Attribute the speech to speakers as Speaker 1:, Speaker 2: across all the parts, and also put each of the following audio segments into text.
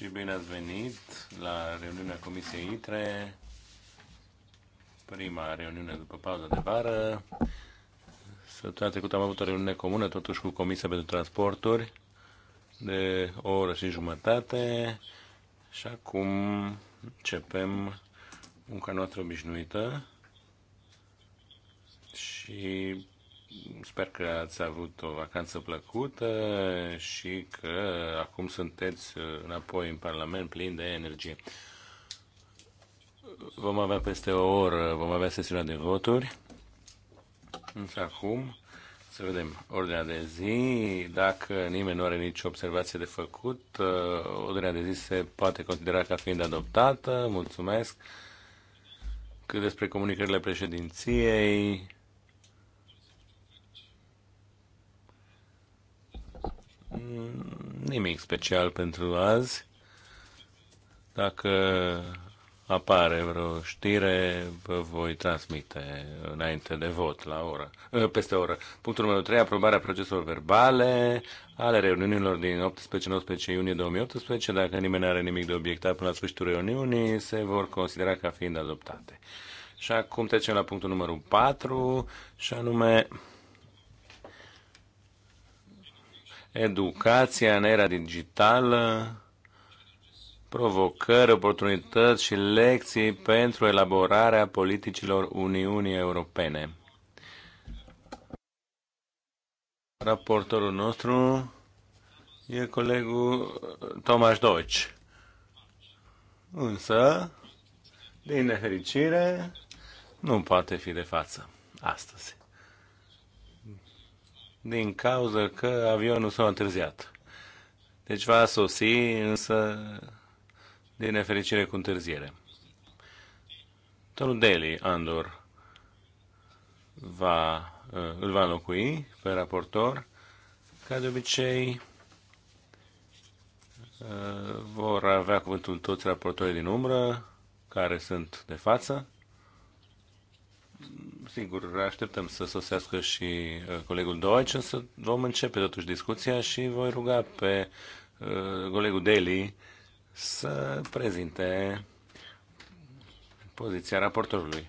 Speaker 1: și bine ați venit la reuniunea Comisiei ITRE, prima reuniune după pauza de vară. Săptămâna trecută am avut o reuniune comună, totuși cu Comisia pentru Transporturi, de o oră și jumătate și acum începem munca noastră obișnuită și Sper că ați avut o vacanță plăcută și că acum sunteți înapoi în Parlament plin de energie. Vom avea peste o oră, vom avea sesiunea de voturi. Însă acum să vedem ordinea de zi. Dacă nimeni nu are nicio observație de făcut, ordinea de zi se poate considera ca fiind adoptată. Mulțumesc. Cât despre comunicările președinției, nimic special pentru azi. Dacă apare vreo știre, vă voi transmite înainte de vot, la oră, ă, peste oră. Punctul numărul 3, aprobarea proceselor verbale ale reuniunilor din 18-19 iunie 2018. Dacă nimeni are nimic de obiectat până la sfârșitul reuniunii, se vor considera ca fiind adoptate. Și acum trecem la punctul numărul 4, și anume educația în era digitală, provocări, oportunități și lecții pentru elaborarea politicilor Uniunii Europene. Raportorul nostru e colegul Tomaș Deutsch. Însă, din nefericire, nu poate fi de față astăzi din cauza că avionul s-a întârziat. Deci va sosi, însă, din nefericire cu întârziere. Domnul Daly Andor va, uh, îl va înlocui pe raportor. Ca de obicei, uh, vor avea cuvântul toți raportorii din umbră care sunt de față sigur, așteptăm să sosească și uh, colegul Deutsch, însă vom începe totuși discuția și voi ruga pe uh, colegul Deli să prezinte poziția raportorului.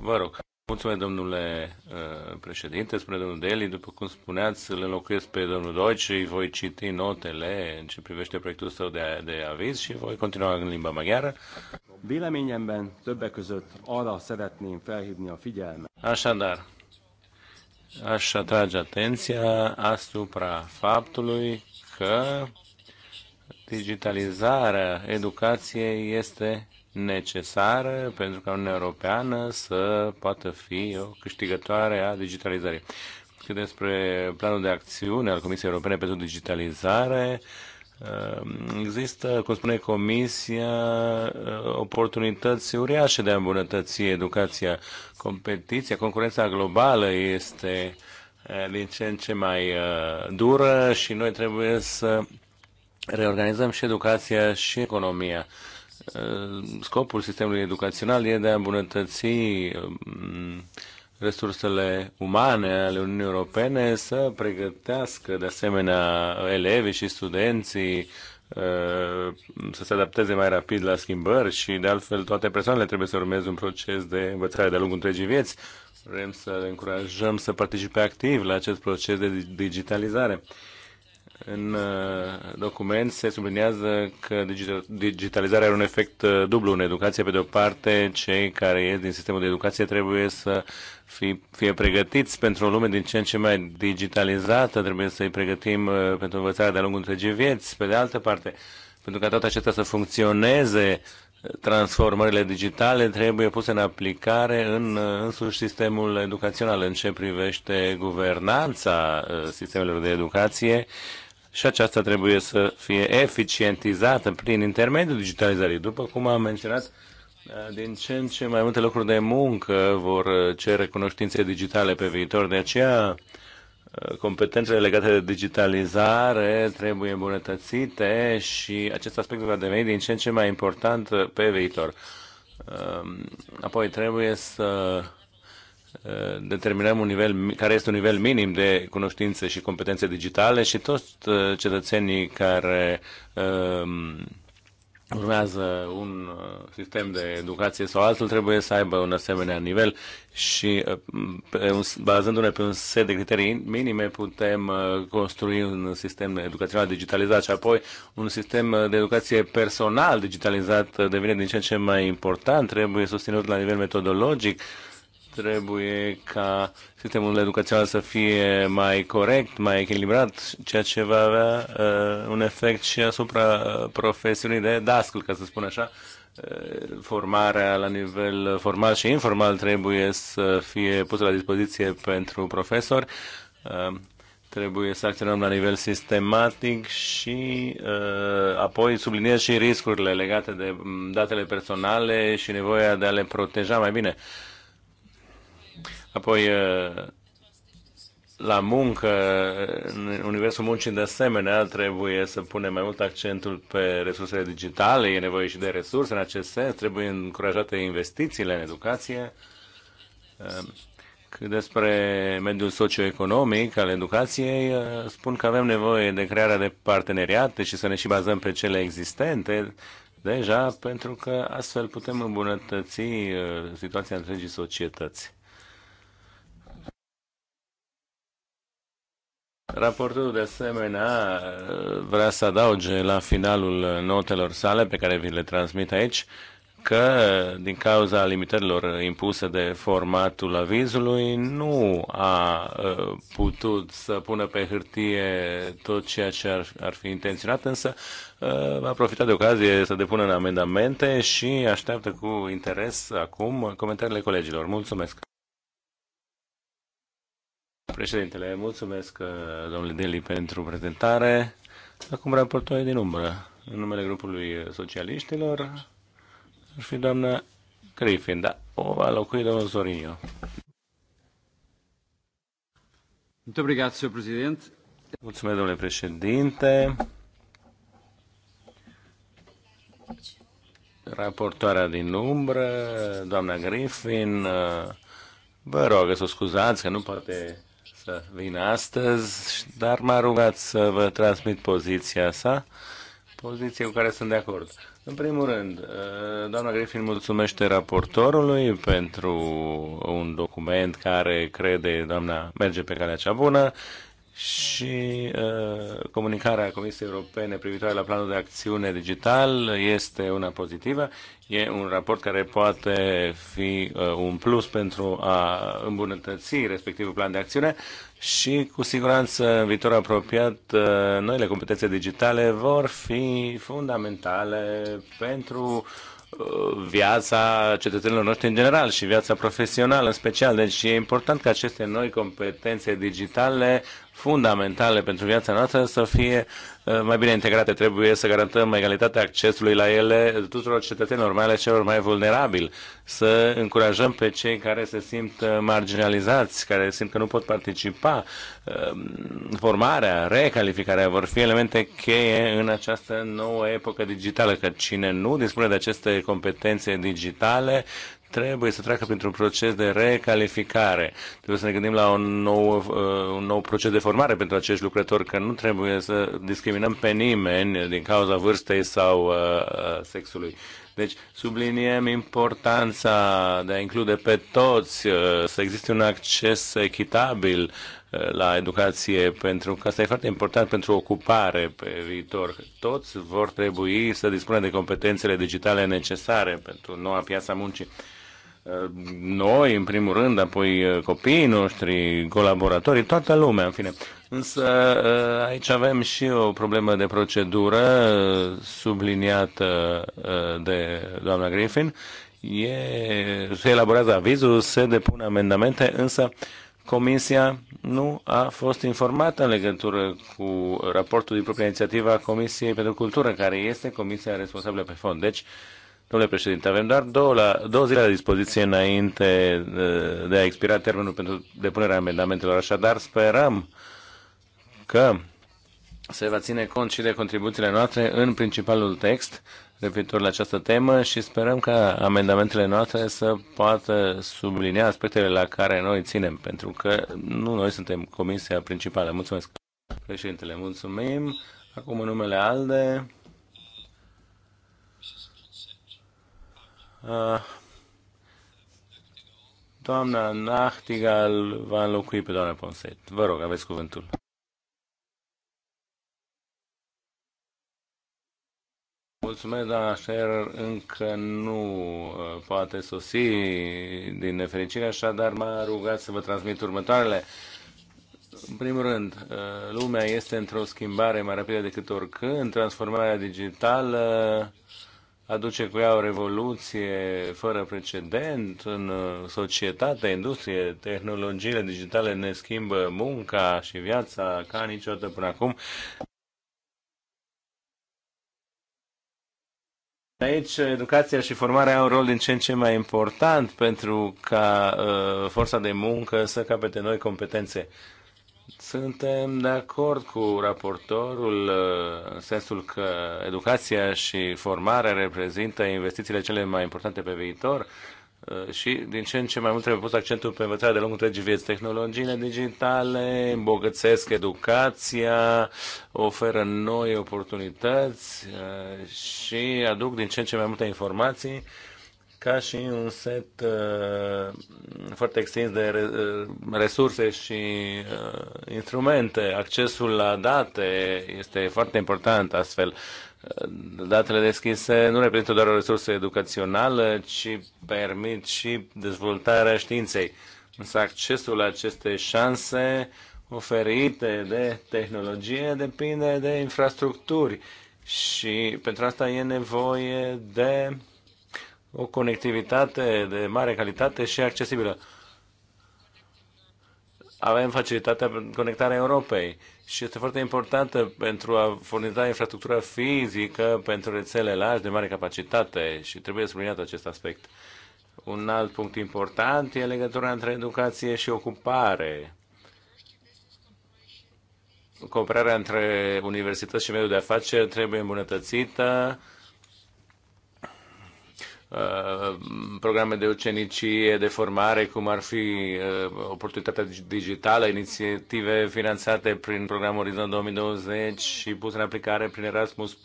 Speaker 1: Vă rog. Mulțumesc, domnule uh, președinte, spune domnul Deli. După cum spuneați, le înlocuiesc pe domnul Doci și voi citi notele în ce privește proiectul său de, de aviz și voi continua în limba maghiară. Véleményemben többek között arra szeretném felhívni a figyelmet. Așadar, aș atrage atenția asupra faptului că digitalizarea educației este necesară pentru ca Uniunea Europeană să poată fi o câștigătoare a digitalizării. Cât despre planul de acțiune al Comisiei Europene pentru Digitalizare, um, Există, cum spune Comisia, uh, oportunități uriașe de a îmbunătăți educația, competiția, concurența globală este uh, din ce în ce mai uh, dură și noi trebuie să reorganizăm și educația și economia Ehm, scopul sistemului educațional e de a îmbunătăți ehm, resursele umane ale Uniunii Europene să pregătească de asemenea elevii și studenții ehm, să se adapteze mai rapid la schimbări și de altfel toate persoanele trebuie să urmeze un proces de învățare de-a lungul întregii vieți. Vrem să le încurajăm să participe activ la acest proces de digitalizare. În uh, document se subliniază că digitalizarea are un efect uh, dublu în educație. Pe de o parte, cei care ies din sistemul de educație trebuie să fie, fie pregătiți pentru o lume din ce în ce mai digitalizată, trebuie să îi pregătim uh, pentru învățarea de-a lungul întregii vieți. Pe de altă parte, pentru ca toate acestea să funcționeze, transformările digitale trebuie puse în aplicare în însuși sistemul educațional în ce privește guvernanța sistemelor de educație și aceasta trebuie să fie eficientizată prin intermediul digitalizării. După cum am menționat, uh, din ce în ce mai multe locuri de muncă vor cere cunoștințe digitale pe viitor, de aceea uh, competențele legate de digitalizare trebuie îmbunătățite și acest aspect va deveni din ce în ce mai important pe viitor. Uh, apoi trebuie să determinăm un nivel, care este un nivel minim de cunoștințe și competențe digitale și toți uh, cetățenii care um, urmează un uh, sistem de educație sau altul, trebuie să aibă un asemenea nivel și uh, bazându-ne pe un set de criterii minime putem construi un sistem educațional digitalizat și apoi un sistem de educație personal digitalizat devine din ce în ce mai important, trebuie susținut la nivel metodologic, Trebuie ca sistemul educațional să fie mai corect, mai echilibrat, ceea ce va avea uh, un efect și asupra uh, profesiunii de dascăl, ca să spun așa. Uh, formarea la nivel formal și informal trebuie să fie pusă la dispoziție pentru profesori. Uh, trebuie să acționăm la nivel sistematic și uh, apoi subliniez și riscurile legate de mm, datele personale și nevoia de a le proteja mai bine. Uh, Apoi, la muncă, în universul muncii de asemenea, trebuie să punem mai mult accentul pe resursele digitale, e nevoie și de resurse în acest sens, trebuie încurajate investițiile în educație. Cât despre mediul socioeconomic al educației, spun că avem nevoie de crearea de parteneriate și să ne și bazăm pe cele existente deja, pentru că astfel putem îmbunătăți situația întregii societăți. Raportul de asemenea vrea să adauge la finalul notelor sale pe care vi le transmit aici că din cauza limitărilor impuse de formatul avizului nu a ă, putut să pună pe hârtie tot ceea ce ar, ar fi intenționat, însă ă, a profitat de ocazie să depună în amendamente și așteaptă cu interes acum comentariile colegilor. Mulțumesc! Președintele, mulțumesc, uh, domnule Deli, pentru prezentare. Acum raportoare din umbră, în numele grupului socialiștilor, ar fi doamna Griffin, da, o va locui domnul Zorinio. Mulțumesc, domnule președinte. Raportoarea din umbră, doamna Griffin, uh, vă rog să scuzați că nu poate să vină astăzi, dar m-a rugat să vă transmit poziția sa, poziție cu care sunt de acord. În primul rând, uh, doamna Griffin mulțumește raportorului pentru un document care crede, doamna, merge pe calea cea bună și uh, comunicarea Comisiei Europene privitoare la planul de acțiune digital este una pozitivă. E un raport care poate fi uh, un plus pentru a îmbunătăți respectivul plan de acțiune și, cu siguranță, în viitor apropiat, uh, noile competențe digitale vor fi fundamentale pentru uh, viața cetățenilor noștri în general și viața profesională în special. Deci e important ca aceste noi competențe digitale fundamentale pentru viața noastră să fie uh, mai bine integrate. Trebuie să garantăm egalitatea accesului la ele tuturor cetățenilor, mai ales celor mai vulnerabili. Să încurajăm pe cei care se simt uh, marginalizați, care simt că nu pot participa. Uh, formarea, recalificarea vor fi elemente cheie în această nouă epocă digitală, că cine nu dispune de aceste competențe digitale trebuie să treacă printr-un proces de recalificare. Trebuie să ne gândim la un nou, uh, un nou proces de formare pentru acești lucrători, că nu trebuie să discriminăm pe nimeni din cauza vârstei sau uh, uh, sexului. Deci subliniem importanța de a include pe toți, să existe un acces echitabil la educație, pentru că asta e foarte important pentru ocupare pe viitor. Toți vor trebui să dispună de competențele digitale necesare pentru noua piața muncii noi, în primul rând, apoi uh, copiii noștri, colaboratorii, toată lumea, în fine. Însă uh, aici avem și o problemă de procedură uh, subliniată de doamna Griffin. E, se elaborează avizul, se depun amendamente, însă Comisia nu a fost informată în legătură cu raportul din propria inițiativă a Comisiei pentru Cultură, care este comisia responsabilă pe fond. Deci, uh, Domnule președinte, avem doar două, la, două zile la dispoziție înainte de a expira termenul pentru depunerea amendamentelor, așadar sperăm că se va ține cont și de contribuțiile noastre în principalul text referitor la această temă și sperăm ca amendamentele noastre să poată sublinia aspectele la care noi ținem, pentru că nu noi suntem comisia principală. Mulțumesc, președintele. Mulțumim. Acum în numele ALDE. Uh, doamna Nachtigal va înlocui pe doamna Ponset. Vă rog, aveți cuvântul. Mulțumesc, doamna Scher, încă nu uh, poate sosi din nefericire, așadar m-a rugat să vă transmit următoarele. În primul rând, uh, lumea este într-o schimbare mai rapidă decât oricând, transformarea digitală aduce cu ea o revoluție fără precedent în uh, societate, industrie, tehnologiile digitale ne schimbă munca și viața ca niciodată până acum. Aici educația și formarea au un rol din ce în ce mai important pentru ca uh, forța de muncă să capete noi competențe. Uh, suntem de acord cu raportorul uh, în sensul că educația și formarea reprezintă investițiile cele mai importante pe viitor uh, și din ce în ce mai mult trebuie pus accentul pe învățarea de lungul întregii vieți. Tehnologiile digitale îmbogățesc educația, oferă noi oportunități uh, și aduc din ce în ce mai multe informații ca și un set uh, foarte extins de re, uh, resurse și uh, instrumente. Accesul la date este foarte important astfel. Uh, datele deschise nu reprezintă doar o resursă educațională, ci permit și dezvoltarea științei. Însă accesul la aceste șanse oferite de tehnologie depinde de infrastructuri și pentru asta e nevoie de uh, o conectivitate de mare calitate și accesibilă. Avem facilitatea conectarea Europei și este foarte importantă pentru a furniza infrastructura fizică pentru rețele lași de mare capacitate și trebuie subliniat acest aspect. Un alt punct important e legătura între educație și ocupare cooperarea între universități și mediul de afaceri trebuie îmbunătățită Uh, programe de ucenicie, de formare, cum ar fi uh, oportunitatea digitală, inițiative finanțate prin programul Orizont 2020 și puse în aplicare prin Erasmus+.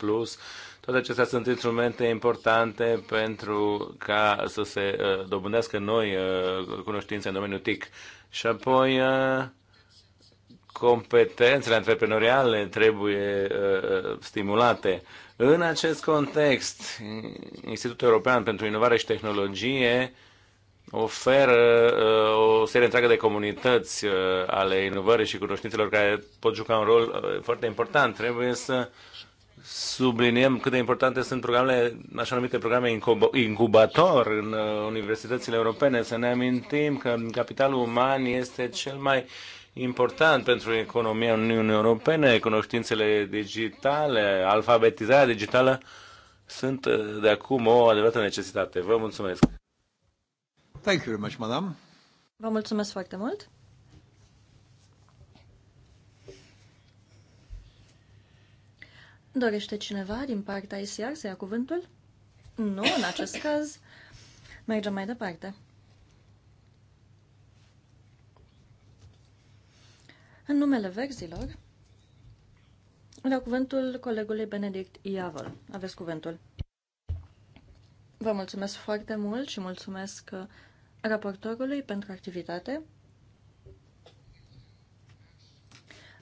Speaker 1: Toate acestea sunt instrumente importante pentru ca să se uh, dobândească noi cunoștințe în domeniul TIC. Și apoi competențele antreprenoriale trebuie stimulate în acest context, Institutul European pentru Inovare și Tehnologie oferă uh, o serie întreagă de comunități uh, ale inovării și cunoștințelor care pot juca un rol uh, foarte important. Trebuie să subliniem cât de importante sunt programele, așa numite programe incubator în uh, universitățile europene, să ne amintim că capitalul uman este cel mai uh, important pentru economia Uniunii Europene, cunoștințele digitale, alfabetizarea digitală sunt uh, de acum o adevărată necesitate. Vă mulțumesc! Thank you very much, madam.
Speaker 2: Vă mulțumesc foarte mult! Dorește cineva din partea ICR să ia cuvântul? Nu, în acest caz mergem mai departe. În numele verzilor, la cuvântul colegului Benedict Iavol. Aveți cuvântul. Vă mulțumesc foarte mult și mulțumesc uh, raportorului pentru activitate.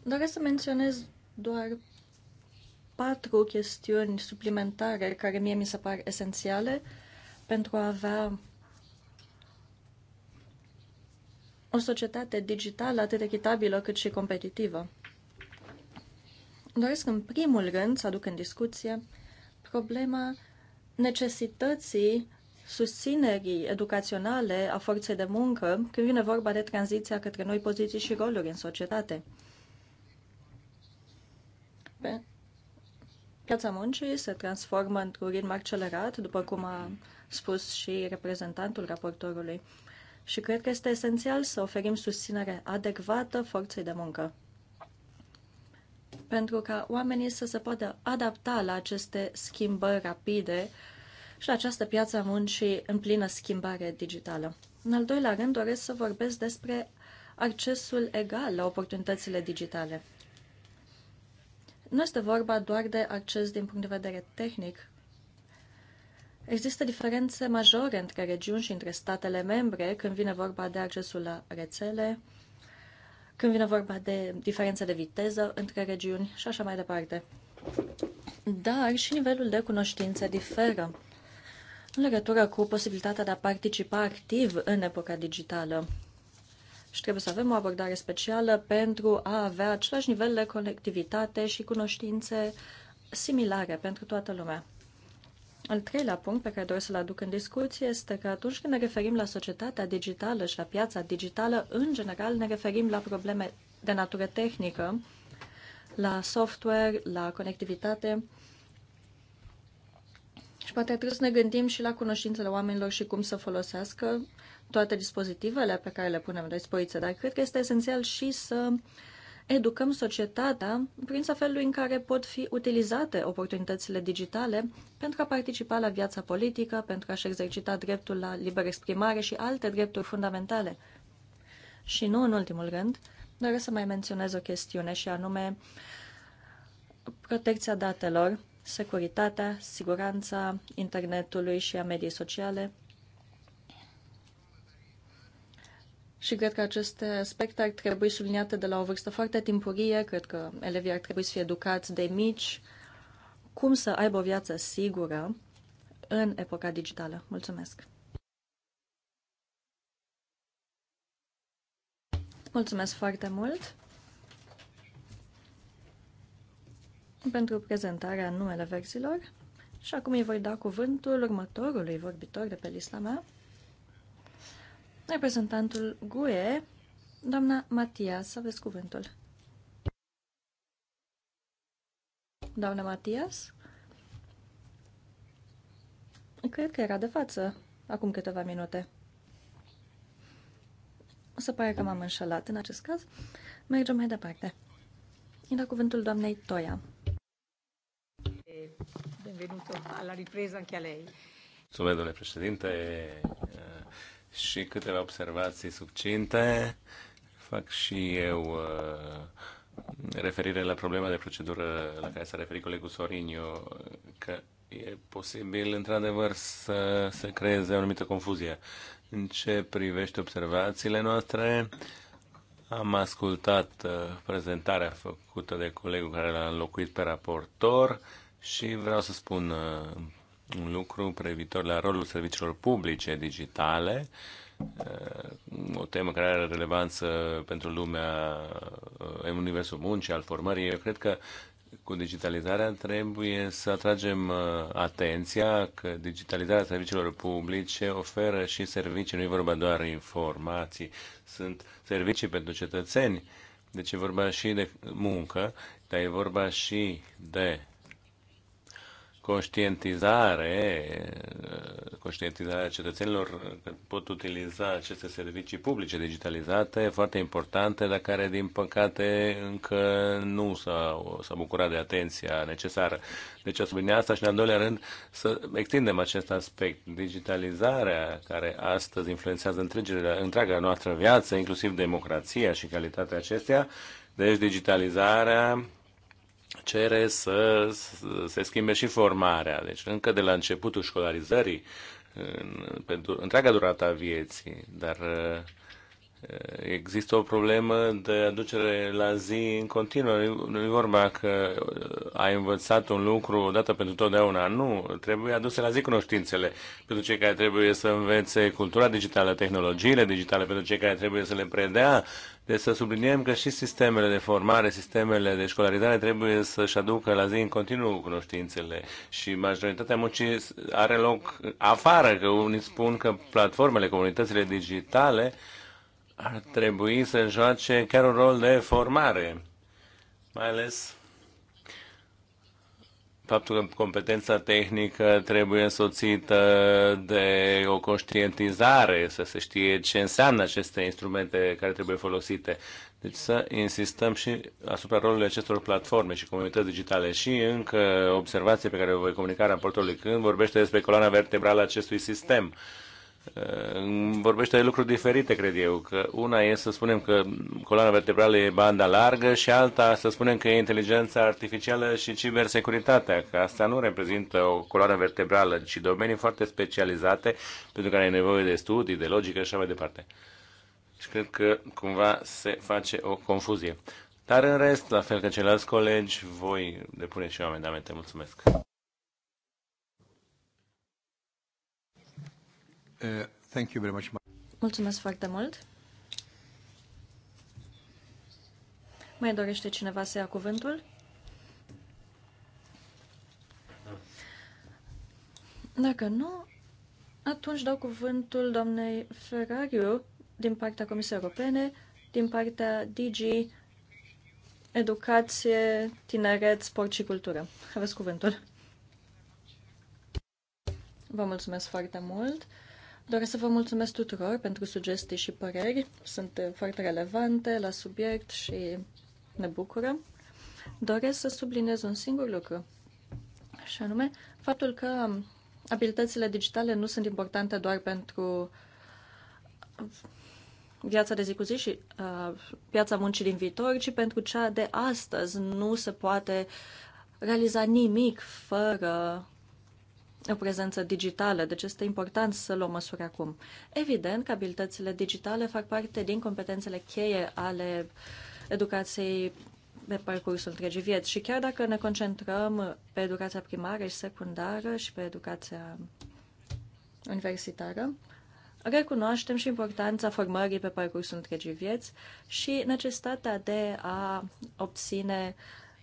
Speaker 2: Doresc să menționez doar patru chestiuni suplimentare care mie mi se par esențiale pentru a avea o societate digitală atât echitabilă cât și competitivă. Doresc în primul rând să aduc în discuție problema necesității susținerii educaționale a forței de muncă când vine vorba de tranziția către noi poziții și roluri în societate. Pe piața muncii se transformă într-un ritm accelerat, după cum a spus și reprezentantul raportorului și cred că este esențial să oferim susținere adecvată forței de muncă pentru ca oamenii să se poată adapta la aceste schimbări rapide și la această piață a muncii în plină schimbare digitală. În al doilea rând, doresc să vorbesc despre accesul egal la oportunitățile digitale. Nu este vorba doar de acces din punct de vedere tehnic, Există diferențe majore între regiuni și între statele membre când vine vorba de accesul la rețele, când vine vorba de diferențe de viteză între regiuni și așa mai departe. Dar și nivelul de cunoștință diferă în legătură cu posibilitatea de a participa activ în epoca digitală. Și trebuie să avem o abordare specială pentru a avea același nivel de conectivitate și cunoștințe similare pentru toată lumea. Al treilea punct pe care doresc să-l aduc în discuție este că atunci când ne referim la societatea digitală și la piața digitală, în general ne referim la probleme de natură tehnică, la software, la conectivitate și poate trebuie să ne gândim și la cunoștințele oamenilor și cum să folosească toate dispozitivele pe care le punem la dispoziție, dar cred că este esențial și să uh, educăm societatea prin felul în care pot fi utilizate oportunitățile digitale pentru a participa la viața politică, pentru a-și exercita dreptul la liberă exprimare și alte drepturi fundamentale. Și nu în ultimul rând, doresc să mai menționez o chestiune și anume protecția datelor, securitatea, siguranța internetului și a mediei sociale, și cred că aceste aspecte ar trebui subliniate de la o vârstă foarte timpurie, cred că elevii ar trebui să fie educați de mici, cum să aibă o viață sigură în epoca digitală. Mulțumesc! Mulțumesc foarte mult pentru prezentarea numele verzilor și acum îi voi da cuvântul următorului vorbitor de pe lista mea, reprezentantul GUE, doamna Matias, să aveți cuvântul. Doamna Matias? Cred că era de față, acum câteva minute. Se pare că m-am înșelat în acest caz. Mergem mai departe. Îi dau cuvântul doamnei Toia.
Speaker 3: Benvenuto la ripresa anche a lei.
Speaker 1: Mulțumesc, domnule președinte și câteva observații subcinte. Fac și eu uh, referire la problema de procedură la care s-a referit colegul Sorinio, că e posibil, într-adevăr, să se creeze o anumită confuzie. În ce privește observațiile noastre, am ascultat uh, prezentarea făcută de colegul care l-a înlocuit pe raportor și vreau să spun uh, un lucru previtor la rolul serviciilor publice digitale, uh, o temă care are relevanță pentru lumea uh, în universul muncii, al formării. Eu cred că cu digitalizarea trebuie să atragem uh, atenția că digitalizarea serviciilor publice oferă și servicii, nu e vorba doar informații, sunt servicii pentru cetățeni, deci e vorba și de muncă, dar e vorba și de conștientizare, conștientizarea cetățenilor că pot utiliza aceste servicii publice digitalizate, foarte importante, dar care, din păcate, încă nu s-au, s bucurat de atenția necesară. Deci, a sublinia asta și, în al doilea rând, să extindem acest aspect. Digitalizarea, care astăzi influențează întreaga noastră viață, inclusiv democrația și calitatea acesteia, deci digitalizarea cere să se schimbe și formarea. Deci încă de la începutul școlarizării, în, pentru întreaga durata vieții, dar există o problemă de aducere la zi în continuă. Nu e vorba că ai învățat un lucru odată pentru totdeauna. Nu, trebuie aduse la zi cunoștințele pentru cei care trebuie să învețe cultura digitală, tehnologiile digitale, pentru cei care trebuie să le predea. Deci să subliniem că și sistemele de formare, sistemele de școlarizare trebuie să-și aducă la zi în continuu cunoștințele și majoritatea muncii are loc afară, că unii spun că platformele, comunitățile digitale ar trebui să joace chiar un rol de formare, mai ales faptul că competența tehnică trebuie însoțită de o conștientizare, să se știe ce înseamnă aceste instrumente care trebuie folosite. Deci să insistăm și asupra rolului acestor platforme și comunități digitale. Și încă observație pe care o voi comunica raportului când vorbește despre coloana vertebrală acestui sistem. Uh, vorbește de lucruri diferite, cred eu. Că una e să spunem că coloana vertebrală e banda largă și alta să spunem că e inteligența artificială și cibersecuritatea, că asta nu reprezintă o coloană vertebrală, ci domenii foarte specializate pentru care ai nevoie de studii, de logică și așa mai departe. Și cred că cumva se face o confuzie. Dar în rest, la fel ca ceilalți colegi, voi depune și eu amendamente. Mulțumesc!
Speaker 2: thank you very much. Mulțumesc foarte mult. Mai dorește cineva să ia cuvântul? Dacă nu, atunci dau cuvântul doamnei Ferrariu din partea Comisiei Europene, din partea DG Educație, Tineret, Sport și Cultură. Aveți cuvântul. Vă mulțumesc foarte mult. Doresc să vă mulțumesc tuturor pentru sugestii și păreri. Sunt foarte relevante la subiect și ne bucură. Doresc să subliniez un singur lucru, și anume faptul că abilitățile digitale nu sunt importante doar pentru uh, viața de zi cu zi și uh, piața muncii din viitor, ci pentru cea de astăzi. Nu se poate realiza nimic fără o prezență digitală, deci este important să luăm măsuri acum. Evident că abilitățile digitale fac parte din competențele cheie ale educației pe parcursul întregii vieți și chiar dacă ne concentrăm pe educația primară și secundară și pe educația universitară, recunoaștem și importanța formării pe parcursul întregii vieți și necesitatea de a obține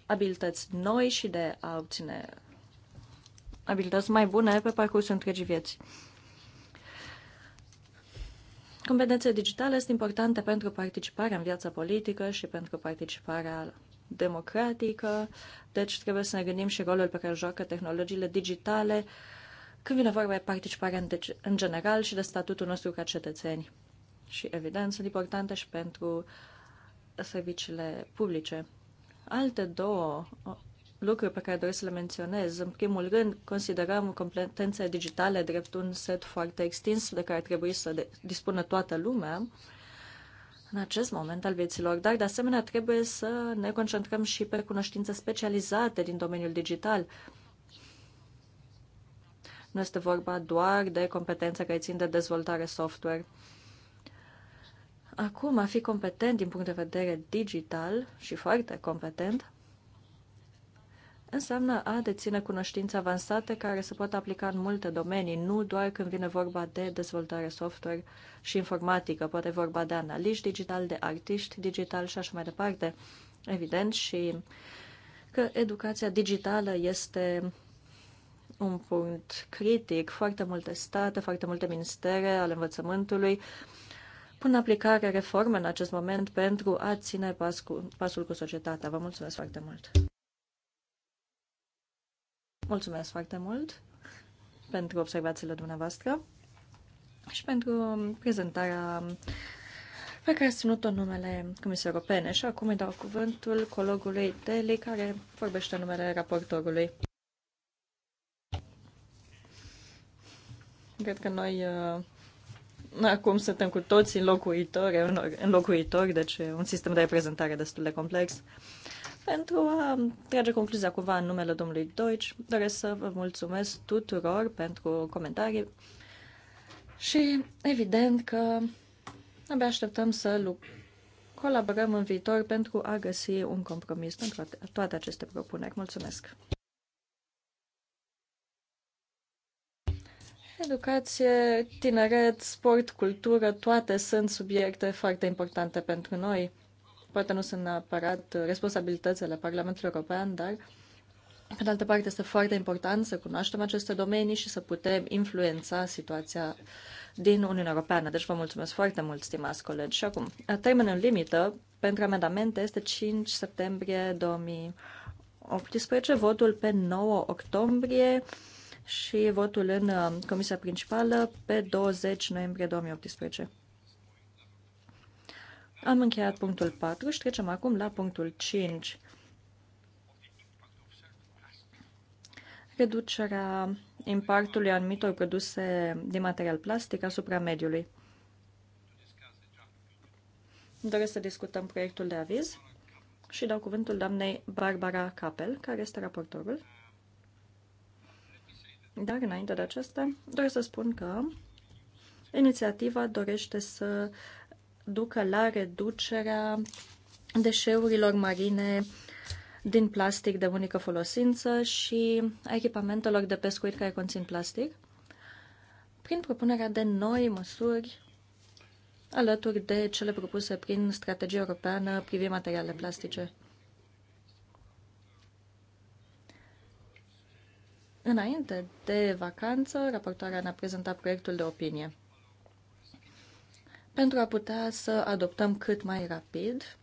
Speaker 2: abilități noi și de a obține abilități mai bune pe parcursul întregii vieți. Competențe digitale sunt importante pentru participarea în viața politică și pentru participarea democratică, deci trebuie să ne gândim și rolul pe care joacă tehnologiile digitale când vine vorba de participarea în, deci- în general și de statutul nostru ca cetățeni. Și, evident, sunt importante și pentru serviciile publice. Alte două lucruri pe care doresc să le menționez. În primul rând, considerăm competențe digitale drept un set foarte extins de care trebuie să dispună toată lumea în acest moment al vieților, dar de asemenea trebuie să ne concentrăm și pe cunoștințe specializate din domeniul digital. Nu este vorba doar de competențe care țin de dezvoltare software. Acum, a fi competent din punct de vedere digital și foarte competent înseamnă a deține cunoștințe avansate care se pot aplica în multe domenii, nu doar când vine vorba de dezvoltare software și informatică, poate vorba de analiști digital, de artiști digital și așa mai departe. Evident și că educația digitală este un punct critic. Foarte multe state, foarte multe ministere ale învățământului pun aplicare reforme în acest moment pentru a ține pas cu, pasul cu societatea. Vă mulțumesc foarte mult! Mulțumesc foarte mult pentru observațiile dumneavoastră și pentru prezentarea pe care a ținut-o numele Comisiei Europene. Și acum îi dau cuvântul colegului Deli, care vorbește în numele raportorului. Cred că noi uh, acum suntem cu toți înlocuitori, înlocuitori, deci un sistem de reprezentare destul de complex. Uh, pentru a trage concluzia cumva în numele domnului Deutsch, doresc să vă mulțumesc tuturor pentru comentarii și evident că abia așteptăm să colaborăm în viitor pentru a găsi un compromis pentru toate aceste propuneri. Mulțumesc! Educație, tineret, sport, cultură, toate sunt subiecte foarte importante pentru noi poate nu sunt neapărat responsabilitățile Parlamentului European, dar pe de altă parte este foarte important să cunoaștem aceste domenii și să putem influența situația din Uniunea Europeană. Deci vă mulțumesc foarte mult, stimați colegi. Și acum, termenul limită pentru amendamente este 5 septembrie 2018, votul pe 9 octombrie și votul în uh, Comisia Principală pe 20 noiembrie 2018. Am încheiat punctul 4 și trecem acum la punctul 5. Reducerea impactului anumitor produse din material plastic asupra mediului. Doresc să discutăm proiectul de aviz și dau cuvântul doamnei Barbara Capel, care este raportorul. Dar înainte de aceasta, doresc să spun că inițiativa dorește să uh, ducă la reducerea deșeurilor marine din plastic de unică folosință și a echipamentelor de pescuit care conțin plastic, prin propunerea de noi măsuri alături de cele propuse prin strategia europeană privind materialele plastice. Înainte de vacanță, raportoarea ne-a prezentat proiectul de opinie pentru a putea să adoptăm cât mai rapid,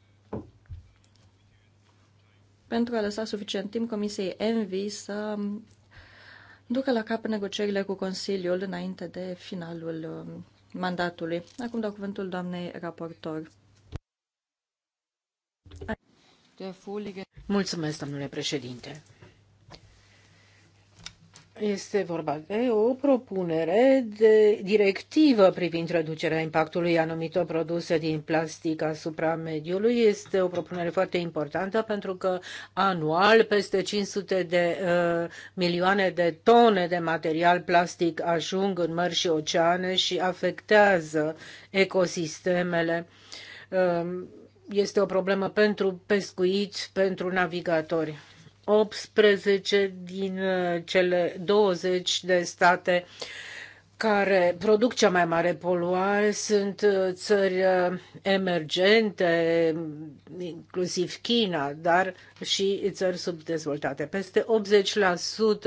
Speaker 2: pentru a lăsa suficient timp Comisiei Envy să ducă la cap negocierile cu Consiliul înainte de finalul um, mandatului. Acum dau cuvântul doamnei raportor.
Speaker 3: Mulțumesc, domnule președinte. Este vorba de o propunere de directivă privind reducerea impactului anumitor produse din plastic asupra mediului. Este o propunere foarte importantă pentru că anual peste 500 de uh, milioane de tone de material plastic ajung în mări și oceane și afectează ecosistemele. Uh, este o problemă pentru pescuit, pentru navigatori. 18 din uh, cele 20 de state care produc cea mai mare poluare sunt uh, țări uh, emergente, inclusiv China, dar și țări subdezvoltate. Peste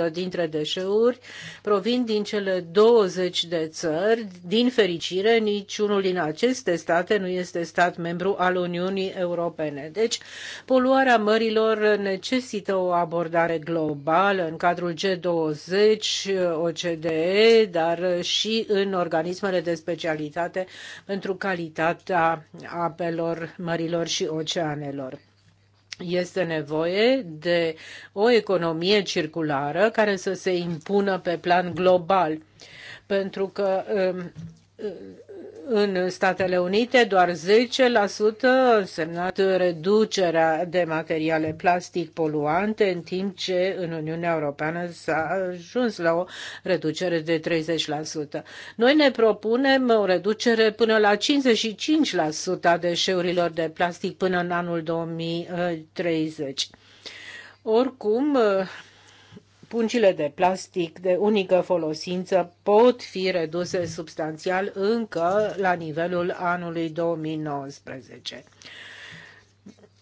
Speaker 3: 80% dintre deșeuri provin din cele 20 de țări. Din fericire, niciunul din aceste state nu este stat membru al Uniunii Europene. Deci, poluarea mărilor necesită o abordare globală în cadrul G20, OCDE, dar uh, și în organismele de specialitate pentru calitatea apelor, mărilor și oceanelor este nevoie de o economie circulară care să se impună pe plan global, pentru că um, în Statele Unite doar 10% însemnat reducerea de materiale plastic poluante, în timp ce în Uniunea Europeană s-a ajuns la o reducere de 30%. Noi ne propunem o reducere până la 55% a deșeurilor de plastic până în anul 2030. Oricum, pungile de plastic de unică folosință pot fi reduse substanțial încă la nivelul anului 2019.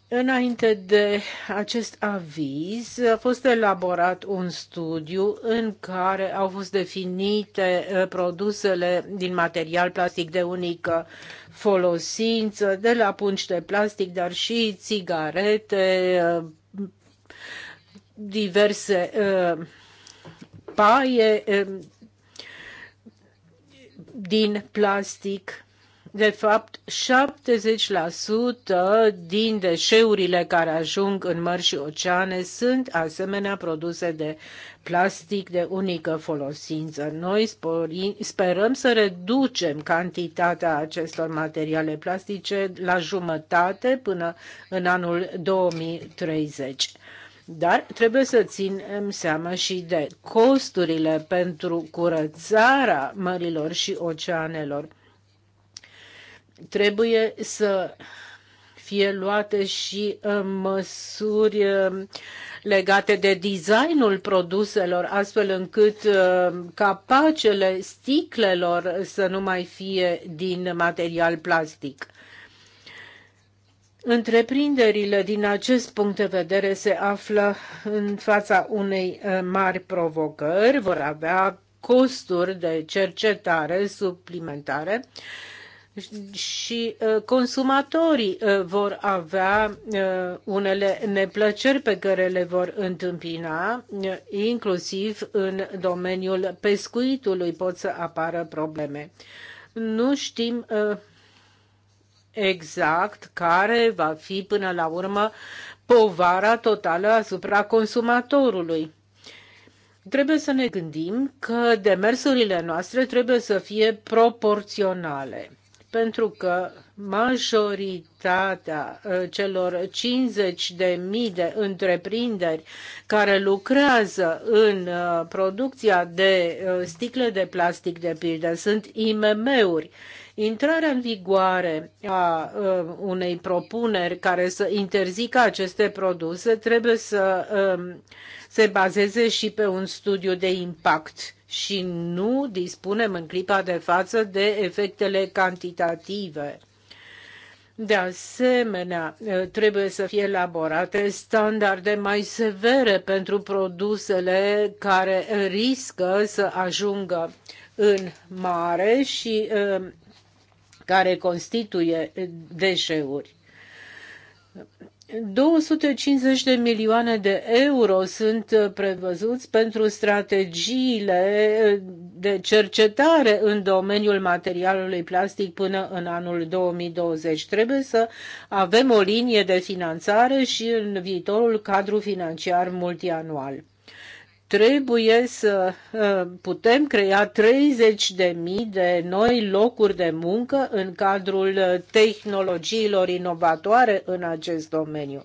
Speaker 3: Înainte de acest aviz a fost elaborat un studiu în care au fost definite uh, produsele din material plastic de unică folosință, de la pungi de plastic, dar și țigarete, uh, diverse paie din plastic. De fapt, 70% din deșeurile care ajung în mări și oceane sunt asemenea produse de plastic de unică folosință. Noi sperăm să reducem cantitatea acestor materiale plastice la jumătate până în anul 2030. Dar trebuie să ținem seama și de costurile pentru curățarea mărilor și oceanelor. Trebuie să fie luate și uh, măsuri uh, legate de designul produselor, astfel încât uh, capacele sticlelor să nu mai fie din material plastic. Întreprinderile din acest punct de vedere se află în fața unei eh, mari provocări, vor avea costuri de cercetare suplimentare și eh, consumatorii eh, vor avea unele neplăceri pe care le vor întâmpina, inclusiv în domeniul pescuitului pot să apară probleme. Nu știm exact care va fi până la urmă povara totală asupra consumatorului. Trebuie să ne gândim că demersurile noastre trebuie să fie proporționale, pentru că majoritatea ă, celor 50 de mii de întreprinderi care lucrează în ă, producția de ă, sticle de plastic de pildă sunt IMM-uri Intrarea în vigoare a ă, unei propuneri care să interzică aceste produse trebuie să ă, se bazeze și pe un studiu de impact și nu dispunem în clipa de față de efectele cantitative. De asemenea, ă, trebuie să fie elaborate standarde mai severe pentru produsele care riscă să ajungă în mare și care constituie deșeuri. 250 de milioane de euro sunt uh, prevăzuți pentru strategiile uh, de cercetare în domeniul materialului plastic până în anul 2020. Trebuie să avem o linie de finanțare și în viitorul cadru financiar multianual trebuie să uh, putem crea 30 de mii de noi locuri de muncă în cadrul uh, tehnologiilor inovatoare în acest domeniu.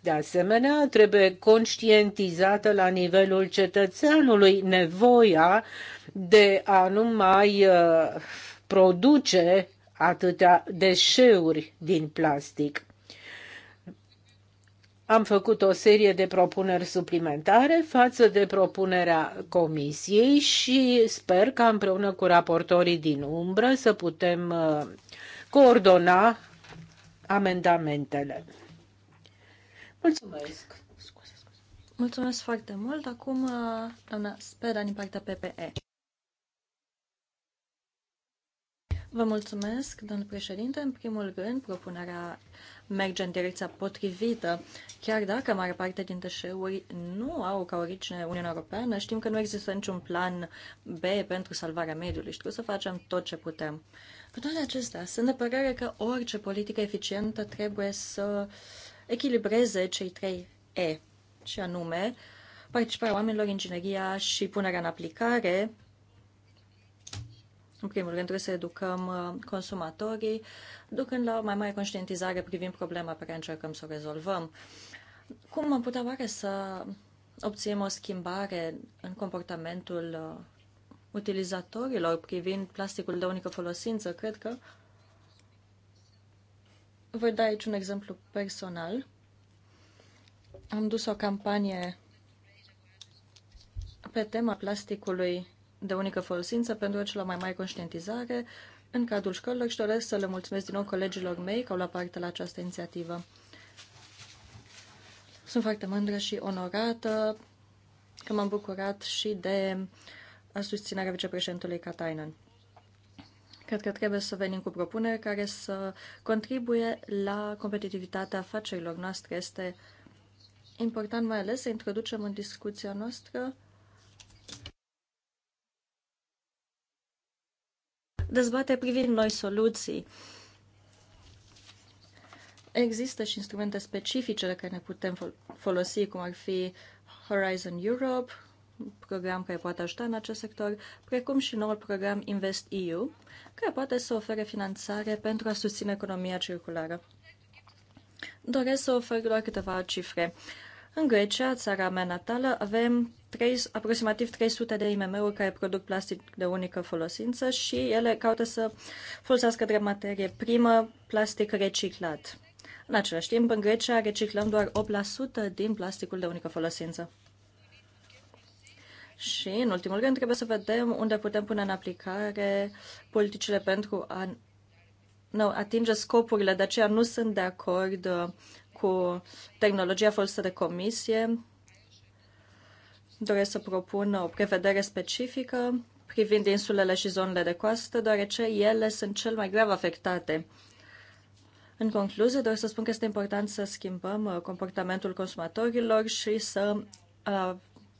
Speaker 3: De asemenea, trebuie conștientizată la nivelul cetățeanului nevoia de a nu mai uh, produce atâtea deșeuri din plastic am făcut o serie de propuneri suplimentare față de propunerea comisiei și sper că împreună cu raportorii din umbră să putem uh, coordona amendamentele. Mulțumesc!
Speaker 2: Mulțumesc foarte mult. Acum, uh, doamna Spera, din partea PPE. Vă mulțumesc, domnul președinte. În primul rând, propunerea merge în direcția potrivită. Chiar dacă mare parte din deșeuri nu au ca origine Uniunea Europeană, știm că nu există niciun plan B pentru salvarea mediului și trebuie să facem tot ce putem. Cu toate acestea, sunt de părere că orice politică eficientă trebuie să echilibreze cei trei E, și anume participarea oamenilor, ingineria și punerea în aplicare, în primul rând, trebuie să educăm uh, consumatorii, ducând la o mai mare conștientizare privind problema pe care încercăm să o rezolvăm. Cum am putea oare să obținem o schimbare în comportamentul uh, utilizatorilor privind plasticul de unică folosință? Cred că voi da aici un exemplu personal. Am dus o campanie pe tema plasticului de unică folosință pentru a la mai mare conștientizare în cadrul școlilor și doresc să le mulțumesc din nou colegilor mei că au luat parte la această inițiativă. Sunt foarte mândră și onorată că m-am bucurat și de susținerea vicepreședintelui Katainen. Cred că trebuie să venim cu propuneri care să contribuie la competitivitatea afacerilor noastre. Este important mai ales să introducem în discuția noastră dezbate privind noi soluții. Există și instrumente specifice de care ne putem folosi, cum ar fi Horizon Europe, program care poate ajuta în acest sector, precum și noul program Invest EU, care poate să ofere finanțare pentru a susține economia circulară. Doresc să ofer doar câteva cifre. În Grecia, țara mea natală, avem 3, aproximativ 300 de IMM-uri care produc plastic de unică folosință și ele caută să folosească drept materie primă plastic reciclat. În același timp, în Grecia reciclăm doar 8% din plasticul de unică folosință. Și, în ultimul rând, trebuie să vedem unde putem pune în aplicare politicile pentru a nu, atinge scopurile. De aceea nu sunt de acord uh, cu tehnologia folosită de comisie doresc să propun o prevedere specifică privind insulele și zonele de coastă, deoarece ele sunt cel mai grav afectate. În concluzie, doresc să spun că este important să schimbăm uh, comportamentul consumatorilor și să uh,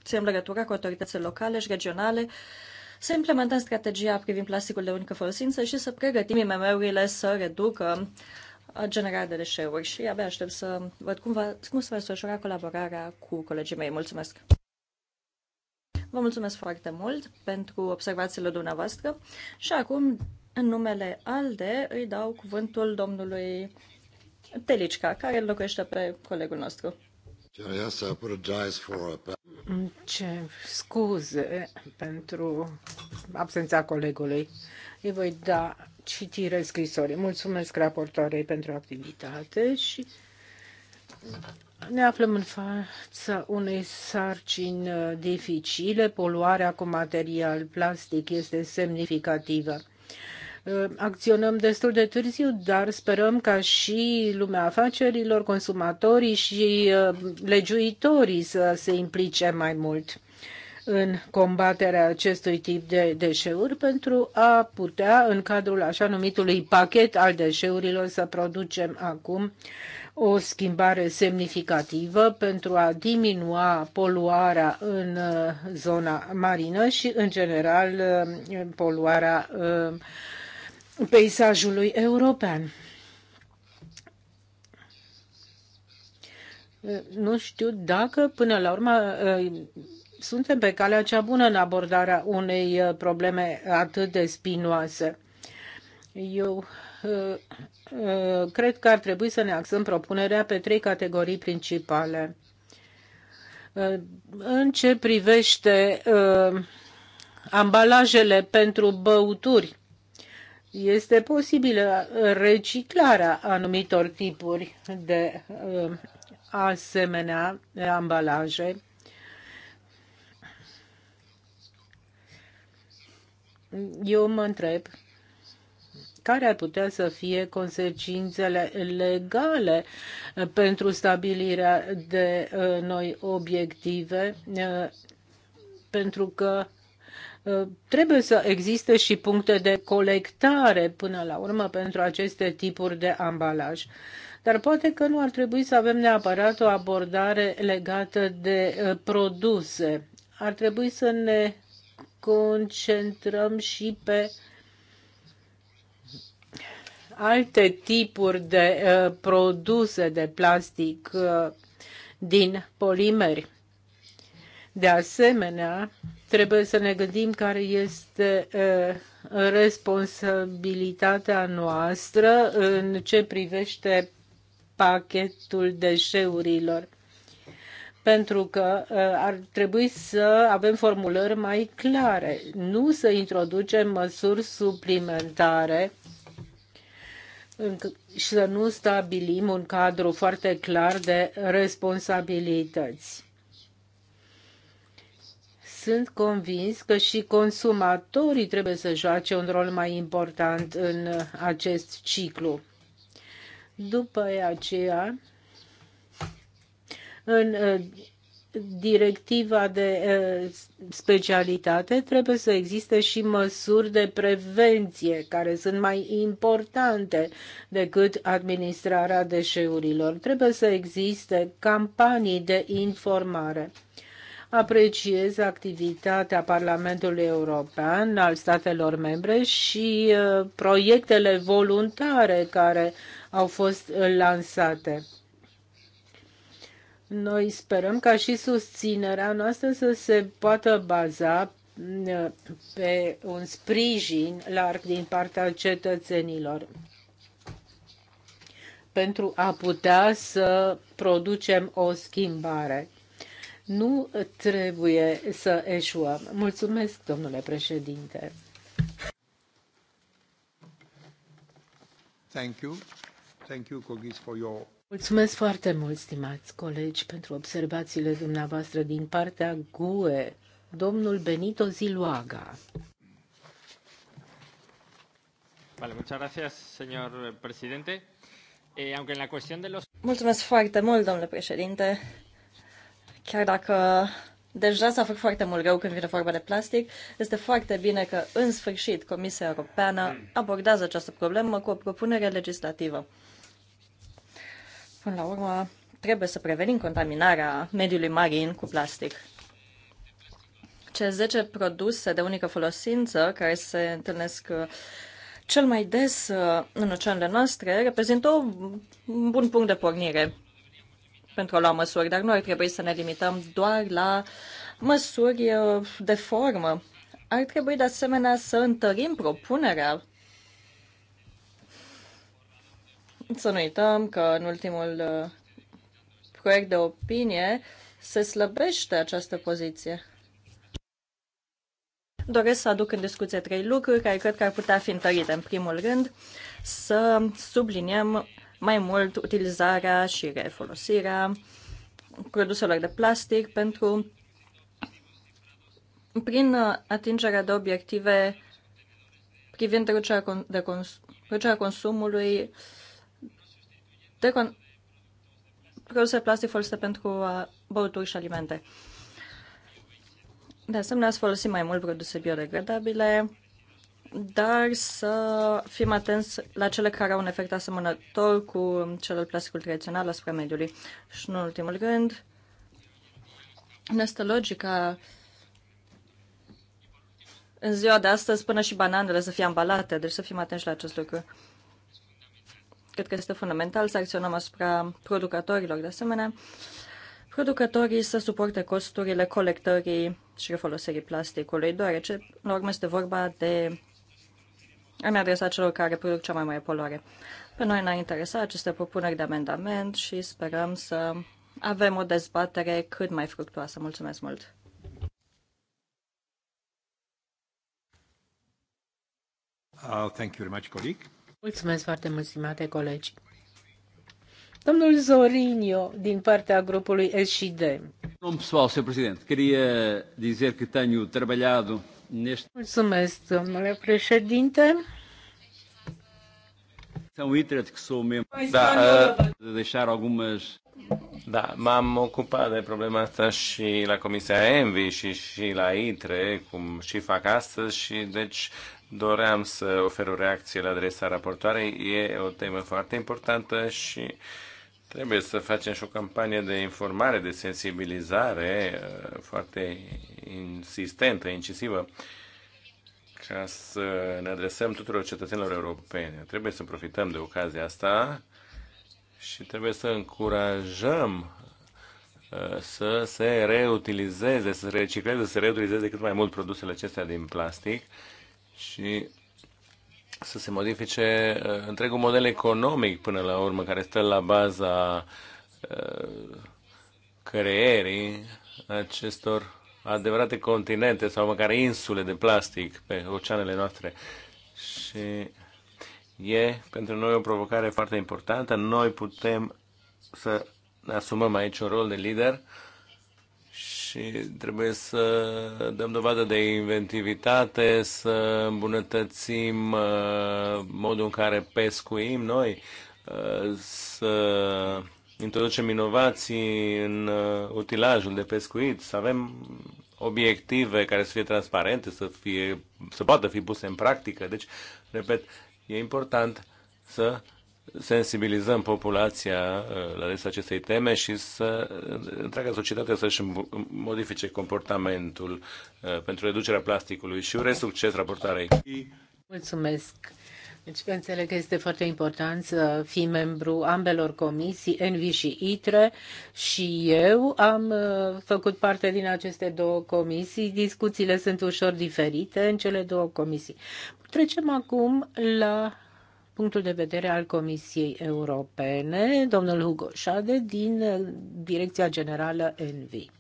Speaker 2: ținem legătura cu autoritățile locale și regionale, să implementăm strategia privind plasticul de unică folosință și să pregătim IMM-urile să reducă uh, generarea de deșeuri și abia aștept să văd cum, va, cum se va desfășura colaborarea cu colegii mei. Mulțumesc! Vă mulțumesc foarte mult pentru observațiile dumneavoastră și acum, în numele ALDE, îi dau cuvântul domnului Telicca, care îl locuiește pe colegul nostru.
Speaker 3: Ce scuze pentru absența colegului. Îi voi da citire scrisorii. Mulțumesc raportoarei pentru activitate și ne aflăm în fața unei sarcini uh, dificile. Poluarea cu material plastic este semnificativă uh, acționăm destul de târziu, dar sperăm ca și lumea afacerilor, consumatorii și uh, legiuitorii să se implice mai mult în combaterea acestui tip de deșeuri pentru a putea, în cadrul așa numitului pachet al deșeurilor, să producem acum o schimbare semnificativă pentru a diminua poluarea în uh, zona marină și, în general, uh, poluarea uh, peisajului european. Nu știu dacă, până la urmă, suntem pe calea cea bună în abordarea unei probleme atât de spinoase. Eu Uh, cred că ar trebui să ne axăm propunerea pe trei categorii principale. Uh, în ce privește uh, ambalajele pentru băuturi, este posibilă reciclarea anumitor tipuri de asemenea ambalaje. Eu mă întreb care ar putea să fie consecințele legale pentru stabilirea de uh, noi obiective, uh, pentru că uh, trebuie să existe și puncte de colectare până la urmă pentru aceste tipuri de ambalaj. Dar poate că nu ar trebui să avem neapărat o abordare legată de produse. Ar trebui să ne concentrăm și pe uh, alte tipuri de uh, produse de plastic uh, din polimeri. De asemenea, trebuie să ne gândim care este uh, responsabilitatea noastră în ce privește pachetul deșeurilor pentru că uh, ar trebui să avem formulări mai clare, nu să introducem măsuri suplimentare și să nu stabilim un cadru foarte clar de responsabilități. Sunt convins că și consumatorii trebuie să joace un rol mai important în acest ciclu. După aceea, în directiva de specialitate, trebuie să existe și măsuri de prevenție care sunt mai importante decât administrarea deșeurilor. Trebuie să existe campanii de informare. Apreciez activitatea Parlamentului European, al statelor membre și proiectele voluntare care au fost lansate noi sperăm ca și susținerea noastră să se poată baza uh, pe un sprijin larg din partea cetățenilor pentru a putea să producem o schimbare. Nu trebuie să eșuăm. Mulțumesc, domnule președinte.
Speaker 2: Thank you. Thank you, Kogis, for your
Speaker 3: Mulțumesc foarte mult, stimați colegi, pentru observațiile dumneavoastră din partea GUE. Domnul Benito Ziluaga.
Speaker 1: Vale, muchas gracias, señor presidente. Eh, aunque en la cuestión de los...
Speaker 2: Mulțumesc foarte mult, domnule președinte. Chiar dacă deja s-a făcut foarte mult rău când vine vorba de plastic, este foarte bine că, în sfârșit, Comisia Europeană abordează această problemă cu o propunere legislativă. Până la urmă, trebuie să prevenim contaminarea mediului marin cu plastic. Ce 10 produse de unică folosință care se întâlnesc uh, cel mai des uh, în oceanele noastre reprezintă un bun punct de pornire pentru a lua măsuri, dar noi trebuie să ne limităm doar la măsuri uh, de formă. Ar trebui de asemenea să întărim propunerea Să nu uităm că în ultimul uh, proiect de opinie se slăbește această poziție. Doresc să aduc în discuție trei lucruri care cred că ar putea fi întărite. În primul rând, să subliniem mai mult utilizarea și refolosirea produselor de plastic pentru prin atingerea de obiective privind reducerea, cons- reducerea consumului de produse plastic folosite pentru uh, băuturi și alimente. De asemenea, să folosim mai mult produse biodegradabile, dar să fim atenți la cele care au un efect asemănător cu cel plasticul tradițional asupra mediului. Și în ultimul rând, este logica în ziua de astăzi până și bananele să fie ambalate, deci să fim atenți la acest lucru. Cred că este fundamental să acționăm asupra producătorilor de asemenea. Producătorii să suporte costurile colectării și refolosirii plasticului, deoarece, în urmă, este vorba de a ne adresa celor care produc cea mai mare poluare. Pe noi ne-a interesat aceste propuneri de amendament și sperăm să avem o dezbatere cât mai fructuoasă. Mulțumesc mult!
Speaker 1: Uh, thank you very much, colleague.
Speaker 3: Mulțumesc foarte mult, stimate colegi. Domnul Zorinio, din partea grupului SD.
Speaker 1: Domnul pessoal, Sr. Presidente, queria dizer que tenho trabalhado neste...
Speaker 3: Mulțumesc, domnule președinte.
Speaker 1: São Itret, que sou membro da, da eh, de deixar algumas... Da, m-am ocupat de problema asta și la Comisia Envi și, și la ITRE, cum și fac astăzi, și deci doream să ofer o reacție la adresa raportoarei. E o temă foarte importantă și trebuie să facem și o campanie de informare, de sensibilizare uh, foarte insistentă, incisivă, ca să ne adresăm tuturor cetățenilor europene. Trebuie să profităm de ocazia asta și trebuie să încurajăm uh, să se reutilizeze, să se recicleze, să se reutilizeze cât mai mult produsele acestea din plastic și să se modifice uh, întregul model economic până la urmă, care stă la baza uh, creierii acestor adevărate continente sau măcar insule de plastic pe oceanele noastre. Și e pentru noi o provocare foarte importantă. Noi putem să asumăm aici un rol de lider și trebuie să dăm dovadă de inventivitate, să îmbunătățim uh, modul în care pescuim noi, uh, să introducem inovații în uh, utilajul de pescuit, să avem obiective care să fie transparente, să, fie, să poată fi puse în practică. Deci, repet, e important să sensibilizăm populația uh, la adresa acestei teme și să uh, întreaga societate să-și modifice comportamentul uh, pentru reducerea plasticului și urez succes raportarei.
Speaker 3: Mulțumesc! Deci, înțeleg că este foarte important să fii membru ambelor comisii, Envi și ITRE, și eu am făcut parte din aceste două comisii. Discuțiile sunt ușor diferite în cele două comisii. Trecem acum la punctul de vedere al Comisiei Europene, domnul Hugo Șade, din Direcția Generală ENVI.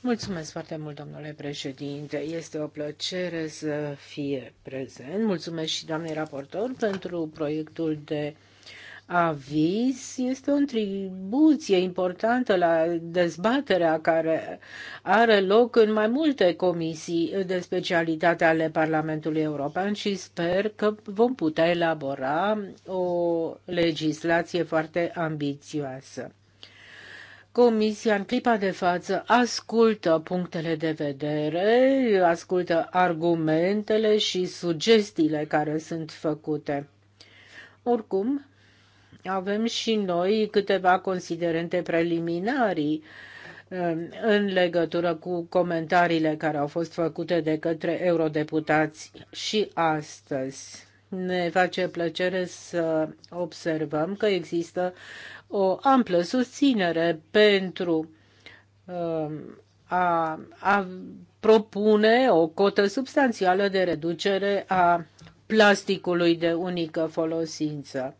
Speaker 3: Mulțumesc foarte mult, domnule președinte. Este o plăcere să fie prezent. Mulțumesc și doamnei raportor pentru proiectul de aviz este o contribuție importantă la dezbaterea care are loc în mai multe comisii de specialitate ale Parlamentului European și sper că vom putea elabora o legislație foarte ambițioasă. Comisia în clipa de față ascultă punctele de vedere, ascultă argumentele și sugestiile care sunt făcute. Oricum, avem și noi câteva considerente preliminarii um, în legătură cu comentariile care au fost făcute de către eurodeputați și astăzi. Ne face plăcere să observăm că există o amplă susținere pentru um, a, a propune o cotă substanțială de reducere a plasticului de unică folosință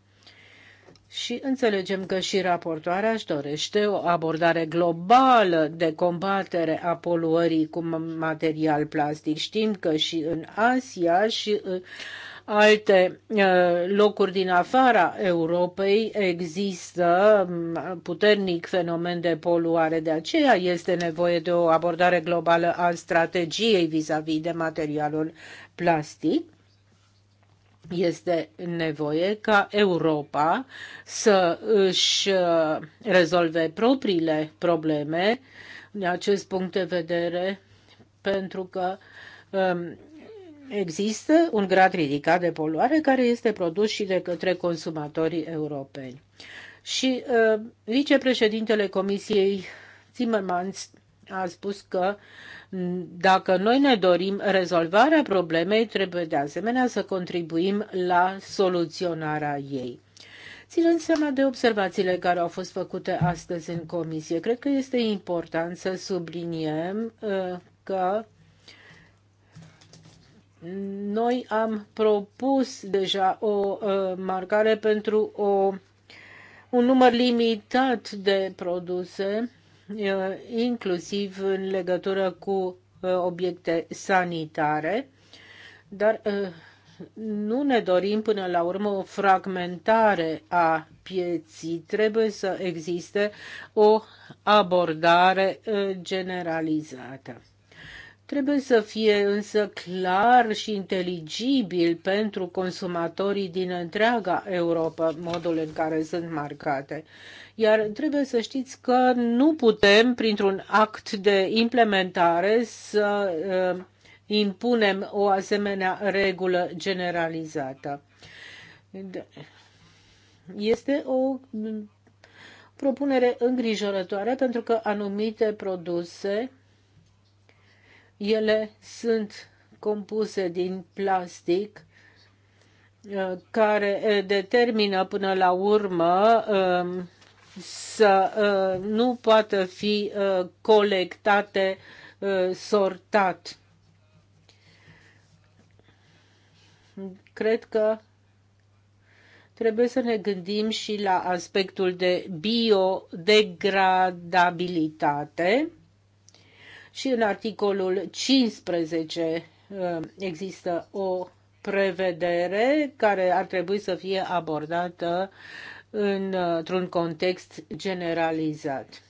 Speaker 3: și înțelegem că și raportoarea își dorește o abordare globală de combatere a poluării cu material plastic. Știm că și în Asia și în uh, alte uh, locuri din afara Europei există mm, puternic fenomen de poluare. De aceea este nevoie de o abordare globală a strategiei vis-a-vis -vis de materialul plastic este nevoie ca Europa să își uh, rezolve propriile probleme din acest punct de vedere, pentru că um, există un grad ridicat de poluare care este produs și de către consumatorii europeni. Și uh, vicepreședintele Comisiei Timmermans a spus că dacă noi ne dorim rezolvarea problemei, trebuie de asemenea să contribuim la soluționarea ei. Ținând seama de observațiile care au fost făcute astăzi în comisie, cred că este important să subliniem uh, că noi am propus deja o uh, marcare pentru o, un număr limitat de produse Uh, inclusiv în legătură cu uh, obiecte sanitare, dar uh, nu ne dorim până la urmă o fragmentare a pieții. Trebuie să existe o abordare generalizată. Trebuie să fie însă clar și inteligibil pentru consumatorii din întreaga Europa modul în care sunt marcate. Iar trebuie să știți că nu putem, printr-un act de implementare, să uh, impunem o asemenea regulă generalizată. Este o mm, propunere îngrijorătoare pentru că anumite produse ele sunt compuse din plastic uh, care uh, determină până la urmă um, să uh, nu poată fi colectate, sortat. Cred că trebuie să ne gândim și la aspectul de biodegradabilitate și în articolul 15 uh, există o prevedere care ar trebui să fie abordată uh, într-un context generalizat.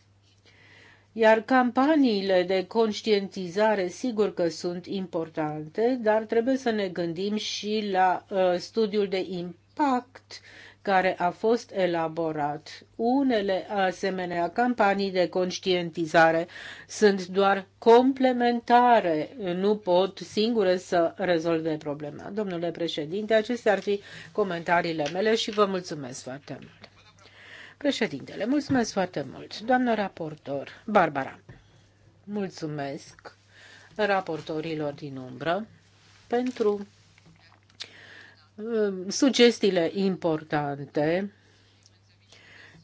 Speaker 3: Iar campaniile de conștientizare sigur că sunt importante, dar trebuie să ne gândim și la uh, studiul de impact care a fost elaborat. Unele asemenea campanii de conștientizare sunt doar complementare, nu pot singure să rezolve problema. Domnule președinte, acestea ar fi comentariile mele și vă mulțumesc foarte mult. Președintele, mulțumesc foarte mult. Doamnă raportor, Barbara, mulțumesc raportorilor din umbră pentru sugestiile importante.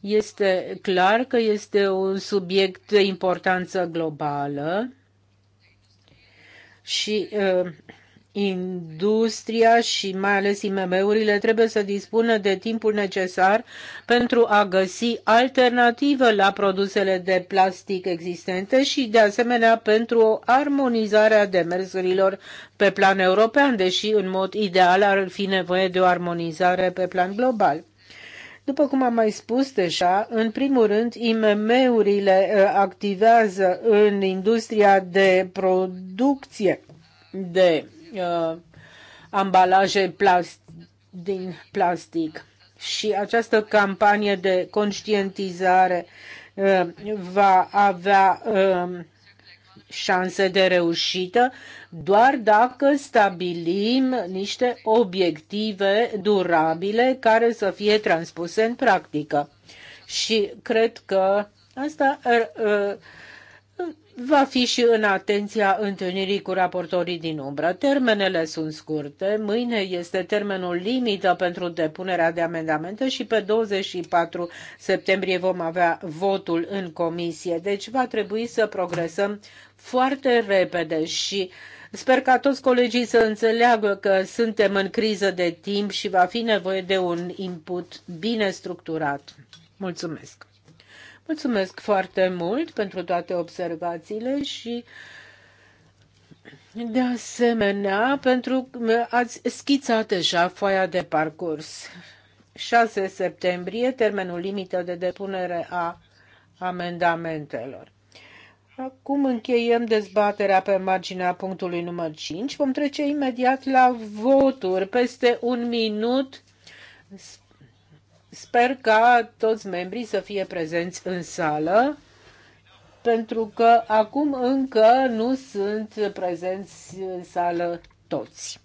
Speaker 3: Este clar că este un subiect de importanță globală și uh, industria și mai ales IMM-urile trebuie să dispună de timpul necesar pentru a găsi alternativă la produsele de plastic existente și de asemenea pentru o armonizare a demersurilor pe plan european, deși în mod ideal ar fi nevoie de o armonizare pe plan global. După cum am mai spus deja, în primul rând, IMM-urile uh, activează în industria de producție de uh, ambalaje plast, din plastic. Și această campanie de conștientizare uh, va avea uh, șanse de reușită doar dacă stabilim niște obiective durabile care să fie transpuse în practică. Și cred că asta uh, uh, va fi și în atenția întâlnirii cu raportorii din umbră. Termenele sunt scurte. Mâine este termenul limită pentru depunerea de amendamente și pe 24 septembrie vom avea votul în comisie. Deci va trebui să progresăm foarte repede și Sper ca toți colegii să înțeleagă că suntem în criză de timp și va fi nevoie de un input bine structurat. Mulțumesc! Mulțumesc foarte mult pentru toate observațiile și de asemenea, pentru că ați schițat deja foaia de parcurs. 6 septembrie, termenul limită de depunere a amendamentelor. Acum încheiem dezbaterea pe marginea punctului număr 5. Vom trece imediat la voturi. Peste un minut Sper ca toți membrii să fie prezenți în sală, pentru că acum încă nu sunt prezenți în sală toți.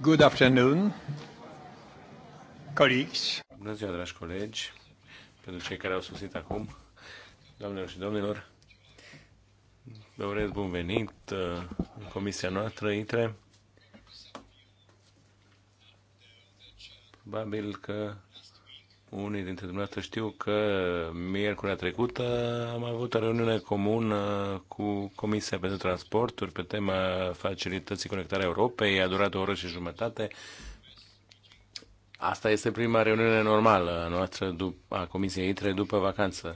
Speaker 1: Good afternoon, colleagues. Bună ziua, dragi colegi, pentru cei care au susținut acum, doamnelor și domnilor, vă urez bun venit uh, în comisia noastră, ITRE. Probabil că unii dintre dumneavoastră știu că miercurea trecută am avut o reuniune comună cu Comisia pentru Transporturi pe tema facilității conectarea Europei. A durat o oră și jumătate. Asta este prima reuniune normală a noastră a Comisiei ITRE după vacanță.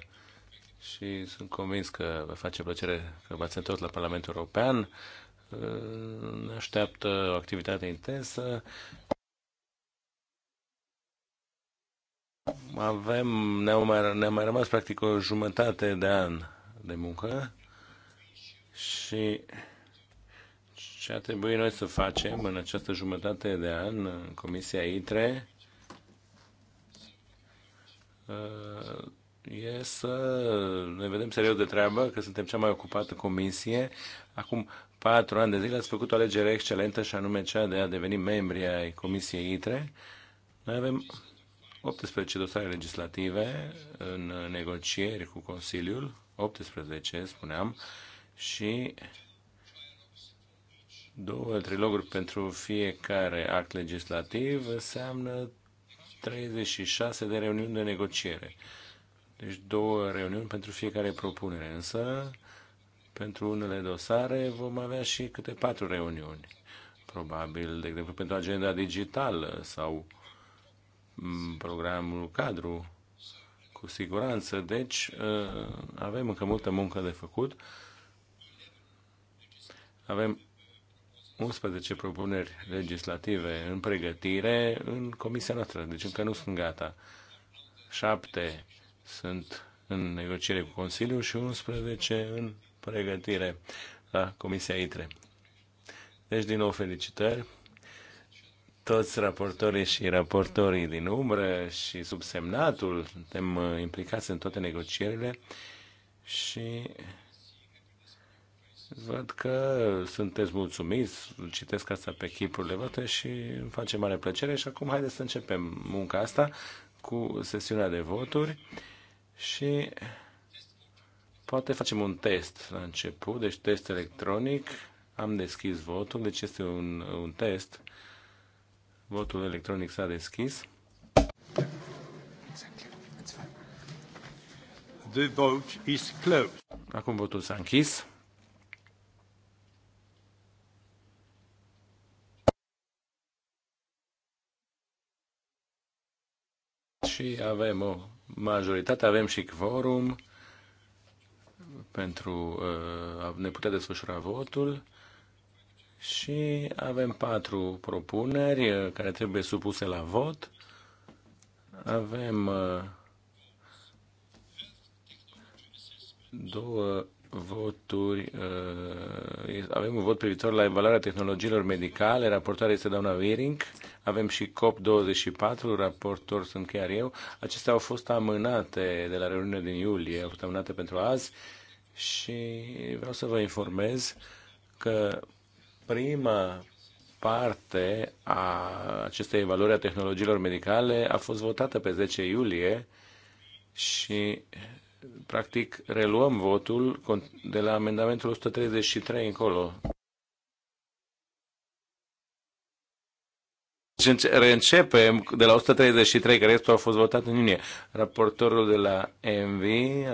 Speaker 1: Și sunt convins că vă face plăcere că v-ați întors la Parlamentul European. Ne așteaptă o activitate intensă. Avem, ne-a mai, ne mai rămas practic o jumătate de an de muncă și ce a trebuit noi să facem în această jumătate de an în Comisia ITRE uh, e să ne vedem serios de treabă, că suntem cea mai ocupată comisie. Acum patru ani de zile ați făcut o alegere excelentă și anume cea de a deveni membri ai Comisiei ITRE. Noi avem 18 dosare legislative în negocieri cu Consiliul, 18 spuneam, și două triloguri pentru fiecare act legislativ înseamnă 36 de reuniuni de negociere. Deci două reuniuni pentru fiecare propunere, însă pentru unele dosare vom avea și câte patru reuniuni. Probabil, de exemplu, pentru agenda digitală sau uh, programul cadru, cu siguranță. Deci ă, avem încă multă muncă de făcut. Avem 11 propuneri legislative în pregătire în comisia noastră, deci încă nu sunt gata. 7 sunt în negociere cu Consiliul și 11 în pregătire la Comisia ITRE. Deci, din nou, felicitări! toți raportorii și raportorii din umbră și subsemnatul, suntem uh, implicați în toate negocierile și văd că sunteți mulțumiți, citesc asta pe chipurile voastre și îmi face mare plăcere și acum haideți să începem munca asta cu sesiunea de voturi și poate facem un test la început, deci test electronic, am deschis votul, deci este un, un test Votul electronic s-a deschis. The vote is closed. Acum votul s-a închis. Și avem o majoritate, avem și quorum pentru uh, a ne putea desfășura votul și avem patru propuneri uh, care trebuie supuse la vot. Avem uh, două voturi. Uh, avem un vot privitor la evaluarea tehnologiilor medicale. Raportoarea este doamna Wiering. Avem și COP24, raportor sunt chiar eu. Acestea au fost amânate de la reuniunea din iulie, au fost amânate pentru azi și vreau să vă informez că prima parte a acestei evaluări a tehnologiilor medicale a fost votată pe 10 iulie și practic reluăm votul de la amendamentul 133 încolo. Deci reîncepem de la 133, care restul a fost votat în iunie. Raportorul de la MV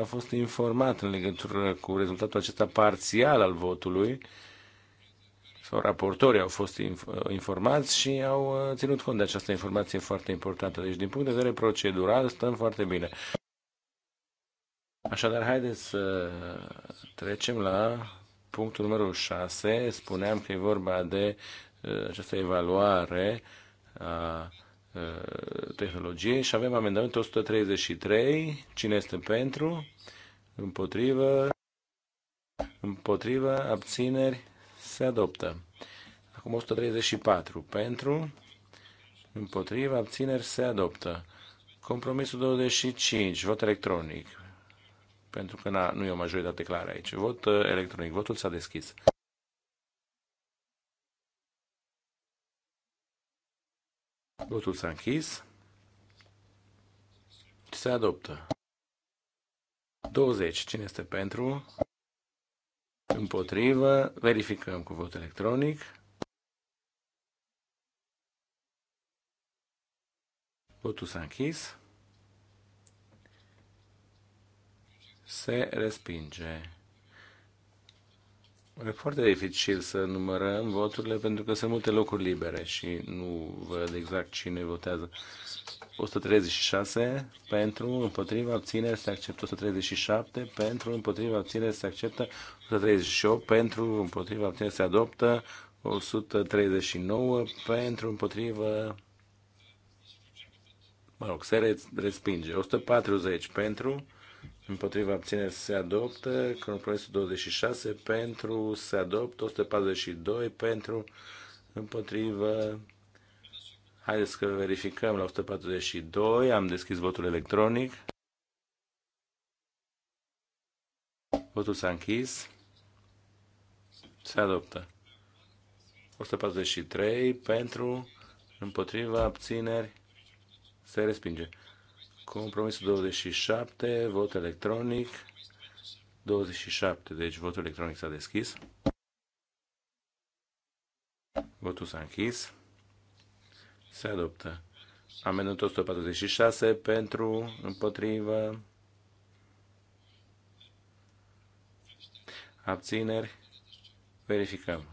Speaker 1: a fost informat în legătură cu rezultatul acesta parțial al votului sau raportorii au fost informați și au uh, ținut cont de această informație foarte importantă. Deci, din punct de vedere procedural, stăm foarte bine. Așadar, haideți să trecem la punctul numărul 6. Spuneam că e vorba de uh, această evaluare a uh, tehnologiei și avem amendamentul 133. Cine este pentru? Împotrivă? Împotrivă? Abțineri? se adoptă. Acum 134 pentru, împotriva, abțineri, se adoptă. Compromisul 25, vot electronic, pentru că nu e o majoritate clară aici. Vot uh, electronic, votul s-a deschis. Votul s-a închis. Se adoptă. 20. Cine este pentru? Împotrivă. Verificăm cu vot electronic. Votul s-a închis. Se respinge. E foarte dificil să numărăm voturile pentru că sunt multe locuri libere și nu văd exact cine votează. 136 pentru, împotriva, abține, se acceptă 137 pentru, împotriva, abține, se acceptă 138 pentru, împotriva, abține, se adoptă 139 pentru, împotriva, mă rog, se respinge 140 pentru, împotriva abțineri se adoptă, compromisul 26 pentru se adoptă, 142 pentru împotrivă. Haideți că verificăm la 142, am deschis votul electronic. Votul s-a închis. Se adoptă. 143 pentru, împotriva, abțineri, se respinge. Compromisul 27, vot electronic. 27, deci votul electronic s-a deschis. Votul s-a închis. Se adoptă. Amendamentul 146 pentru, împotrivă, abțineri, verificăm.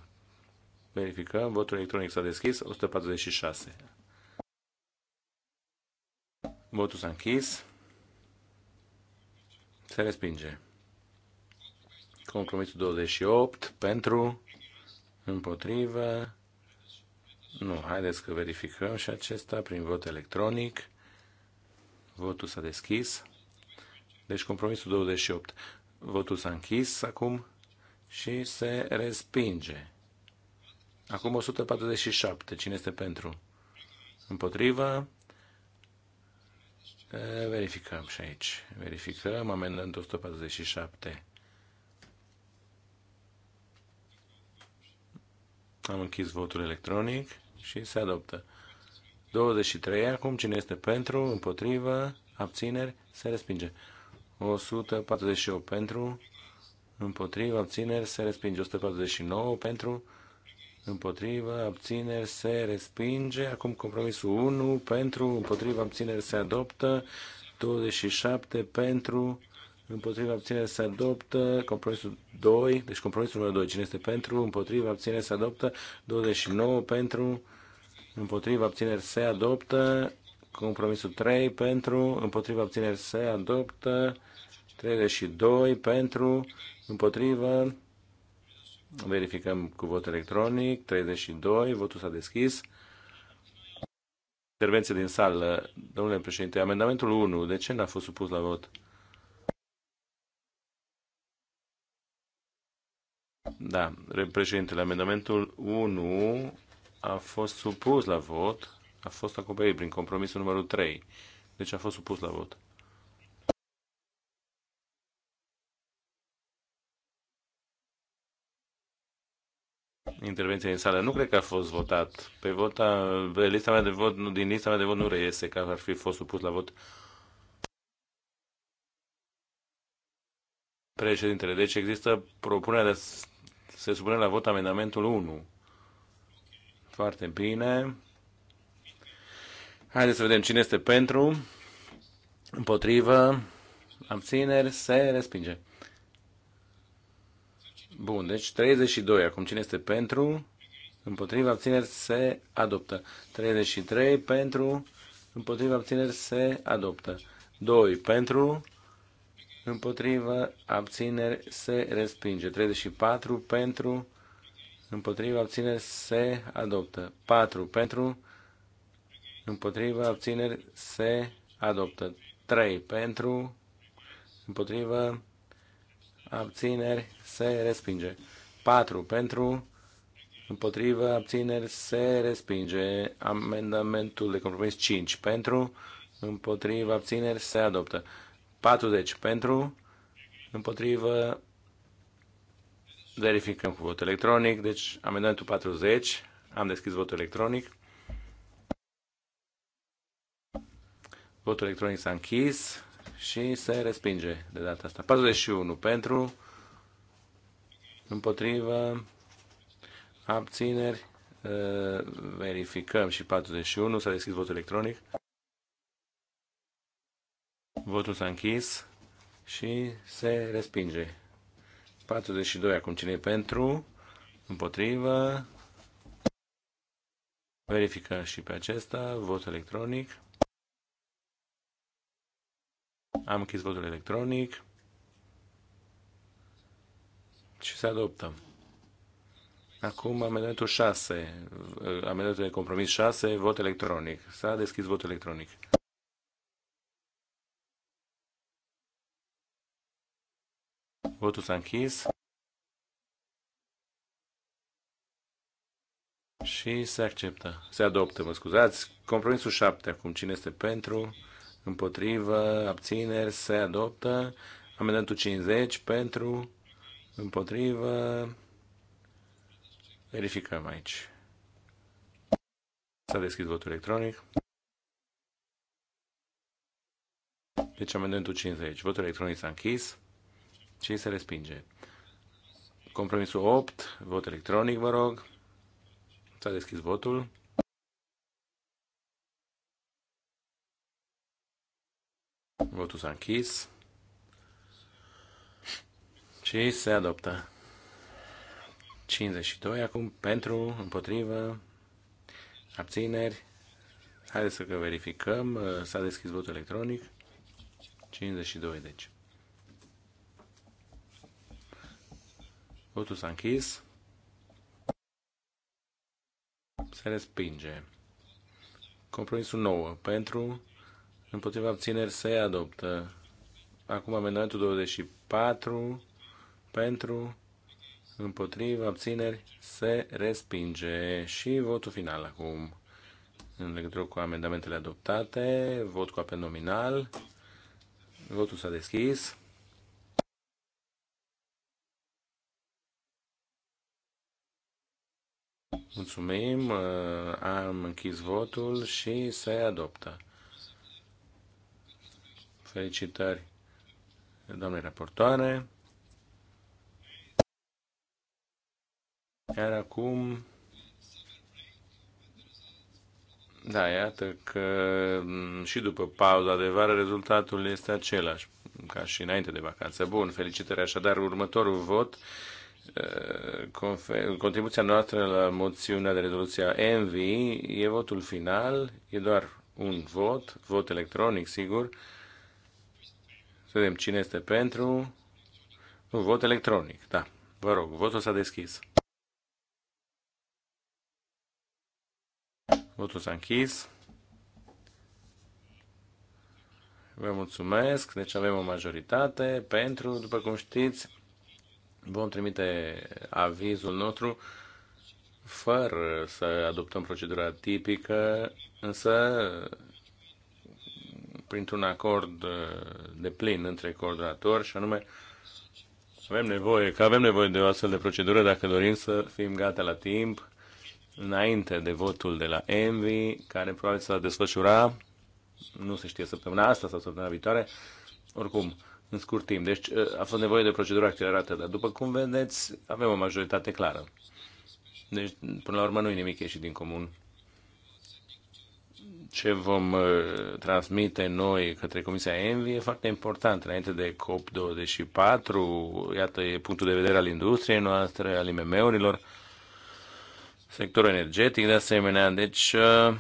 Speaker 1: Verificăm, votul electronic s-a deschis, 146. Votul s-a închis. Se respinge. Compromisul 28 pentru, împotrivă. Nu, haideți că verificăm și acesta prin vot electronic. Votul s-a deschis. Deci compromisul 28. Votul s-a închis acum și se respinge. Acum 147. Cine este pentru? Împotrivă. Eh, verificăm și aici. Verificăm amendamentul 147. Am închis votul electronic și se adoptă. 23. Acum cine este pentru, împotrivă, abțineri, se respinge. 148 pentru, împotrivă, abțineri, se respinge. 149 pentru, împotrivă, abțineri, se respinge. Acum compromisul 1 pentru, împotrivă, abțineri, se adoptă. 27 pentru, împotriva abțineri se adoptă, compromisul 2, deci compromisul numărul 2, cine este pentru, împotriva abțineri se adoptă, 29 pentru, împotriva abțineri se adoptă, compromisul 3 pentru, împotriva abțineri se adoptă, 32 pentru, împotriva Verificăm cu vot electronic. 32. Votul s-a deschis. Intervenție din sală. Domnule președinte, amendamentul 1, de ce n-a fost supus la vot? Da, președintele, amendamentul 1 a fost supus la vot, a fost acoperit prin compromisul numărul 3. Deci a fost supus la vot. intervenție din sală. Nu cred că a fost votat. Pe vota, pe lista mea de vot, nu, din lista mea de vot nu reiese că ar fi fost supus la vot. Președintele, deci există propunerea de a se supune la vot amendamentul 1. Foarte bine. Haideți să vedem cine este pentru, împotrivă, abțineri, se respinge. Bun, deci 32. Acum cine este pentru? Împotriva abțineri se adoptă. 33 pentru. Împotriva abțineri se adoptă. 2 pentru. Împotriva abțineri se respinge. 34 pentru. Împotriva abțineri se adoptă. 4 pentru. Împotriva abțineri se adoptă. 3 pentru. Împotriva abțineri, se respinge. 4 pentru, împotrivă, abțineri, se respinge. Amendamentul de compromis 5 pentru, împotrivă, abțineri, se adoptă. 40 pentru, împotrivă, verificăm cu vot electronic, deci amendamentul 40, am deschis votul electronic. Votul electronic s-a închis și se respinge de data asta. 41 pentru, împotrivă, abțineri, verificăm și 41, s-a deschis votul electronic. Votul s-a închis și se respinge. 42 acum cine pentru, împotrivă, verificăm și pe acesta, vot electronic. Am închis votul electronic și se adoptă. Acum amendamentul 6, amendamentul de compromis 6, vot electronic. S-a deschis votul electronic. Votul s-a închis. Și se acceptă. Se adoptă, mă scuzați. Compromisul 7 acum. Cine este pentru? împotrivă, abțineri, se adoptă. Amendamentul 50 pentru, împotrivă, verificăm aici. S-a deschis votul electronic. Deci amendamentul 50. Votul electronic s-a închis și se respinge. Compromisul 8, vot electronic, vă rog. S-a deschis votul. Votul s-a închis. Și se adoptă. 52 acum pentru, împotrivă, abțineri. Haideți să că verificăm. S-a deschis votul electronic. 52, deci. Votul s-a închis. Se respinge. Compromisul 9 pentru, împotriva abțineri se adoptă. Acum amendamentul 24 pentru împotriva abțineri se respinge și votul final acum în legătură cu amendamentele adoptate, vot cu apel nominal, votul s-a deschis. Mulțumim, uh, am închis votul și se adoptă. Felicitări doamnei raportoare. Iar acum, da, iată că mm, și după pauza de vară rezultatul este același, ca și înainte de vacanță. Bun, felicitări așadar. Următorul vot, eh, contribuția noastră la moțiunea de rezoluție ENVI e votul final, e doar un vot, vot electronic, sigur, să vedem cine este pentru. Nu, vot electronic, da. Vă rog, votul s-a deschis. Votul s-a închis. Vă mulțumesc, deci avem o majoritate pentru, după cum știți, vom trimite avizul nostru fără să adoptăm procedura tipică, însă printr-un acord uh, de plin între coordonatori și anume avem nevoie, că avem nevoie de o astfel de procedură dacă dorim să fim gata la timp înainte de votul de la Envi, care probabil s-a desfășura, nu se știe săptămâna asta sau săptămâna viitoare, oricum, în scurt timp. Deci uh, a fost nevoie de procedură accelerată, dar după cum vedeți, avem o majoritate clară. Deci, până la urmă, nu e nimic ieșit din comun ce vom uh, transmite noi către Comisia Envi e foarte important. Înainte de COP24, iată, e punctul de vedere al industriei noastre, al IMM-urilor, sectorul energetic de asemenea. Deci uh,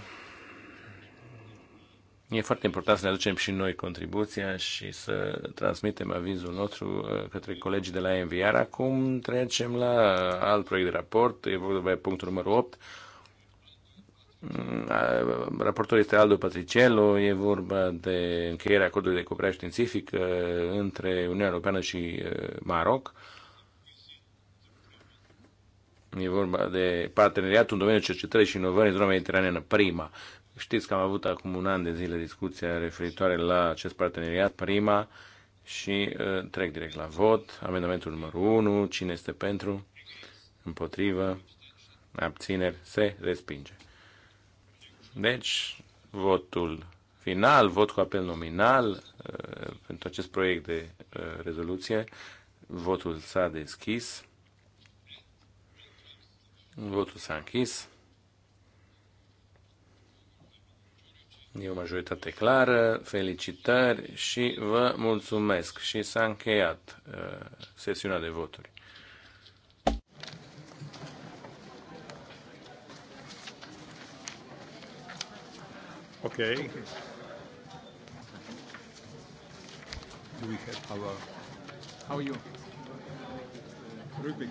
Speaker 1: e foarte important să ne aducem și noi contribuția și să transmitem avizul nostru uh, către colegii de la Envi. Iar acum trecem la alt proiect de raport, e vorba de punctul numărul 8, Mm, raportul este Aldo Patriciello, e vorba de încheierea acordului de cooperare științifică uh, între Uniunea Europeană și uh, Maroc. E vorba de parteneriatul în domeniul cercetării și inovării în zona mediteraneană, prima. Știți că am avut acum un an de zile discuția referitoare la acest parteneriat, prima, și uh, trec direct la vot. Amendamentul numărul 1, cine este pentru, împotrivă, abțineri, se respinge. Deci, votul final, vot cu apel nominal uh, pentru acest proiect de uh, rezoluție. Votul s-a deschis. Votul s-a închis. E o majoritate clară, felicitări și vă mulțumesc. Și s-a încheiat uh, sesiunea de voturi. Ok. Do we have our... How are you? Rubik.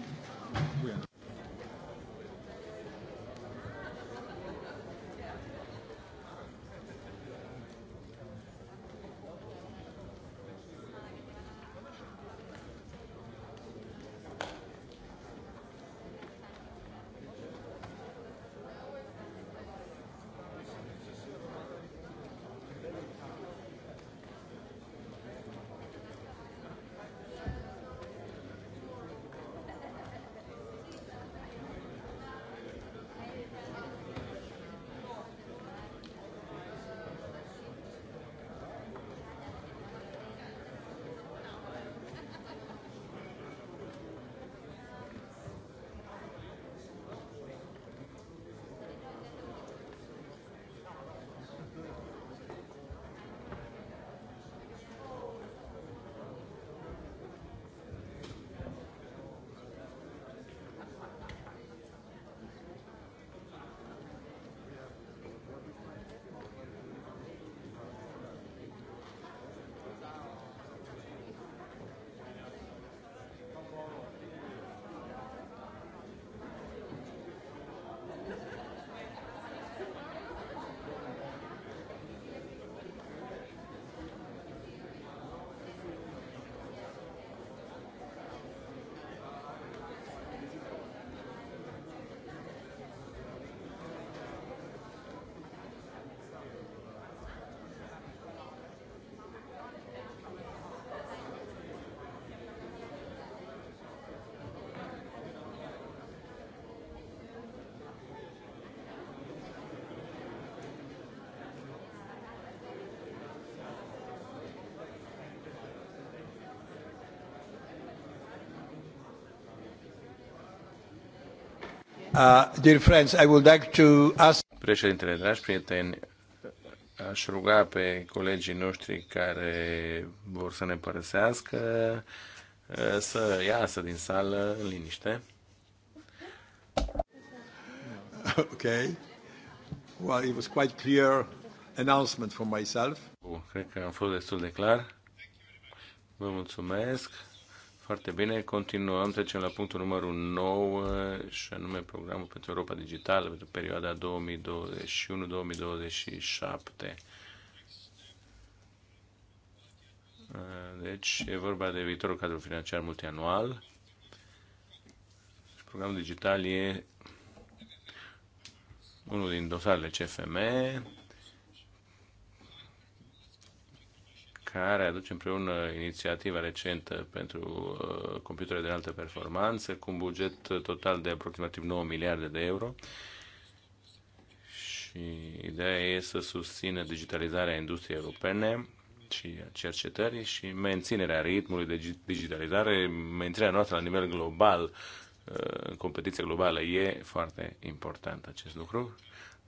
Speaker 1: Uh, Președintele, dragi prieteni, aș ruga pe colegii noștri care vor să ne părăsească uh, să iasă din sală în liniște. Ok. Well, it was quite clear announcement for myself. Oh, cred că am fost destul de clar. Vă mulțumesc. Foarte bine, continuăm, trecem la punctul numărul 9 și anume programul pentru Europa Digitală pentru perioada 2021-2027. Deci e vorba de viitorul cadru financiar multianual. Programul digital e unul din dosarele CFM care aduce împreună inițiativa recentă pentru uh, computere de înaltă performanță cu un buget total de aproximativ 9 miliarde de euro și ideea e să susțină digitalizarea industriei europene și a cercetării și menținerea ritmului de digitalizare, menținerea noastră la nivel global, uh, în competiție globală. E foarte important acest lucru.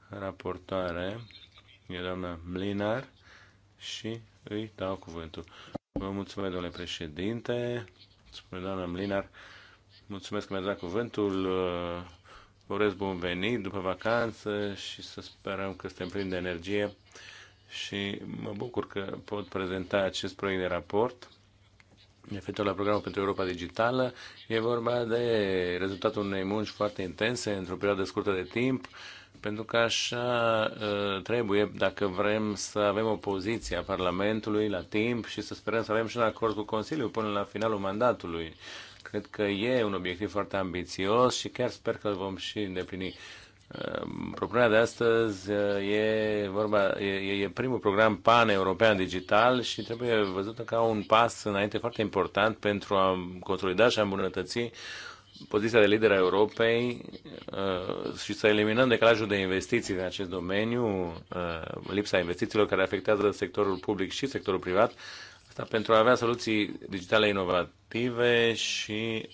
Speaker 1: Raportare e doamna Mlinar și îi dau cuvântul. Vă mulțumesc, domnule președinte, spune doamna Mlinar, mulțumesc că mi-ați dat cuvântul, vă uh, urez bun venit după vacanță și să sperăm că suntem plini de energie și mă bucur că pot prezenta acest proiect de raport efectul la programul pentru Europa Digitală. E vorba de rezultatul unei munci foarte intense într-o perioadă scurtă de timp pentru că așa ă, trebuie, dacă vrem să avem o poziție a Parlamentului la timp și să sperăm să avem și un acord cu Consiliul până la finalul mandatului. Cred că e un obiectiv foarte ambițios și chiar sper că îl vom și îndeplini. Ă, propunerea de astăzi ă, e, vorba, e, e primul program pan-european digital și trebuie văzută ca un pas înainte foarte important pentru a consolida și a îmbunătăți poziția de lider a Europei uh, și să eliminăm decalajul de investiții în acest domeniu, uh, lipsa investițiilor care afectează sectorul public și sectorul privat, asta pentru a avea soluții digitale inovative și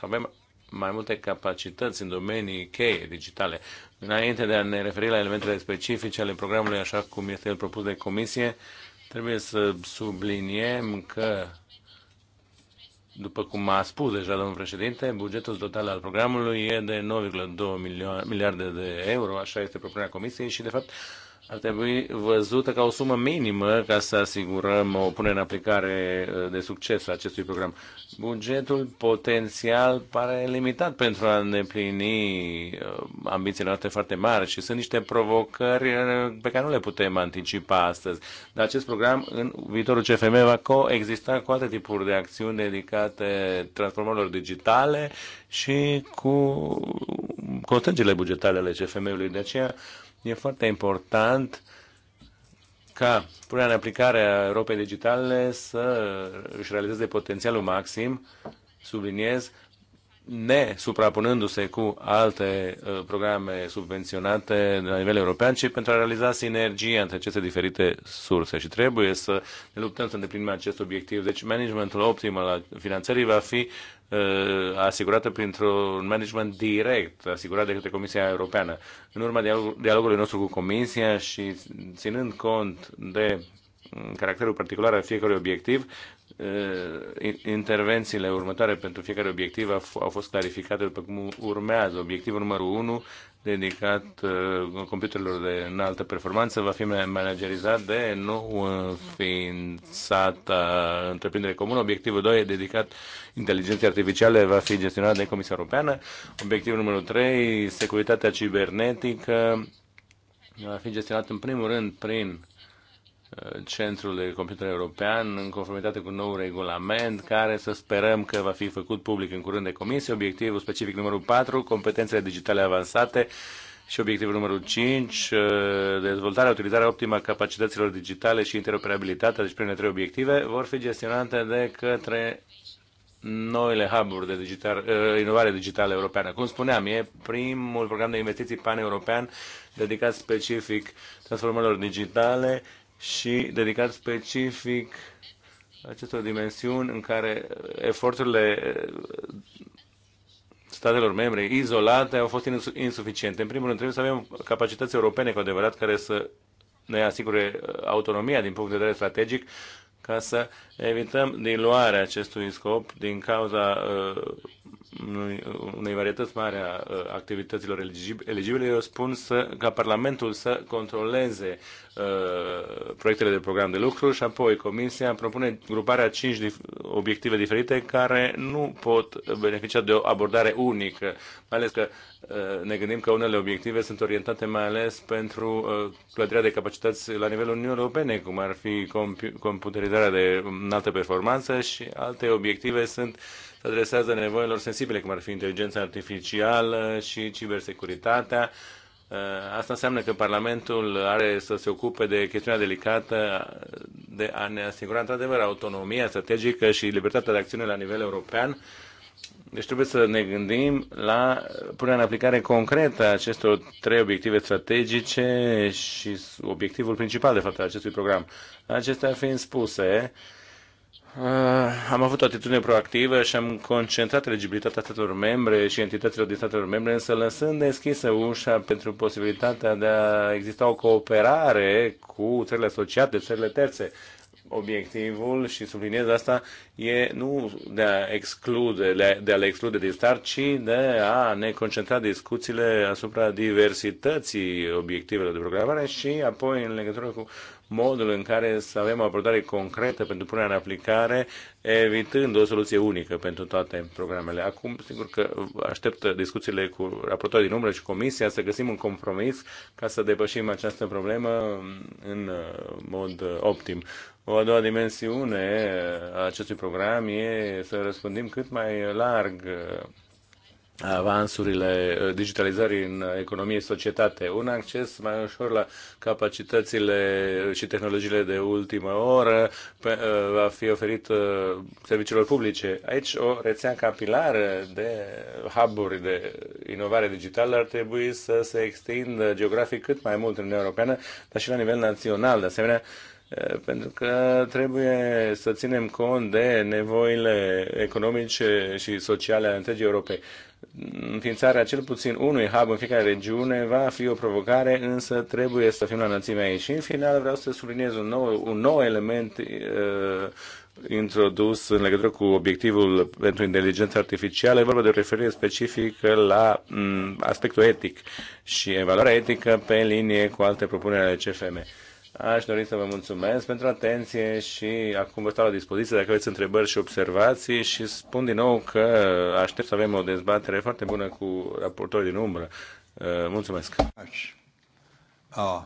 Speaker 1: avem mai multe capacități în domenii cheie digitale. Înainte de a ne referi la elementele specifice ale programului, așa cum este el propus de comisie, trebuie să subliniem că după cum a spus deja domnul președinte, bugetul total al programului e de 9,2 miliarde de euro, așa este propunerea Comisiei și, de fapt, ar trebui văzută ca o sumă minimă ca să asigurăm o punere în aplicare uh, de succes a acestui program. Bugetul potențial pare limitat pentru a îndeplini uh, ambițiile noastre foarte mari și sunt niște provocări uh, pe care nu le putem anticipa astăzi. Dar acest program în viitorul CFM va coexista cu alte tipuri de acțiuni dedicate transformărilor digitale și cu constrângerile bugetale ale CFM-ului. De aceea E foarte important ca punerea în aplicare a Europei Digitale să își realizeze potențialul maxim, subliniez, suprapunându se cu alte uh, programe subvenționate la nivel european, ci pentru a realiza sinergia între aceste diferite surse. Și trebuie să ne luptăm să îndeplinim acest obiectiv. Deci managementul optim al finanțării va fi uh, asigurată printr-un management direct, asigurat de către Comisia Europeană. În urma dialogului nostru cu Comisia și ținând cont de mm, caracterul particular al fiecărui obiectiv, Uh, intervențiile următoare pentru fiecare obiectiv au fost clarificate după cum urmează. Obiectivul numărul 1, dedicat uh, computerelor de înaltă performanță, va fi managerizat de nu uh, înființată întreprindere comună. Obiectivul 2, dedicat inteligenței artificiale, va fi gestionat de Comisia Europeană. Obiectivul numărul 3, securitatea cibernetică, va fi gestionat în primul rând prin Centrul de Computer European în conformitate cu nou regulament care să sperăm că va fi făcut public în curând de comisie. Obiectivul specific numărul 4, competențele digitale avansate și obiectivul numărul 5, uh, dezvoltarea, utilizarea optimă a capacităților digitale și interoperabilitatea, deci primele trei obiective, vor fi gestionate de către noile hub-uri de digital, uh, inovare digitală europeană. Cum spuneam, e primul program de investiții pan-european dedicat specific transformărilor digitale și dedicat specific acestor dimensiuni în care eforturile eh, statelor membre izolate au fost insuficiente. În primul rând, trebuie să avem capacități europene cu adevărat care să ne asigure eh, autonomia din punct de vedere strategic ca să evităm diluarea acestui scop din cauza uh, unui, unei varietăți mari a activităților eligibile, eu spun să, ca Parlamentul să controleze uh, proiectele de program de lucru și apoi Comisia propune gruparea cinci dif- obiective diferite care nu pot beneficia de o abordare unică, mai ales că uh, ne gândim că unele obiective sunt orientate mai ales pentru uh, clădirea de capacități la nivelul Uniunii Europene, cum ar fi computerizarea de înaltă performanță și alte obiective sunt uh, se adresează nevoilor sensibile, cum ar fi inteligența artificială și cibersecuritatea. Uh, asta înseamnă că Parlamentul are să se ocupe de chestiunea delicată uh, de a ne asigura într-adevăr autonomia strategică și libertatea de acțiune la nivel european. Deci trebuie să ne gândim la punerea în aplicare concretă a acestor trei obiective strategice și obiectivul principal, de fapt, al acestui program. Acestea fiind spuse, uh, Uh, am avut o atitudine proactivă și am concentrat eligibilitatea statelor membre și entităților din statelor membre, însă lăsând deschisă ușa pentru posibilitatea de a exista o cooperare cu țările asociate, țările terțe. Obiectivul, și subliniez asta, e nu de a, exclude, de a le exclude din start, ci de a ne concentra discuțiile asupra diversității obiectivelor de programare și apoi în legătură cu modul în care să avem o abordare concretă pentru punerea în aplicare, evitând o soluție unică pentru toate programele. Acum, sigur că aștept discuțiile cu raportorii din umbră și comisia să găsim un compromis ca să depășim această problemă în mod optim. O a doua dimensiune a acestui program e să răspândim cât mai larg avansurile uh, digitalizării în economie și societate, un acces mai ușor la capacitățile și tehnologiile de ultimă oră pe, uh, va fi oferit uh, serviciilor publice. Aici o rețea capilară de hub-uri de inovare digitală ar trebui să se extindă geografic cât mai mult în Uniunea Europeană, dar și la nivel național. De asemenea, Eh, pentru că trebuie să ținem cont de nevoile economice și sociale ale întregii Europei. Înființarea cel puțin unui hub în fiecare regiune va fi o provocare, însă trebuie să fim la înălțime aici. Și în final vreau să subliniez un nou, un nou element uh, introdus în legătură cu obiectivul pentru inteligența artificială, e vorba de o referire specifică la mm, aspectul etic și evaluarea etică pe linie cu alte propuneri ale CFM. Aș dori să vă mulțumesc pentru atenție și acum vă stau la dispoziție dacă aveți întrebări și observații și spun din nou că aștept să avem o dezbatere foarte bună cu raportorii din umbră. Uh, mulțumesc! Ah,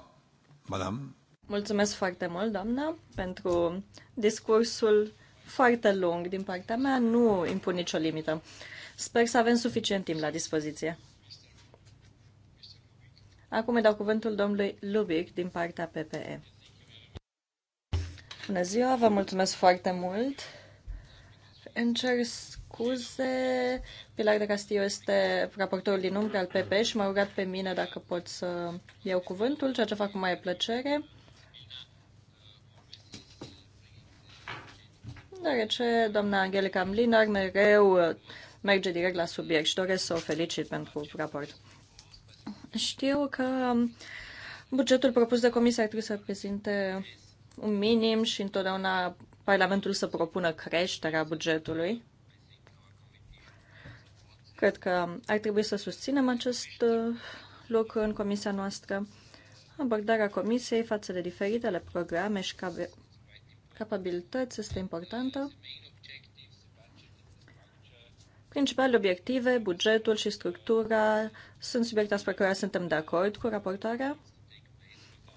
Speaker 1: madam.
Speaker 2: Mulțumesc foarte mult, doamnă, pentru discursul foarte lung din partea mea. Nu impun nicio limită. Sper să avem suficient timp la dispoziție. Acum îi dau cuvântul domnului Lubic din partea PPE. Bună ziua, vă mulțumesc foarte mult. Încerc scuze, Pilar de Castillo este raportorul din umbră al PPE și m-a rugat pe mine dacă pot să iau cuvântul, ceea ce fac cu mai plăcere. Deoarece doamna Angelica Mlinar mereu merge direct la subiect și doresc să o felicit pentru raport. Știu că bugetul propus de comisie ar trebui să reprezinte un minim și întotdeauna Parlamentul să propună creșterea bugetului. Cred că ar trebui să susținem acest uh, loc în comisia noastră. Abordarea comisiei față de diferitele programe și capabilități este importantă. Principalele obiective, bugetul și structura sunt subiecte asupra care suntem de acord cu raportarea.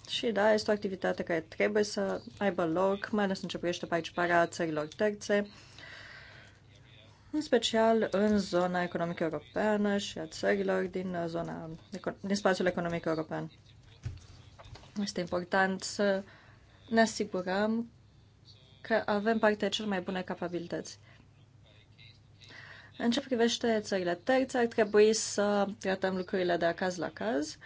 Speaker 2: Și da, este o activitate care trebuie să aibă loc, mai ales în ce privește participarea țărilor terțe, în special în zona economică europeană și a țărilor din, zona, din spațiul economic european. Este important să ne asigurăm că avem de cel mai bune capabilități. În ce privește țările terțe, ar trebui să tratăm lucrurile de acaz la caz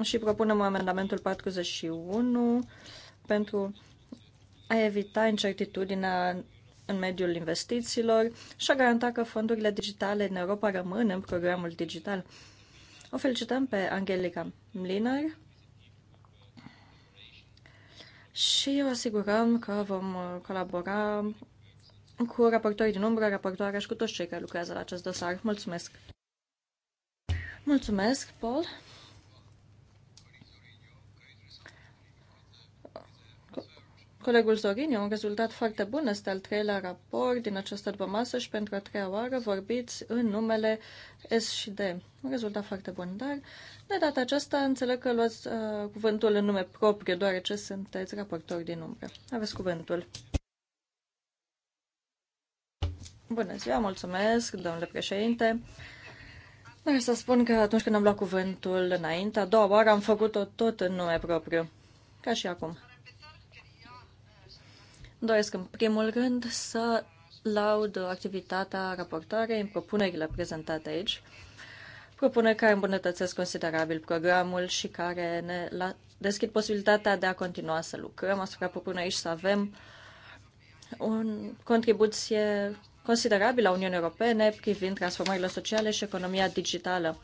Speaker 2: și propunem amendamentul 41 pentru a evita incertitudinea în mediul investițiilor și a garanta că fondurile digitale în Europa rămân în programul digital. O felicităm pe Angelica Mlinar și o asigurăm că vom colabora cu raportorii din umbră, raportoarea și cu toți cei care lucrează la acest dosar. Mulțumesc! Mulțumesc, Paul! Colegul Zorin, e un rezultat foarte bun, este al treilea raport din această după masă și pentru a treia oară vorbiți în numele S și D. Un rezultat foarte bun, dar de data aceasta înțeleg că luați uh, cuvântul în nume propriu, deoarece sunteți raportori din umbră. Aveți cuvântul. Bună ziua, mulțumesc, domnule președinte. Dar să spun că atunci când am luat cuvântul înainte, a doua oară am făcut-o tot în nume propriu, ca și acum. Doresc în primul rând să laud activitatea raportoarei în propunerile prezentate aici, propuneri care îmbunătățesc considerabil programul și care ne deschid posibilitatea de a continua să lucrăm asupra propunerii și să avem o contribuție considerabil a Uniunii Europene privind transformările sociale și economia digitală.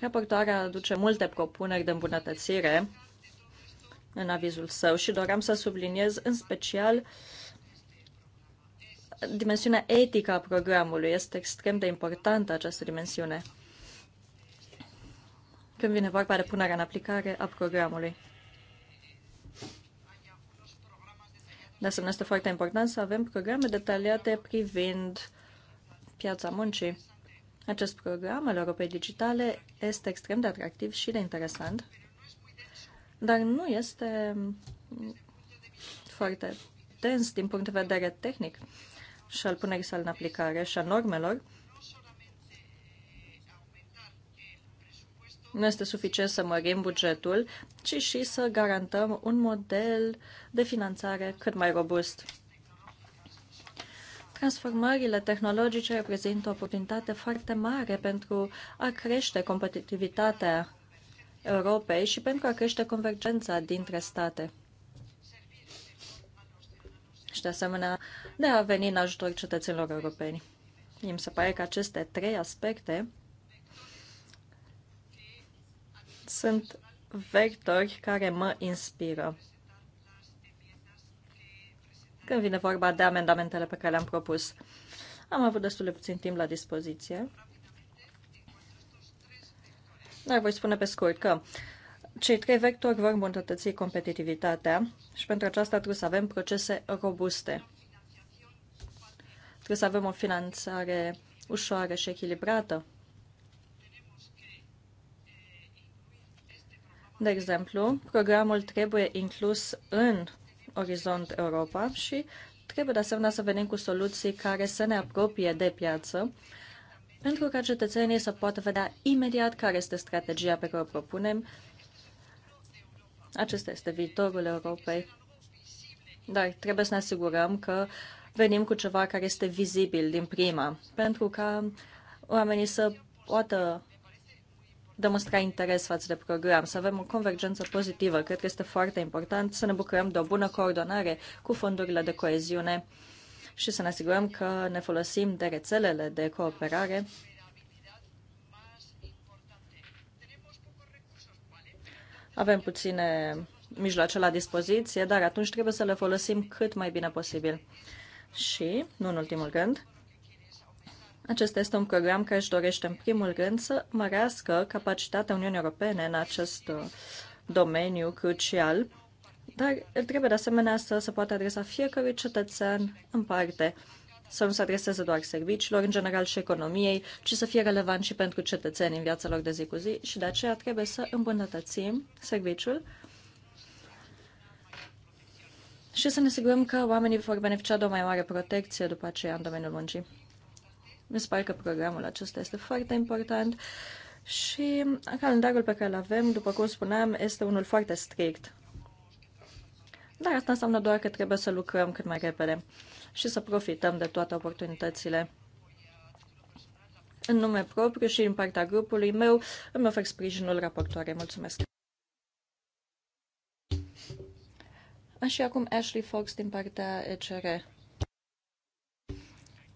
Speaker 2: Raportoarea aduce multe propuneri de îmbunătățire în avizul său și doream să subliniez în special dimensiunea etică a programului. Este extrem de importantă această dimensiune când vine vorba de punerea în aplicare a programului. De asemenea, este foarte important să avem programe detaliate privind piața muncii. Acest program al Europei Digitale este extrem de atractiv și de interesant, dar nu este foarte dens din punct de vedere tehnic și al punerii sale în aplicare și a normelor Nu este suficient să mărim bugetul, ci și să garantăm un model de finanțare cât mai robust. Transformările tehnologice reprezintă o oportunitate foarte mare pentru a crește competitivitatea Europei și pentru a crește convergența dintre state. Și de asemenea, de a veni în ajutor cetățenilor europeni. Mi se pare că aceste trei aspecte sunt vectori care mă inspiră. Când vine vorba de amendamentele pe care le-am propus, am avut destul de puțin timp la dispoziție. Dar voi spune pe scurt că cei trei vectori vor îmbunătăți competitivitatea și pentru aceasta trebuie să avem procese robuste. Trebuie să avem o finanțare ușoară și echilibrată De exemplu, programul trebuie inclus în Orizont Europa și trebuie de asemenea să venim cu soluții care să ne apropie de piață, pentru ca cetățenii să poată vedea imediat care este strategia pe care o propunem. Acesta este viitorul Europei. Dar trebuie să ne asigurăm că venim cu ceva care este vizibil din prima, pentru ca oamenii să poată demonstra interes față de program, să avem o convergență pozitivă. Cred că este foarte important să ne bucurăm de o bună coordonare cu fondurile de coeziune și să ne asigurăm că ne folosim de rețelele de cooperare avem puține mijloace la dispoziție, dar atunci trebuie să le folosim cât mai bine posibil. Și, nu în ultimul rând, acesta este un program care își dorește în primul rând să mărească capacitatea Uniunii Europene în acest uh, domeniu crucial, dar trebuie de asemenea să se poată adresa fiecărui cetățean în parte, să nu se adreseze doar serviciilor, în general și economiei, ci să fie relevant și pentru cetățeni în viața lor de zi cu zi și de aceea trebuie să îmbunătățim serviciul și să ne asigurăm că oamenii vor beneficia de o mai mare protecție după aceea în domeniul muncii. Mi se pare că programul acesta este foarte important și calendarul pe care îl avem, după cum spuneam, este unul foarte strict. Dar asta înseamnă doar că trebuie să lucrăm cât mai repede și să profităm de toate oportunitățile. În nume propriu și în partea grupului meu îmi ofer sprijinul raportoarei. Mulțumesc! Și acum Ashley Fox din partea ECR.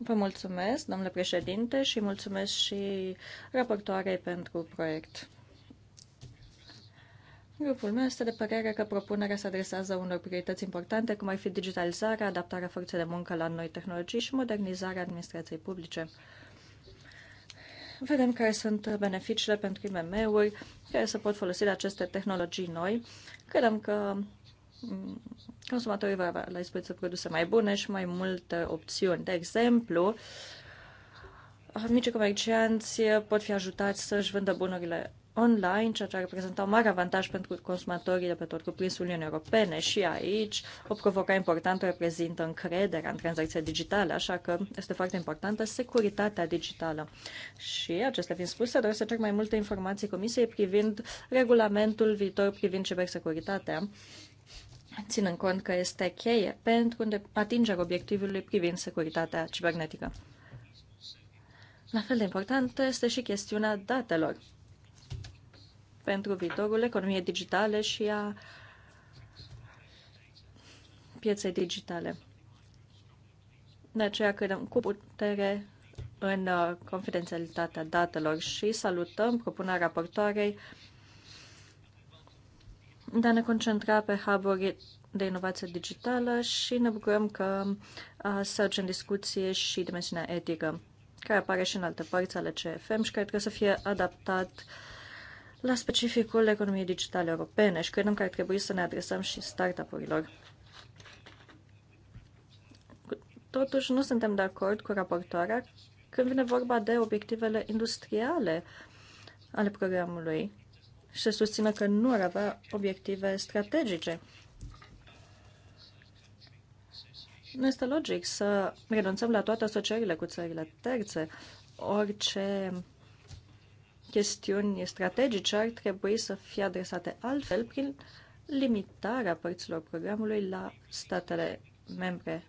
Speaker 2: Vă mulțumesc, domnule președinte, și mulțumesc și raportoarei pentru proiect. Grupul meu este de părere că propunerea se adresează unor priorități importante, cum ar fi digitalizarea, adaptarea forței de muncă la noi tehnologii și modernizarea administrației publice. Vedem care sunt beneficiile pentru IMM-uri care se pot folosi de aceste tehnologii noi. Credem că consumatorii vor avea la dispoziție produse mai bune și mai multe opțiuni. De exemplu, micii comercianți pot fi ajutați să-și vândă bunurile online, ceea ce ar reprezenta un mare avantaj pentru consumatorii de pe tot cuprinsul Uniunii Europene și aici o provocare importantă reprezintă încrederea în tranzacția digitală, așa că este foarte importantă securitatea digitală. Și acestea fiind spuse, doresc să cer mai multe informații Comisiei privind regulamentul viitor privind cibersecuritatea ținând cont că este cheie pentru atingerea obiectivului privind securitatea cibernetică. La fel de importantă este și chestiunea datelor pentru viitorul economiei digitale și a pieței digitale. De aceea credem cu putere în uh, confidențialitatea datelor și salutăm propunerea raportoarei de a ne concentra pe hub de inovație digitală și ne bucurăm că se aduce în discuție și dimensiunea etică, care apare și în alte părți ale CFM și care trebuie să fie adaptat la specificul economiei digitale europene și credem că ar trebui să ne adresăm și startup-urilor. Totuși, nu suntem de acord cu raportoarea când vine vorba de obiectivele industriale ale programului se să susțină că nu ar avea obiective strategice. Nu este logic să renunțăm la toate asocierile cu țările terțe. Orice chestiuni strategice ar trebui să fie adresate altfel prin limitarea părților programului la statele membre.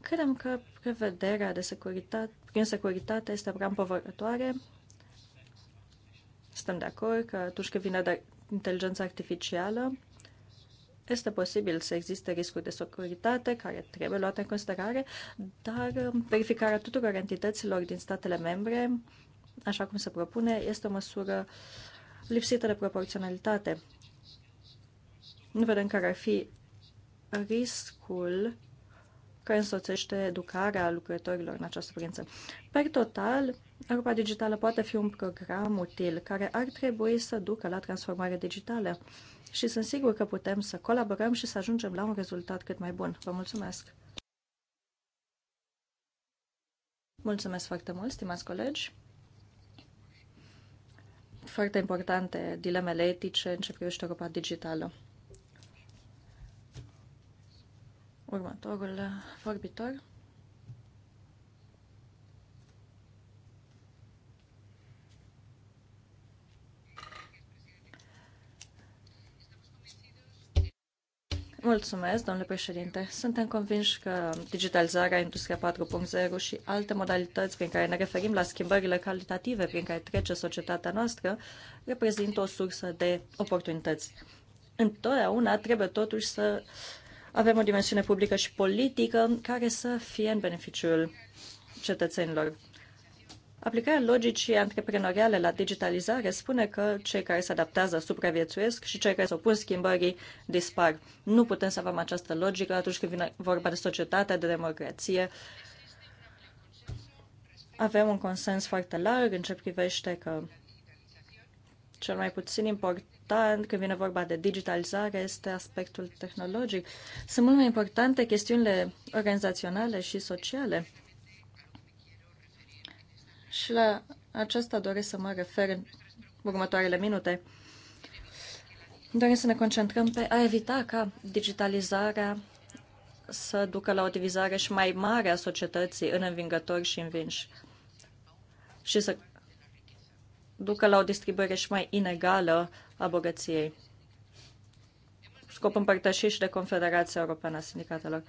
Speaker 2: Credem că prevederea de securitate, prin securitate este prea împovărătoare suntem de acord că atunci când vine de inteligența artificială, este posibil să existe riscuri de securitate care trebuie luate în considerare, dar um, verificarea tuturor entităților din statele membre, așa cum se propune, este o măsură lipsită de proporționalitate. Nu vedem care ar fi riscul care însoțește educarea lucrătorilor în această privință. Per total, Europa Digitală poate fi un program util care ar trebui să ducă la transformare digitală și sunt sigur că putem să colaborăm și să ajungem la un rezultat cât mai bun. Vă mulțumesc! Mulțumesc foarte mult, stimați colegi! Foarte importante dilemele etice în ce privește Europa Digitală. Următorul vorbitor. Mulțumesc, domnule președinte. Suntem convinși că digitalizarea, industria 4.0 și alte modalități prin care ne referim la schimbările calitative prin care trece societatea noastră reprezintă o sursă de oportunități. Întotdeauna trebuie totuși să uh, avem o dimensiune publică și politică care să fie în beneficiul cetățenilor. Aplicarea logicii antreprenoriale la digitalizare spune că cei care se adaptează supraviețuiesc și cei care se opun schimbării dispar. Nu putem să avem această logică atunci când vine vorba de societate, de democrație. Avem un consens foarte larg în ce privește că cel mai puțin important important când vine vorba de digitalizare este aspectul tehnologic. Sunt mult mai importante chestiunile organizaționale și sociale. Și la aceasta doresc să mă refer în următoarele minute. Doresc să ne concentrăm pe a evita ca digitalizarea să ducă la o divizare și mai mare a societății în învingători și învinși și să ducă la o distribuire și mai inegală a bogăției, scop împărtășit și de Confederația Europeană a Sindicatelor.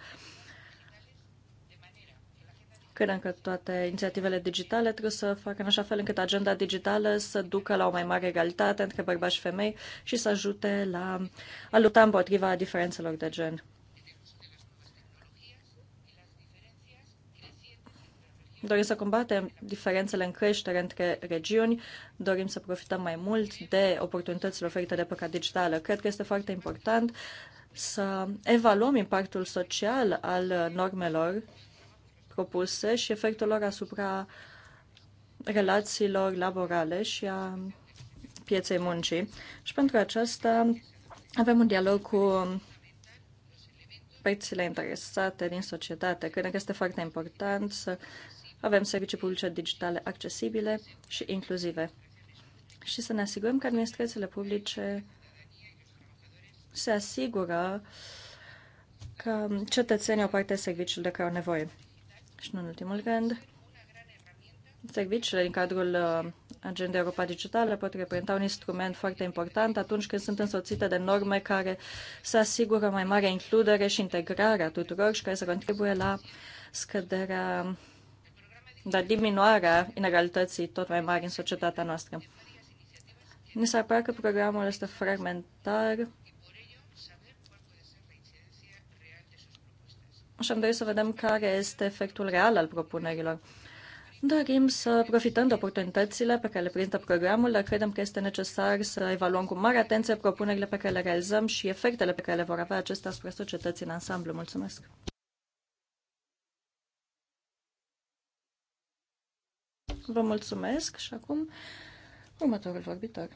Speaker 2: Credem că toate inițiativele digitale trebuie să facă în așa fel încât agenda digitală să ducă la o mai mare egalitate între bărbați și femei și să ajute la a lupta împotriva diferențelor de gen. Dorim să combatem diferențele în creștere între regiuni, dorim să profităm mai mult de oportunitățile oferite de păcat digitală. Cred că este foarte important să evaluăm impactul social al normelor propuse și efectul lor asupra relațiilor laborale și a pieței muncii. Și pentru aceasta avem un dialog cu părțile interesate din societate. Cred că este foarte important să avem servicii publice digitale accesibile și inclusive și să ne asigurăm că administrațiile publice se asigură că cetățenii au parte de serviciul de care au nevoie. Și nu în ultimul rând, serviciile din cadrul uh, Agenda Europa Digitală pot reprezenta un instrument foarte important atunci când sunt însoțite de norme care să asigură mai mare includere și integrare a tuturor și care să contribuie la scăderea dar diminuarea inegalității tot mai mari în societatea noastră. Ni s-ar părea că programul este fragmentar și am dorit să vedem care este efectul real al propunerilor. Dorim să profităm de oportunitățile pe care le prezintă programul, dar credem că este necesar să evaluăm cu mare atenție propunerile pe care le realizăm și efectele pe care le vor avea acestea asupra societății în ansamblu. Mulțumesc! Vă mulțumesc și acum următorul vorbitor.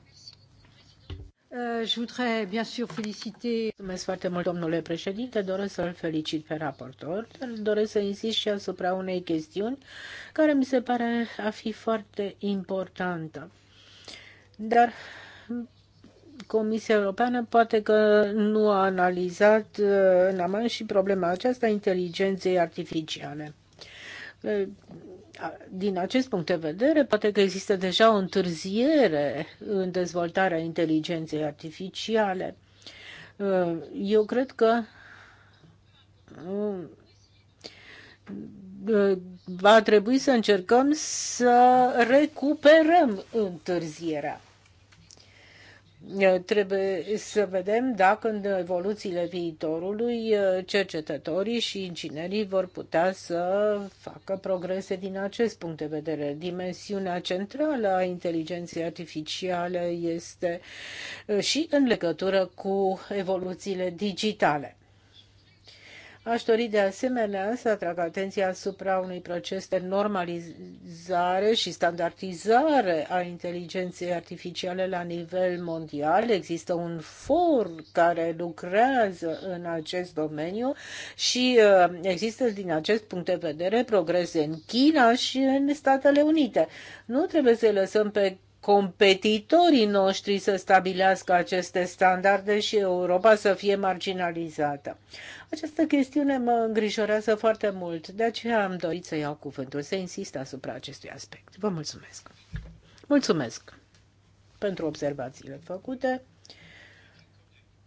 Speaker 3: Euh, je voudrais bien sûr féliciter. Mulțumesc foarte mult, domnule președinte. Doresc să-l felicit pe raportor, dar doresc să insist și asupra unei chestiuni care mi se pare a fi foarte importantă. Dar Comisia Europeană poate că nu a analizat uh, în aman și problema aceasta inteligenței artificiale. Din acest punct de vedere, poate că există deja o întârziere în dezvoltarea inteligenței artificiale. Uh, eu cred că uh, uh, va trebui să încercăm să recuperăm întârzierea. Trebuie să vedem dacă în evoluțiile viitorului cercetătorii și inginerii vor putea să facă progrese din acest punct de vedere. Dimensiunea centrală a inteligenței artificiale este și în legătură cu evoluțiile digitale. Aș dori de asemenea să atrag atenția asupra unui proces de normalizare și standardizare a inteligenței artificiale la nivel mondial. Există un for care lucrează în acest domeniu și uh, există din acest punct de vedere progrese în China și în Statele Unite. Nu trebuie să lăsăm pe competitorii noștri să stabilească aceste standarde și Europa să fie marginalizată. Această chestiune mă îngrijorează foarte mult, de aceea am dorit să iau cuvântul, să insist asupra acestui aspect. Vă mulțumesc! Mulțumesc pentru observațiile făcute.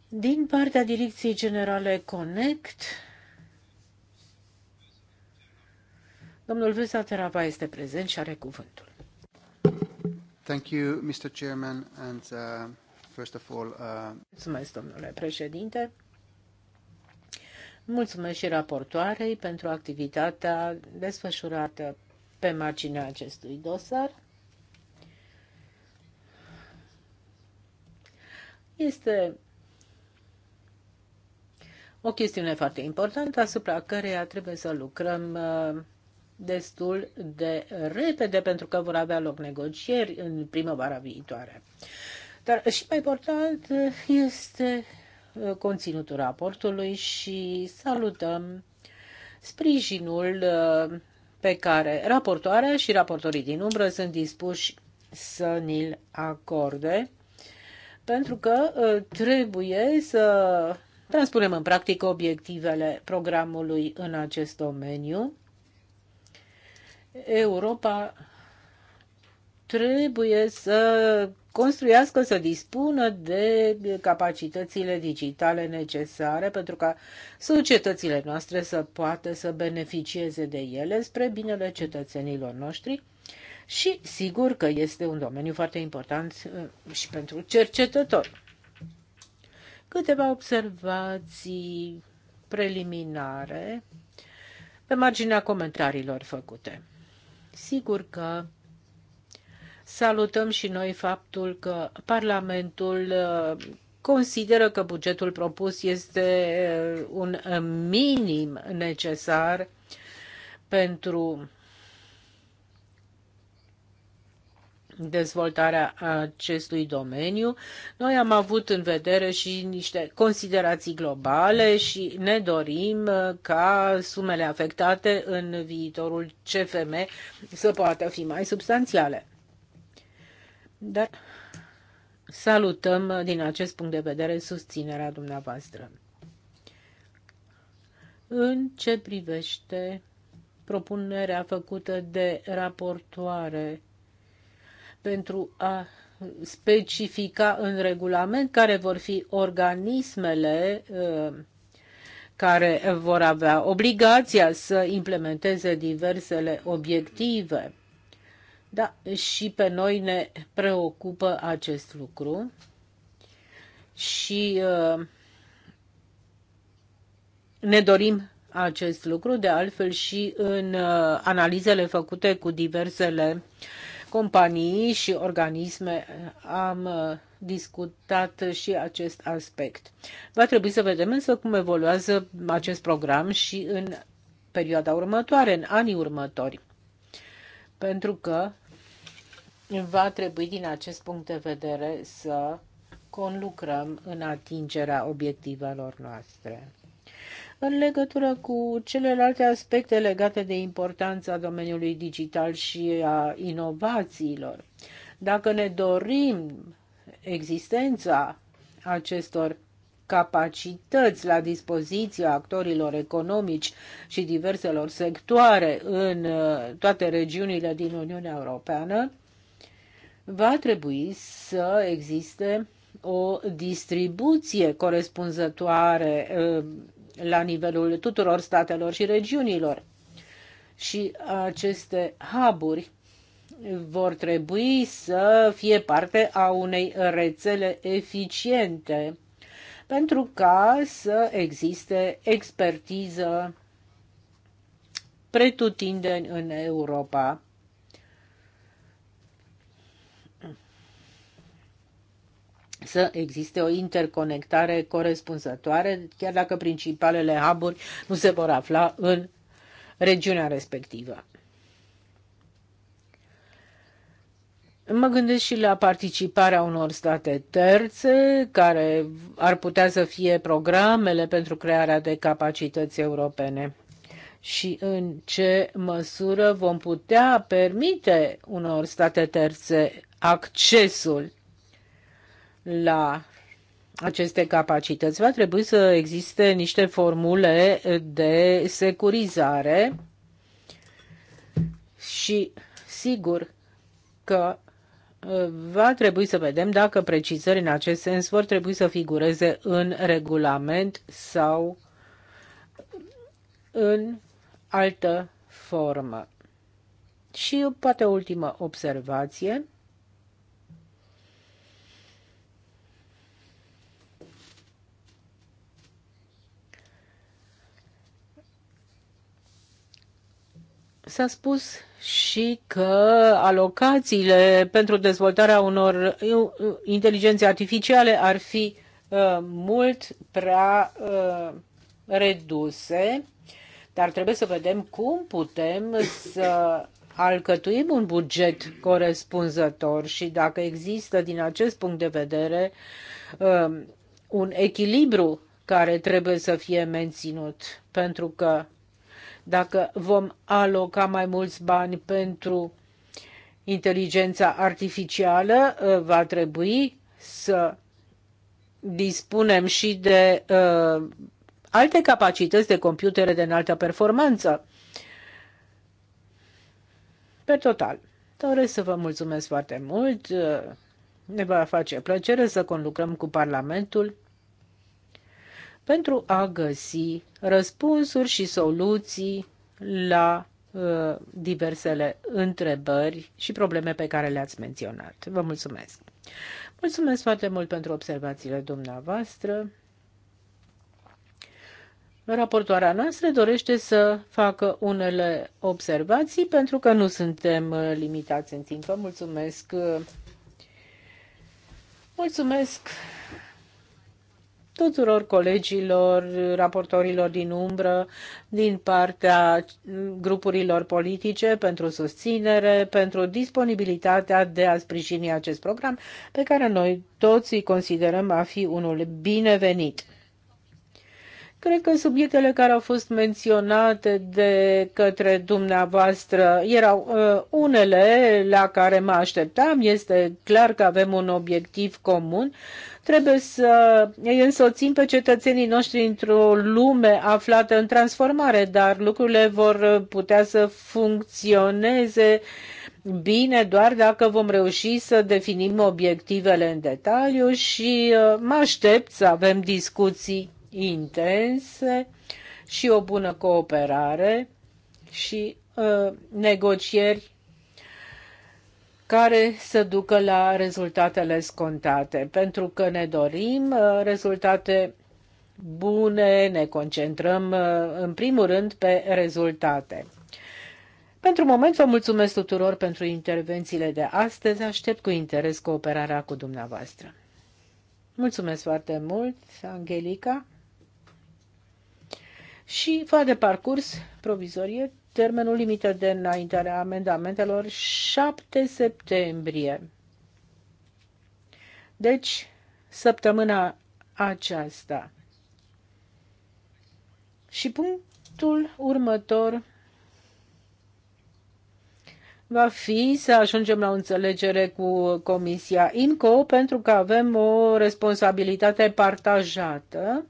Speaker 3: Din partea Direcției Generale Connect, domnul Vesa Terapa este prezent și are cuvântul. Thank you, Mr. Chairman, and uh, first of all... Uh... Mulțumesc, domnule președinte. Mulțumesc și raportoarei pentru activitatea desfășurată pe marginea acestui dosar. Este o chestiune foarte importantă asupra căreia trebuie să lucrăm uh, destul de repede pentru că vor avea loc negocieri în primăvara viitoare. Dar și mai important este uh, conținutul raportului și salutăm sprijinul uh, pe care raportoarea și raportorii din umbră sunt dispuși să ni-l acorde, pentru că uh, trebuie să transpunem în practică obiectivele programului în acest domeniu Europa trebuie să construiască, să dispună de capacitățile digitale necesare pentru ca societățile noastre să poată să beneficieze de ele spre binele cetățenilor noștri. Și sigur că este un domeniu foarte important uh, și pentru cercetători. Câteva observații preliminare pe marginea comentariilor făcute. Sigur că salutăm și noi faptul că Parlamentul uh, consideră că bugetul propus este uh, un minim necesar pentru dezvoltarea acestui domeniu. Noi am avut în vedere și niște considerații globale și ne dorim uh, ca sumele afectate în viitorul CFM să poată fi mai substanțiale. Dar salutăm uh, din acest punct de vedere susținerea dumneavoastră. În ce privește propunerea făcută de raportoare pentru a specifica în regulament care vor fi organismele uh, care vor avea obligația să implementeze diversele obiective. Da, și pe noi ne preocupă acest lucru și uh, ne dorim acest lucru, de altfel și în uh, analizele făcute cu diversele uh, companii și organisme. Am uh, discutat și acest aspect. Va trebui să vedem însă cum evoluează acest program și în perioada următoare, în anii următori. Pentru că va trebui din acest punct de vedere să conlucrăm în atingerea obiectivelor noastre în legătură cu celelalte aspecte legate de importanța domeniului digital și a inovațiilor. Dacă ne dorim existența acestor capacități la dispoziția actorilor economici și diverselor sectoare în uh, toate regiunile din Uniunea Europeană, va trebui să existe o distribuție corespunzătoare uh, la nivelul tuturor statelor și regiunilor. Și aceste huburi vor trebui să fie parte a unei rețele eficiente pentru ca să existe expertiză pretutindeni în Europa să existe o interconectare corespunzătoare, chiar dacă principalele hub nu se vor afla în regiunea respectivă. Mă gândesc și la participarea unor state terțe care ar putea să fie programele pentru crearea de capacități europene și în ce măsură vom putea permite unor state terțe accesul la aceste capacități. Va trebui să existe niște formule de securizare și sigur că uh, va trebui să vedem dacă precizări în acest sens vor trebui să figureze în regulament sau în altă formă. Și poate o ultimă observație. S-a spus și că alocațiile pentru dezvoltarea unor inteligențe artificiale ar fi uh, mult prea uh, reduse, dar trebuie să vedem cum putem să alcătuim un buget corespunzător și dacă există din acest punct de vedere uh, un echilibru care trebuie să fie menținut, pentru că dacă vom aloca mai mulți bani pentru inteligența artificială, ă, va trebui să dispunem și de uh, alte capacități de computere de înaltă performanță. Pe total, doresc să vă mulțumesc foarte mult. Ă, ne va face plăcere să conlucrăm cu Parlamentul pentru a găsi răspunsuri și soluții la uh, diversele întrebări și probleme pe care le-ați menționat. Vă mulțumesc! Mulțumesc foarte mult pentru observațiile dumneavoastră. Raportoarea noastră dorește să facă unele observații pentru că nu suntem uh, limitați în timp. Vă mulțumesc! Mulțumesc tuturor colegilor, raportorilor din umbră, din partea grupurilor politice pentru susținere, pentru disponibilitatea de a sprijini acest program pe care noi toți îi considerăm a fi unul binevenit. Cred că subiectele care au fost menționate de către dumneavoastră erau uh, unele la care mă așteptam. Este clar că avem un obiectiv comun. Trebuie să îi însoțim pe cetățenii noștri într-o lume aflată în transformare, dar lucrurile vor putea să funcționeze bine doar dacă vom reuși să definim obiectivele în detaliu și uh, mă aștept să avem discuții intense și o bună cooperare și uh, negocieri care să ducă la rezultatele scontate, pentru că ne dorim uh, rezultate bune, ne concentrăm uh, în primul rând pe rezultate. Pentru moment vă mulțumesc tuturor pentru intervențiile de astăzi, aștept cu interes cooperarea cu dumneavoastră. Mulțumesc foarte mult, Angelica și va de parcurs provizorie termenul limită de înaintare a amendamentelor 7 septembrie. Deci, săptămâna aceasta. Și punctul următor va fi să ajungem la o înțelegere cu Comisia INCO pentru că avem o responsabilitate partajată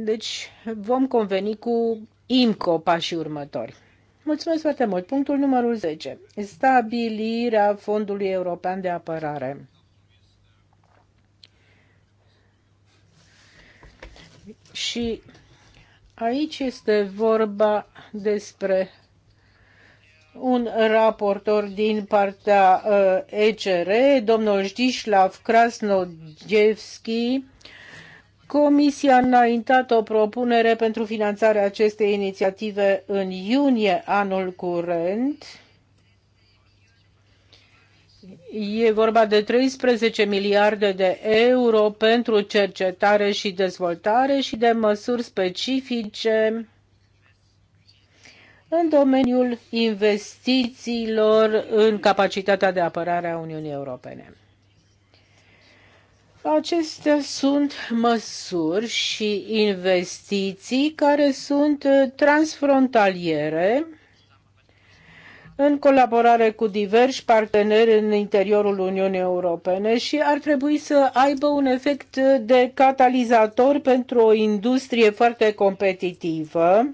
Speaker 3: deci vom conveni cu IMCO pașii următori. Mulțumesc foarte mult. Punctul numărul 10. Stabilirea Fondului European de Apărare. Și aici este vorba despre un raportor din partea uh, ECR, domnul Zdislav Krasnodevski, uh, Comisia a înaintat o propunere pentru finanțarea acestei inițiative în iunie anul curent. E vorba de 13 miliarde de euro pentru cercetare și dezvoltare și de măsuri specifice în domeniul investițiilor în capacitatea de apărare a Uniunii Europene. Acestea sunt măsuri și investiții care sunt uh, transfrontaliere în colaborare cu diversi parteneri în interiorul Uniunii Europene și ar trebui să aibă un efect de catalizator pentru o industrie foarte competitivă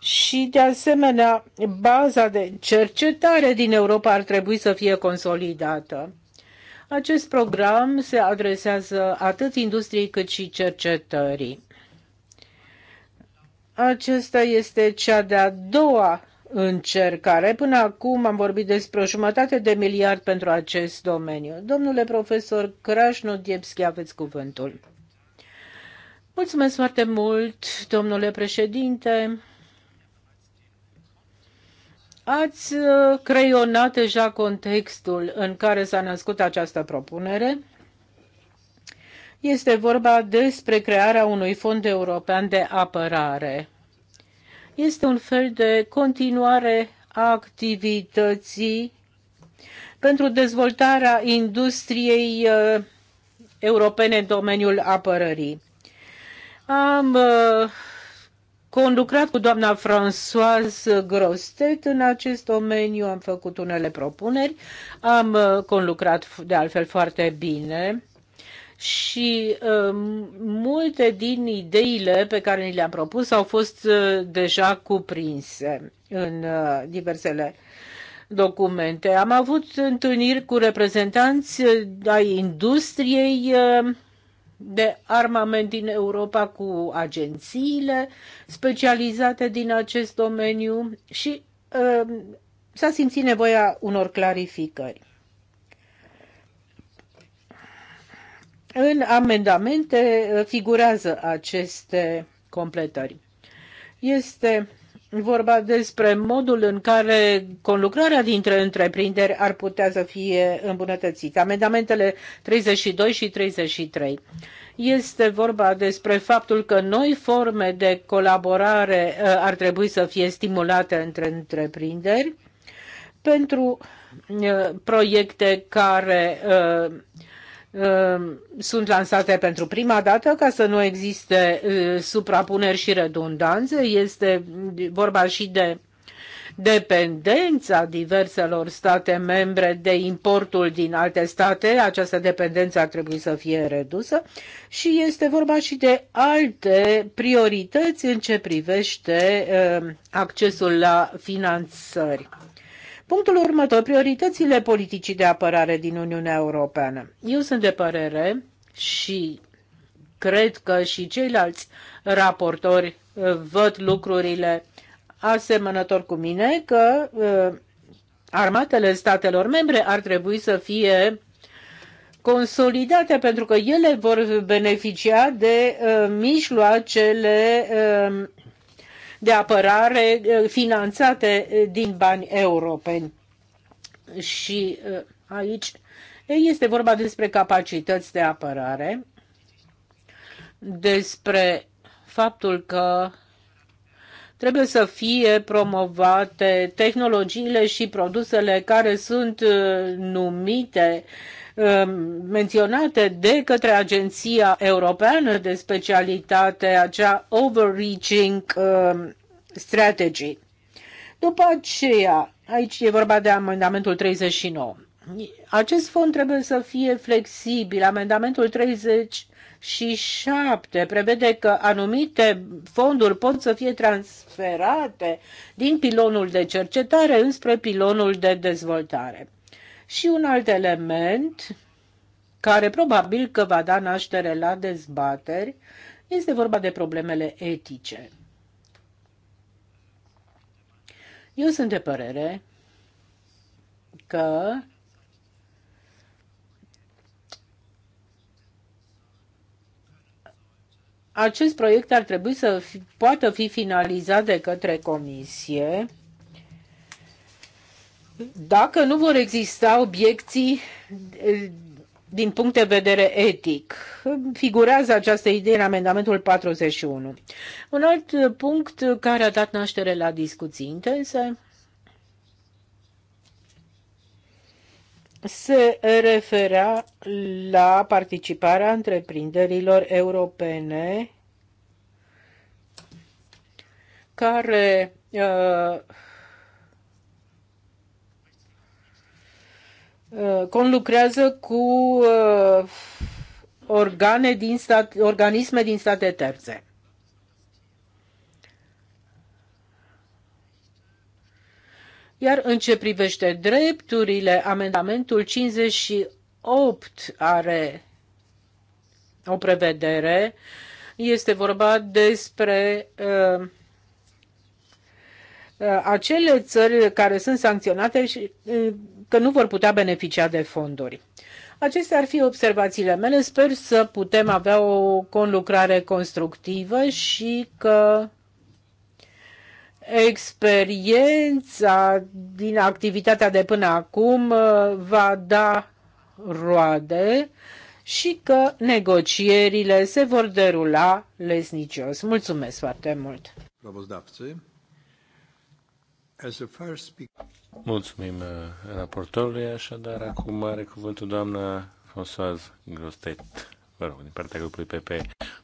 Speaker 3: și, de asemenea, baza de cercetare din Europa ar trebui să fie consolidată. Acest program se adresează atât industriei cât și cercetării. Acesta este cea de-a doua încercare. Până acum am vorbit despre o jumătate de miliard pentru acest domeniu. Domnule profesor Diepschi, aveți cuvântul. Mulțumesc foarte mult, domnule președinte. Ați uh, creionat deja contextul în care s-a născut această propunere. Este vorba despre crearea unui fond european de apărare. Este un fel de continuare a activității pentru dezvoltarea industriei uh, europene în domeniul apărării. Am uh, conlucrat cu doamna Françoise Grostet în acest domeniu, am făcut unele propuneri, am uh, conlucrat de altfel foarte bine și uh, multe din ideile pe care ni le-am propus au fost uh, deja cuprinse în uh, diversele documente. Am avut întâlniri cu reprezentanți uh, ai industriei uh, de armament din Europa cu agențiile specializate din acest domeniu și uh, s-a simțit nevoia unor clarificări. În amendamente figurează aceste completări. Este vorba despre modul în care conlucrarea dintre întreprinderi ar putea să fie îmbunătățită. Amendamentele 32 și 33. Este vorba despre faptul că noi forme de colaborare uh, ar trebui să fie stimulate între întreprinderi pentru uh, proiecte care uh, Ehm, sunt lansate pentru prima dată ca să nu existe suprapuneri și redundanțe. Este vorba și de dependența diverselor state membre de importul din alte state, această dependență ar trebui să fie redusă și este vorba și de alte priorități în ce privește ehm, accesul la finanțări. Punctul următor, prioritățile politicii de apărare din Uniunea Europeană. Eu sunt de părere și cred că și ceilalți raportori uh, văd lucrurile asemănător cu mine că uh, armatele statelor membre ar trebui să fie consolidate pentru că ele vor beneficia de uh, mijloacele de apărare eh, finanțate eh, din bani europeni. Și eh, aici este vorba despre capacități de apărare, despre faptul că trebuie să fie promovate tehnologiile și produsele care sunt numite Um, menționate de către Agenția Europeană de Specialitate, acea overreaching um, strategy. După aceea, aici e vorba de amendamentul 39. Acest fond trebuie să fie flexibil. Amendamentul 37 prevede că anumite fonduri pot să fie transferate din pilonul de cercetare înspre pilonul de dezvoltare. Și un alt element care probabil că va da naștere la dezbateri este vorba de problemele etice. Eu sunt de părere că acest proiect ar trebui să fi, poată fi finalizat de către comisie dacă nu vor exista obiecții eh, din punct de vedere etic. Figurează această idee în amendamentul 41. Un alt punct care a dat naștere la discuții intense se referea la participarea întreprinderilor europene care uh, Uh, conlucrează cu uh, organe din stat, organisme din state terțe. Iar în ce privește drepturile, amendamentul 58 are o prevedere. Este vorba despre uh, uh acele țări care sunt sancționate și că nu vor putea beneficia de fonduri. Acestea ar fi observațiile mele. Sper să putem avea o conlucrare constructivă și că experiența din activitatea de până acum uh, va da roade și că negocierile se vor derula lesnicios. Mulțumesc foarte mult!
Speaker 1: Mulțumim uh, raportorului, așadar acum are cuvântul doamna Françoise Grostet, vă rog, din partea grupului PP.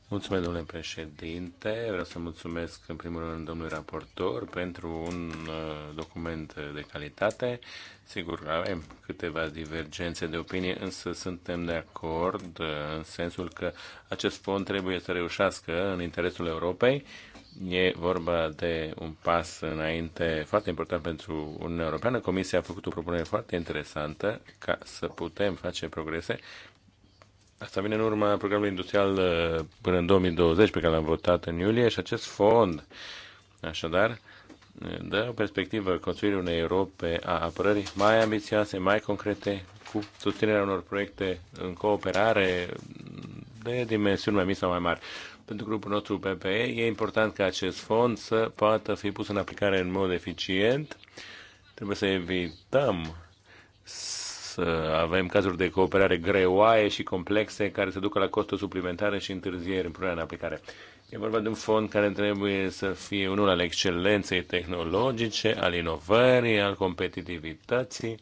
Speaker 1: Mulțumesc, domnule președinte. Vreau să mulțumesc, în primul rând, domnului raportor pentru un uh, document de calitate. Sigur, avem câteva divergențe de opinie, însă suntem de acord uh, în sensul că acest fond trebuie să reușească în interesul Europei E vorba de un pas înainte foarte important pentru Uniunea Europeană. Comisia a făcut o propunere foarte interesantă ca să putem face progrese. Asta vine în urma programului industrial uh, până în 2020 pe care l-am votat în iulie și acest fond, așadar, uh, dă o perspectivă construirii unei Europe a apărării mai ambițioase, mai concrete, cu susținerea unor proiecte în cooperare de dimensiuni mai mici sau mai mari pentru grupul nostru PPE, e important ca acest fond să poată fi pus în aplicare în mod eficient. Trebuie să evităm să avem cazuri de cooperare greoaie și complexe care se ducă la costuri suplimentare și întârzieri în punerea în aplicare. E vorba de un fond care trebuie să fie unul al excelenței tehnologice, al inovării, al competitivității.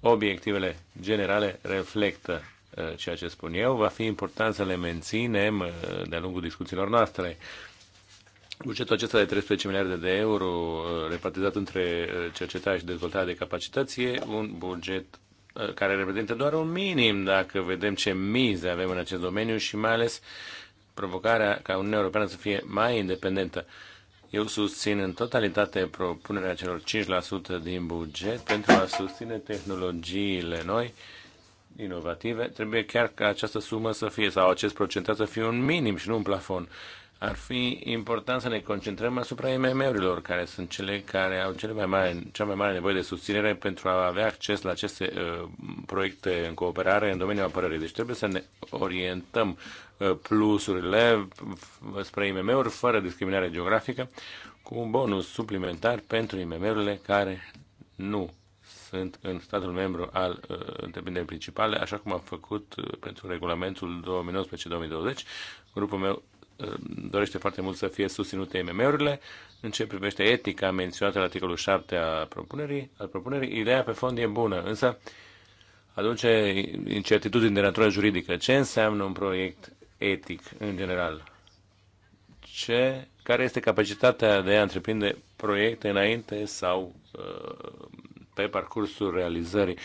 Speaker 1: Obiectivele generale reflectă Uh, ceea ce spun eu, va fi important să le menținem uh, de-a lungul discuțiilor noastre. Bugetul acesta de 13 miliarde de euro uh, repartizat între cercetare și dezvoltare de capacități e un buget care reprezintă doar un minim dacă vedem ce mize avem în acest domeniu și mai ales provocarea ca Uniunea Europeană să fie mai independentă. Eu susțin în totalitate propunerea celor 5% din buget pentru a susține tehnologiile noi inovative, trebuie chiar ca această sumă să fie, sau acest procentat să fie un minim și nu un plafon. Ar fi important să ne concentrăm asupra IMM-urilor, care sunt cele care au cele mai mare, cea mai mare nevoie de susținere pentru a avea acces la aceste uh, proiecte în cooperare în domeniul apărării. Deci trebuie să ne orientăm uh, plusurile uh, spre IMM-uri fără discriminare geografică, cu un bonus suplimentar pentru IMM-urile care nu sunt în statul membru al uh, întreprinderii principale, așa cum am făcut uh, pentru regulamentul 2019-2020. Grupul meu uh, dorește foarte mult să fie susținute IMM-urile. În ce privește etica menționată la articolul 7 a propunerii, al propunerii, ideea pe fond e bună, însă aduce incertitudini de natură juridică. Ce înseamnă un proiect etic în general? ce, care este capacitatea de a întreprinde proiecte înainte sau uh, pe parcursul realizării.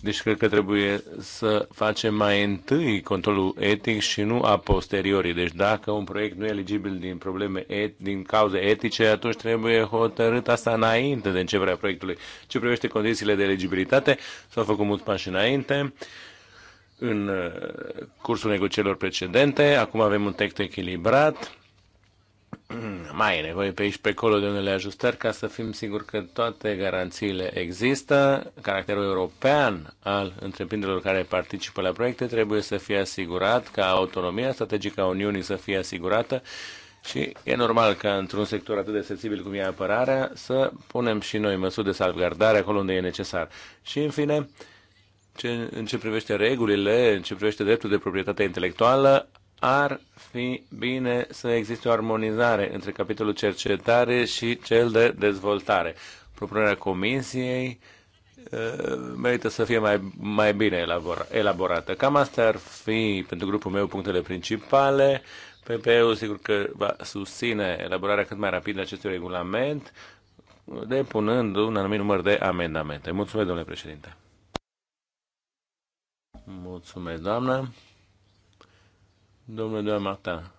Speaker 1: Deci cred că trebuie să facem mai întâi controlul etic și nu a posteriori. Deci dacă un proiect nu e eligibil din probleme et, din cauze etice, atunci trebuie hotărât asta înainte de începerea proiectului. Ce privește condițiile de eligibilitate, s-au făcut mulți pași înainte în uh, cursul negocierilor precedente. Acum avem un text echilibrat mai e nevoie pe aici pe acolo de unele ajustări ca să fim siguri că toate garanțiile există. Caracterul european al întreprinderilor care participă la proiecte trebuie să fie asigurat ca autonomia strategică a Uniunii să fie asigurată și e normal ca într-un sector atât de sensibil cum e apărarea să punem și noi măsuri de salvgardare acolo unde e necesar. Și în fine, ce, în ce privește regulile, în ce privește dreptul de proprietate intelectuală, ar fi bine să existe o armonizare între capitolul cercetare și cel de dezvoltare. Propunerea comisiei uh, merită să fie mai, mai bine elaborată. Cam astea ar fi pentru grupul meu punctele principale. PPE-ul sigur că va susține elaborarea cât mai rapidă acestui regulament, depunând un anumit număr de amendamente. Mulțumesc, domnule președinte. Mulțumesc, doamnă. Domnule Doamne Marta,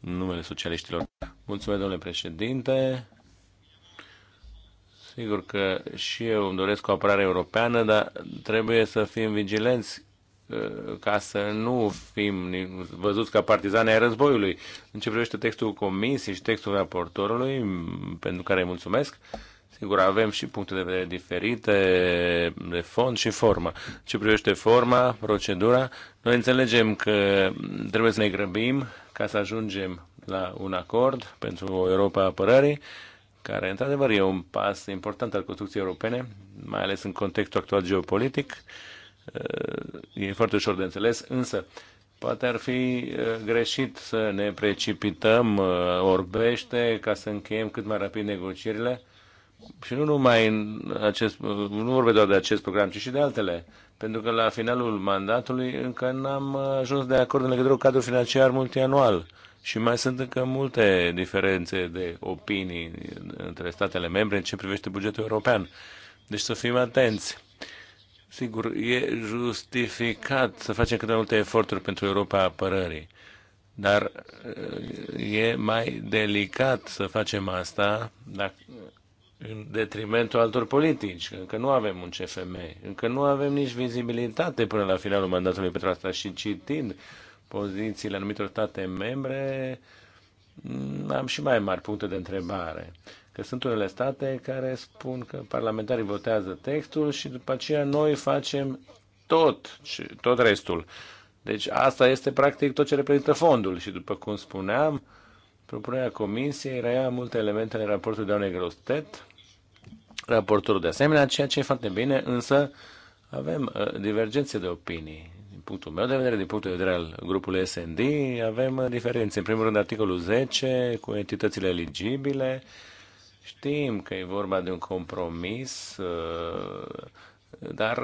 Speaker 1: numele socialiștilor. Mulțumesc, domnule președinte. Sigur că și eu îmi doresc o apărare europeană, dar trebuie să fim vigilenți uh, ca să nu fim văzuți ca partizani ai războiului. În ce privește textul comisiei și textul raportorului, pentru care îi mulțumesc, Sigur, avem și puncte de vedere diferite de fond și formă. Ce privește forma, procedura, noi înțelegem că trebuie să ne grăbim ca să ajungem la un acord pentru Europa apărării, care într-adevăr e un pas important al construcției europene, mai ales în contextul actual geopolitic. E foarte ușor de înțeles, însă poate ar fi uh, greșit să ne precipităm uh, orbește ca să încheiem cât mai rapid negocierile și nu numai în acest, nu vorbesc doar de acest program, ci și de altele. Pentru că la finalul mandatului încă n-am ajuns de acord în legătură cu cadrul financiar multianual. Și mai sunt încă multe diferențe de opinii între statele membre în ce privește bugetul european. Deci să fim atenți. Sigur, e justificat să facem câte multe eforturi pentru Europa apărării, dar e mai delicat să facem asta dacă, în detrimentul altor politici. Încă nu avem un CFM, încă nu avem nici vizibilitate până la finalul mandatului pentru asta și citind pozițiile anumitor state membre, mm, am și mai mari puncte de întrebare. Că sunt unele state care spun că parlamentarii votează textul și după aceea noi facem tot, tot restul. Deci asta este practic tot ce reprezintă fondul și după cum spuneam, propunerea comisiei era multe elemente în raportul aune Grostet raportorul de asemenea, ceea ce e foarte bine, însă avem uh, divergențe de opinii. Din punctul meu de vedere, din punctul de vedere al grupului SND, avem uh, diferențe. În primul rând, articolul 10 cu entitățile eligibile. Știm că e vorba de un compromis uh, dar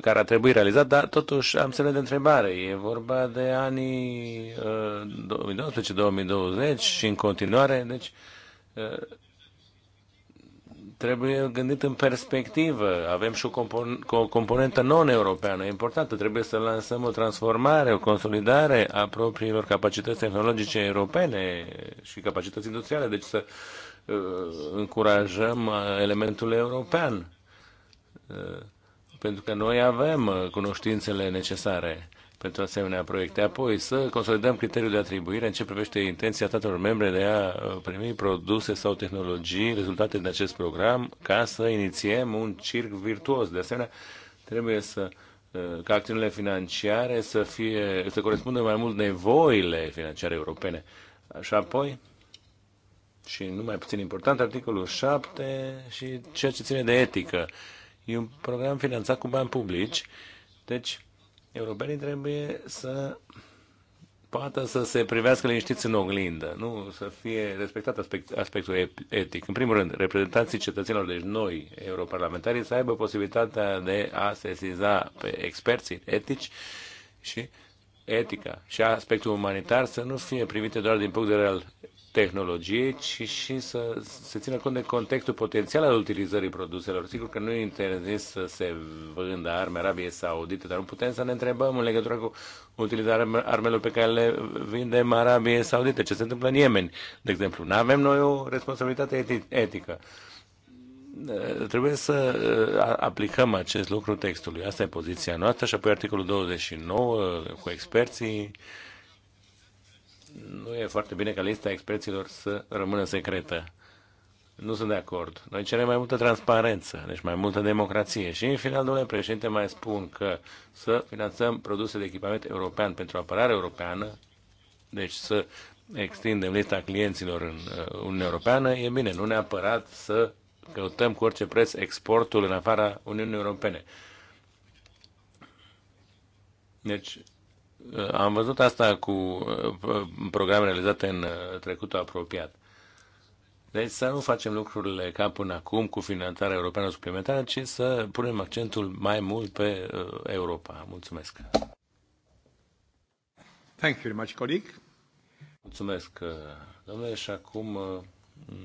Speaker 1: care a trebuit realizat, dar totuși am semne de întrebare. E vorba de anii 2012-2020 și în continuare, deci trebuie gândit în perspectivă. Avem și o, compon- o componentă non-europeană importantă. Trebuie să lansăm o transformare, o consolidare a propriilor capacități tehnologice europene și capacități industriale. Deci să uh, încurajăm uh, elementul european. Uh, pentru că noi avem uh, cunoștințele necesare pentru asemenea proiecte. Apoi să consolidăm criteriul de atribuire în ce privește intenția statelor membre de a uh, primi produse sau tehnologii rezultate din acest program ca să inițiem un circ virtuos. De asemenea, trebuie să uh, ca acțiunile financiare să, fie, să corespundă mai mult nevoile financiare europene. Și apoi, și nu mai puțin important, articolul 7 și ceea ce ține de etică. E un program finanțat cu bani publici, deci europenii trebuie să poată să se privească liniștiți în oglindă, nu să fie respectat aspect, aspectul etic. În primul rând, reprezentanții cetățenilor, deci noi, europarlamentarii, să aibă posibilitatea de a sesiza pe experții etici și etica și aspectul umanitar să nu fie privite doar din punct de vedere al tehnologiei, ci și să se țină cont de contextul potențial al utilizării produselor. Sigur că nu e interzis să se vândă arme Arabiei Saudite, dar nu putem să ne întrebăm în legătură cu utilizarea armelor pe care le vindem Arabiei Saudite, ce se întâmplă în Yemen, de exemplu. Nu avem noi o responsabilitate etică. Eh, trebuie să eh, aplicăm acest lucru textului. Asta e poziția noastră și apoi articolul 29 eh, cu experții nu e foarte bine ca lista experților să rămână secretă. Nu sunt de acord. Noi cerem mai multă transparență, deci mai multă democrație. Și în final, domnule președinte, mai spun că să finanțăm produse de echipament european pentru apărare europeană, deci să extindem lista clienților în uh, Uniunea Europeană, e bine, nu neapărat să căutăm cu orice preț exportul în afara Uniunii Europene. Deci, Uh, am văzut asta cu uh, programe realizate în uh, trecutul apropiat. Deci să nu facem lucrurile ca până acum cu finanțarea europeană suplimentară, ci să punem accentul mai mult pe Europa. Mulțumesc! Thank you very much, colleague. Mulțumesc, domnule, și acum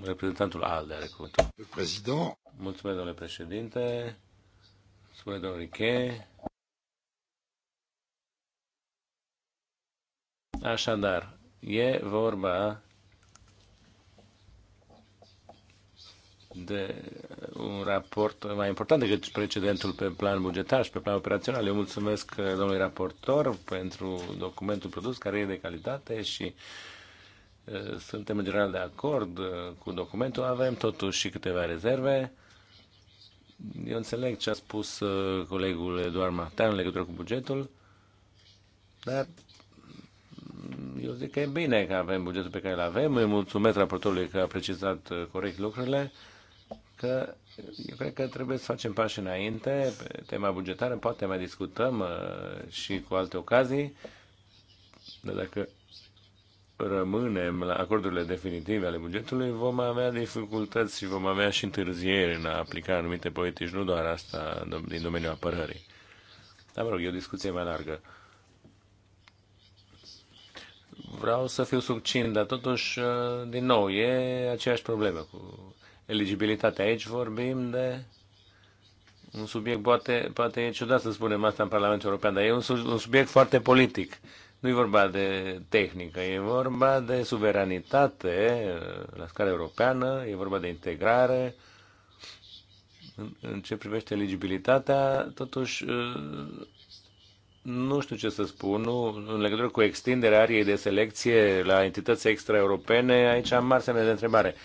Speaker 1: reprezentantul ALDE are cuvântul. Mulțumesc, domnule președinte. Spune domnul Riche. Așadar, e vorba de un raport mai important decât precedentul pe plan bugetar și pe plan operațional. Eu mulțumesc uh, domnului raportor pentru documentul produs care e de calitate și uh, suntem în general de acord uh, cu documentul. Avem totuși și câteva rezerve. Eu înțeleg ce a spus colegul Eduard Martin în legătură cu bugetul, dar eu zic că e bine că avem bugetul pe care îl avem. Îi mulțumesc raportorului că a precizat uh, corect lucrurile, că eu cred că trebuie să facem pași înainte pe tema bugetară. Poate mai discutăm uh, și cu alte ocazii, dar dacă rămânem la acordurile definitive ale bugetului, vom avea dificultăți și vom avea și întârzieri în a aplica anumite politici, nu doar asta din domeniul apărării. Dar, mă rog, e o discuție mai largă. Vreau să fiu succint, dar totuși, uh, din nou, e aceeași problemă cu eligibilitatea. Aici vorbim de un subiect, poate, poate e ciudat să spunem asta în Parlamentul European, dar e un, un subiect foarte politic. Nu e vorba de tehnică, e vorba de suveranitate uh, la scară europeană, e vorba de integrare. În, în ce privește eligibilitatea, totuși uh, nu știu ce să spun, nu, în legătură cu extinderea ariei de selecție la entități extraeuropene, aici am mari semne de întrebare.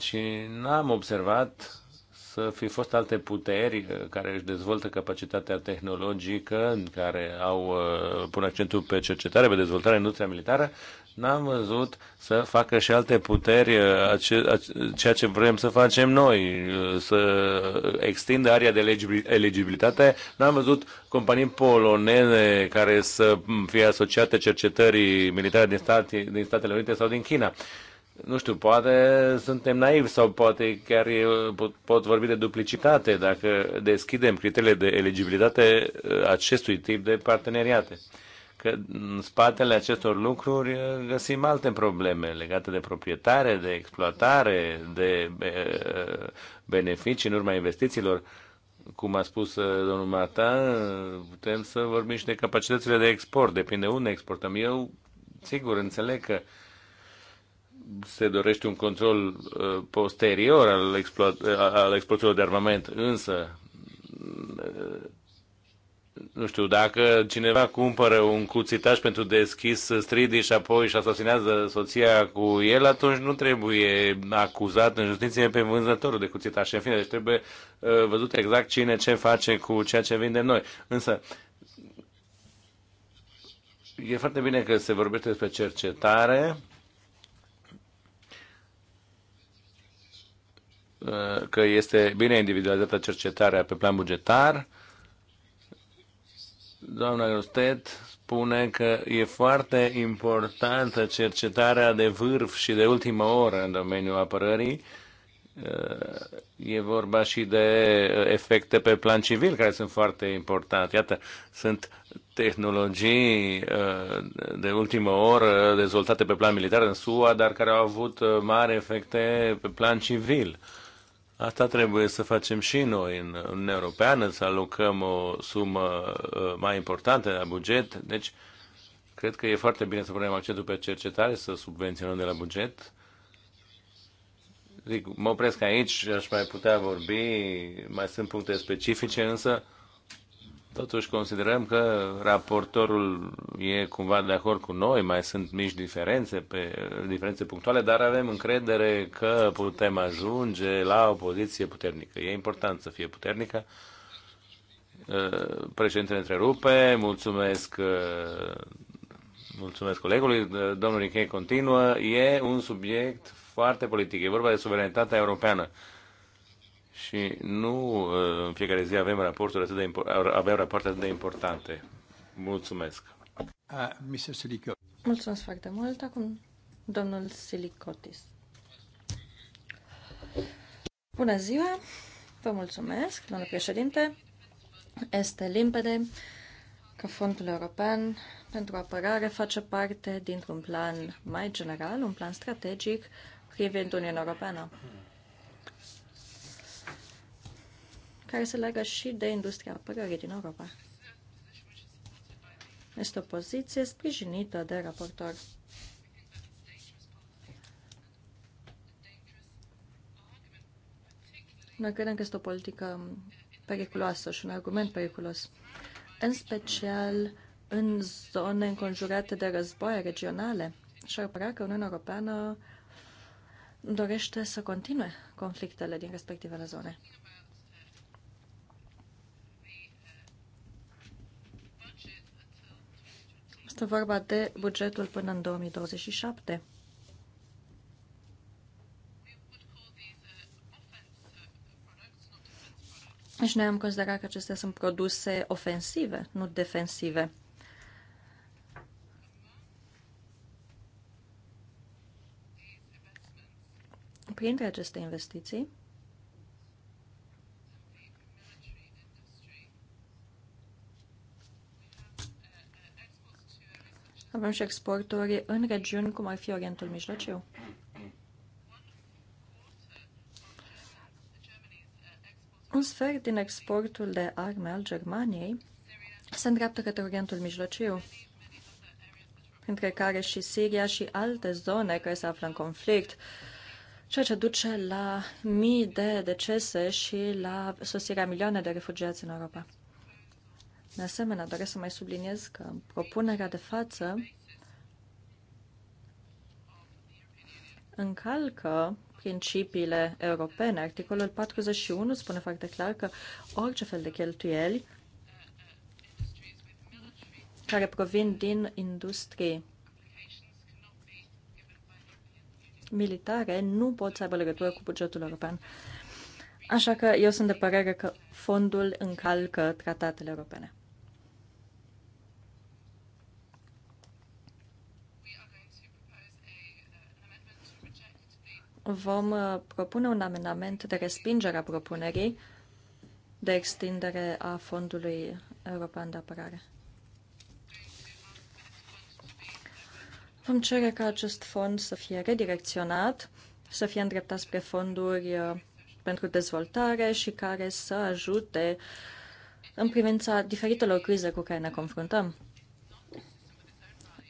Speaker 1: Și n-am observat să fi fost alte puteri uh, care își dezvoltă capacitatea tehnologică, care au uh, pun accentul pe cercetare, pe dezvoltarea industria militară, n-am văzut să facă și alte puteri uh, ceea ce vrem să facem noi, uh, să extindă area de eligibilitate. N-am văzut companii poloneze care să fie asociate cercetării militare din, stat, din Statele Unite sau din China. Nu știu, poate suntem naivi sau poate chiar pot, pot vorbi de duplicitate dacă deschidem criteriile de eligibilitate uh, acestui tip de parteneriate că în spatele acestor lucruri eh, găsim alte probleme legate de proprietare, de exploatare, de eh, beneficii în urma investițiilor. Cum a spus eh, domnul Martin, putem să vorbim și de capacitățile de export, depinde unde exportăm. Eu, sigur, înțeleg că se dorește un control posterior al, explo- al de armament, însă nu știu, dacă cineva cumpără un cuțitaș pentru deschis stridii și apoi și asasinează soția cu el, atunci nu trebuie acuzat în justiție pe vânzătorul de cuțitaș. în fine, deci trebuie uh, văzut exact cine ce face cu ceea ce vinde noi. Însă, e foarte bine că se vorbește despre cercetare, uh, că este bine individualizată cercetarea pe plan bugetar, Doamna Grostet spune că e foarte importantă cercetarea de vârf și de ultimă oră în domeniul apărării. E vorba și de efecte pe plan civil care sunt foarte importante. Iată, sunt tehnologii uh, de ultimă oră dezvoltate pe plan militar în SUA, dar care au avut uh, mari efecte pe plan civil. Asta trebuie să facem și noi în Uniunea Europeană, să alocăm o sumă uh, mai importantă la buget. Deci, cred că e foarte bine să punem accentul pe cercetare, să subvenționăm de la buget. Zic, mă opresc aici, aș mai putea vorbi, mai sunt puncte specifice, însă Totuși considerăm că raportorul e cumva de acord cu noi, mai sunt mici diferențe, pe, diferențe punctuale, dar avem încredere că putem ajunge la o poziție puternică. E important să fie puternică. Uh, președintele întrerupe, mulțumesc, uh, mulțumesc colegului, uh, domnul Richei continuă. E un subiect foarte politic, e vorba de suveranitatea europeană și nu ă, în fiecare zi avem raporturi atât de avem rapoarte atât de importante. Mulțumesc. A,
Speaker 2: Mulțumesc foarte mult. Acum domnul Silicotis. Bună ziua. Vă mulțumesc, domnule președinte. Este limpede că Fondul European pentru Apărare face parte dintr-un plan mai general, un plan strategic privind Uniunea Europeană. care se leagă și de industria apărării din Europa. Este o poziție sprijinită de raportor. Noi credem că este o politică periculoasă și un argument periculos, în special în zone înconjurate de războaie regionale. Și ar părea că Uniunea Europeană dorește să continue conflictele din respectivele zone. Este vorba de bugetul până în 2027. Și deci noi am considerat că acestea sunt produse ofensive, nu defensive. Printre aceste investiții, Avem și exporturi în regiuni cum ar fi Orientul Mijlociu. Un sfert din exportul de arme al Germaniei se îndreaptă către Orientul Mijlociu, printre care și Siria și alte zone care se află în conflict, ceea ce duce la mii de decese și la sosirea milioane de refugiați în Europa. De asemenea, doresc să mai subliniez că propunerea de față încalcă principiile europene. Articolul 41 spune foarte clar că orice fel de cheltuieli care provin din industrie militare nu pot să aibă legătură cu bugetul european. Așa că eu sunt de părere că fondul încalcă tratatele europene. vom uh, propune un amendament de respingere a propunerii de extindere a Fondului European de Apărare. Vom cere ca acest fond să fie redirecționat, să fie îndreptat spre fonduri uh, pentru dezvoltare și care să ajute în privința diferitelor crize cu care ne confruntăm.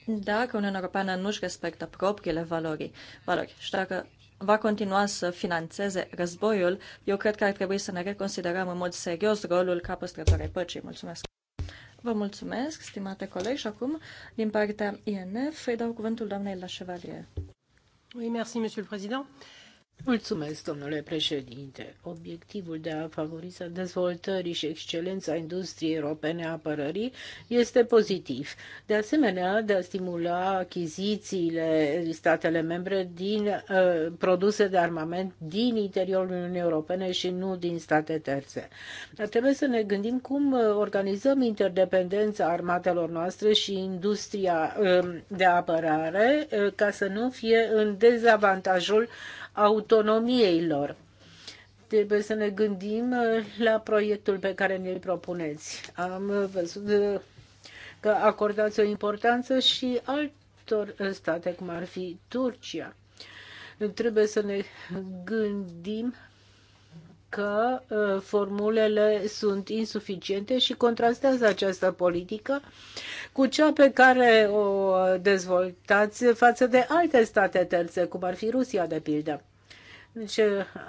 Speaker 2: Dacă Uniunea Europeană nu și respectă propriile valori, valori și dacă va continua să financeze războiul, eu cred că ar trebui să ne reconsiderăm în mod serios rolul ca păstrătoare păcii. Mulțumesc! Vă mulțumesc, stimate colegi, și acum, din partea INF, îi dau cuvântul doamnei La Chevalier. Oui, merci,
Speaker 3: monsieur le président. Uh, Mulțumesc, domnule președinte. Obiectivul de a favoriza dezvoltării și excelența industriei europene a apărării este pozitiv. De asemenea, de a stimula achizițiile statele membre din uh, produse de armament din interiorul Uniunii Europene și nu din state terțe. Dar trebuie să ne gândim cum uh, organizăm interdependența armatelor noastre și industria uh, de apărare uh, ca să nu fie în dezavantajul autonomiei lor. Trebuie să ne gândim uh, la proiectul pe care ne-l propuneți. Am uh, văzut uh, că acordați o importanță și altor state, cum ar fi Turcia. Trebuie să ne gândim că uh, formulele sunt insuficiente și contrastează această politică cu cea pe care o dezvoltați față de alte state terțe, cum ar fi Rusia, de pildă. Deci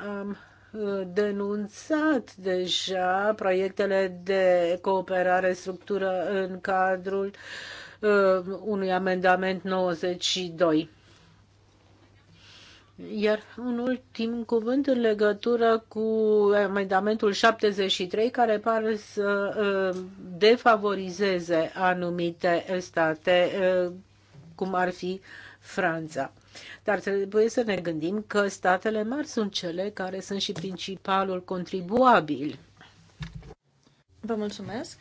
Speaker 3: am uh, denunțat deja proiectele de cooperare structură în cadrul uh, unui amendament 92. Iar un ultim cuvânt în legătură cu eh, amendamentul 73, care pare să eh, defavorizeze anumite state, eh, cum ar fi Franța. Dar trebuie să ne gândim că statele mari sunt cele care sunt și principalul contribuabil.
Speaker 2: Vă mulțumesc.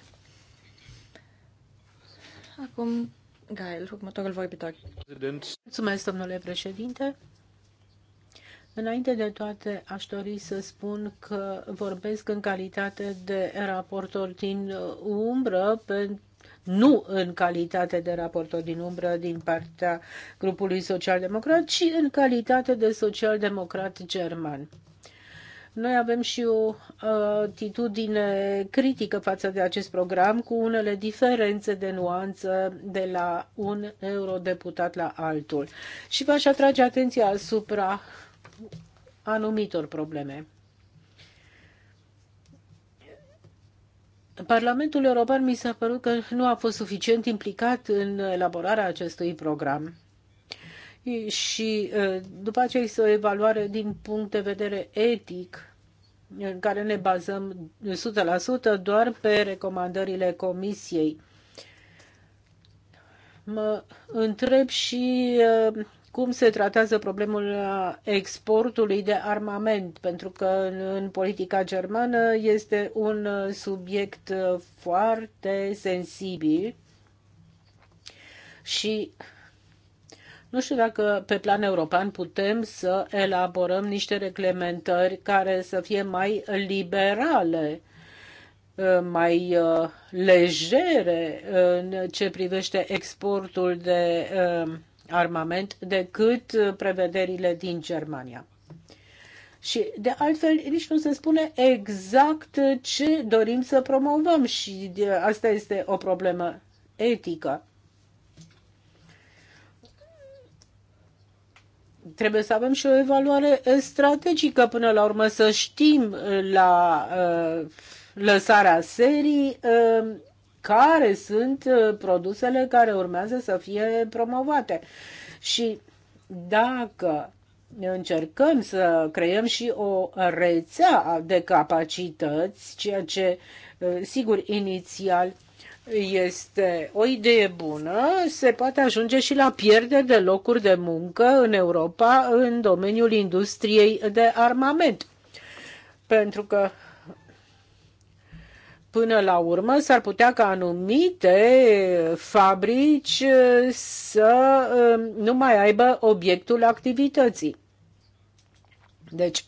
Speaker 2: Acum, Gael, următorul vorbitor. Mulțumesc, domnule președinte.
Speaker 3: Înainte de toate, aș dori să spun că vorbesc în calitate de raportor din umbră, nu în calitate de raportor din umbră din partea grupului social-democrat, ci în calitate de social-democrat german. Noi avem și o uh, atitudine critică față de acest program, cu unele diferențe de nuanță de la un eurodeputat la altul. Și v-aș atrage atenția asupra anumitor probleme. Parlamentul European mi s-a părut că nu a fost suficient implicat în elaborarea acestui program. Și după aceea este o evaluare din punct de vedere etic, în care ne bazăm 100% doar pe recomandările Comisiei. Mă întreb și cum se tratează problemul exportului de armament, pentru că în, politica germană este un subiect foarte sensibil și nu știu dacă pe plan european putem să elaborăm niște reglementări care să fie mai liberale, mai uh, legere în ce privește exportul de uh, armament decât uh, prevederile din Germania. Și de altfel nici nu se spune exact uh, ce dorim să promovăm și uh, asta este o problemă etică. Trebuie să avem și o evaluare strategică până la urmă, să știm la uh, lăsarea serii uh, care sunt uh, produsele care urmează să fie promovate. Și dacă încercăm să creăm și o rețea de capacități, ceea ce, uh, sigur, inițial este o idee bună, se poate ajunge și la pierderi de locuri de muncă în Europa în domeniul industriei de armament. Pentru că Până la urmă, s-ar putea ca anumite fabrici uh, să uh, nu mai aibă obiectul activității. Deci,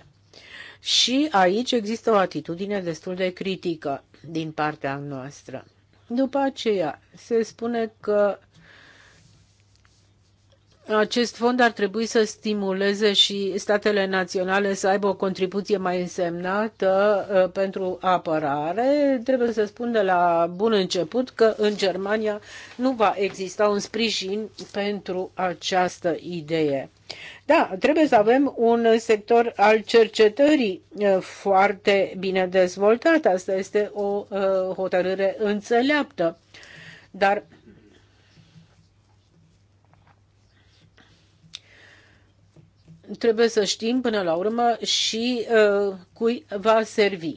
Speaker 3: și aici există o atitudine destul de critică din partea noastră. După aceea, se spune că acest fond ar trebui să stimuleze și statele naționale să aibă o contribuție mai însemnată uh, pentru apărare. Trebuie să spun de la bun început că în Germania nu va exista un sprijin pentru această idee. Da, trebuie să avem un sector al cercetării uh, foarte bine dezvoltat. Asta este o uh, hotărâre înțeleaptă. Dar trebuie să știm până la urmă și uh, cui va servi.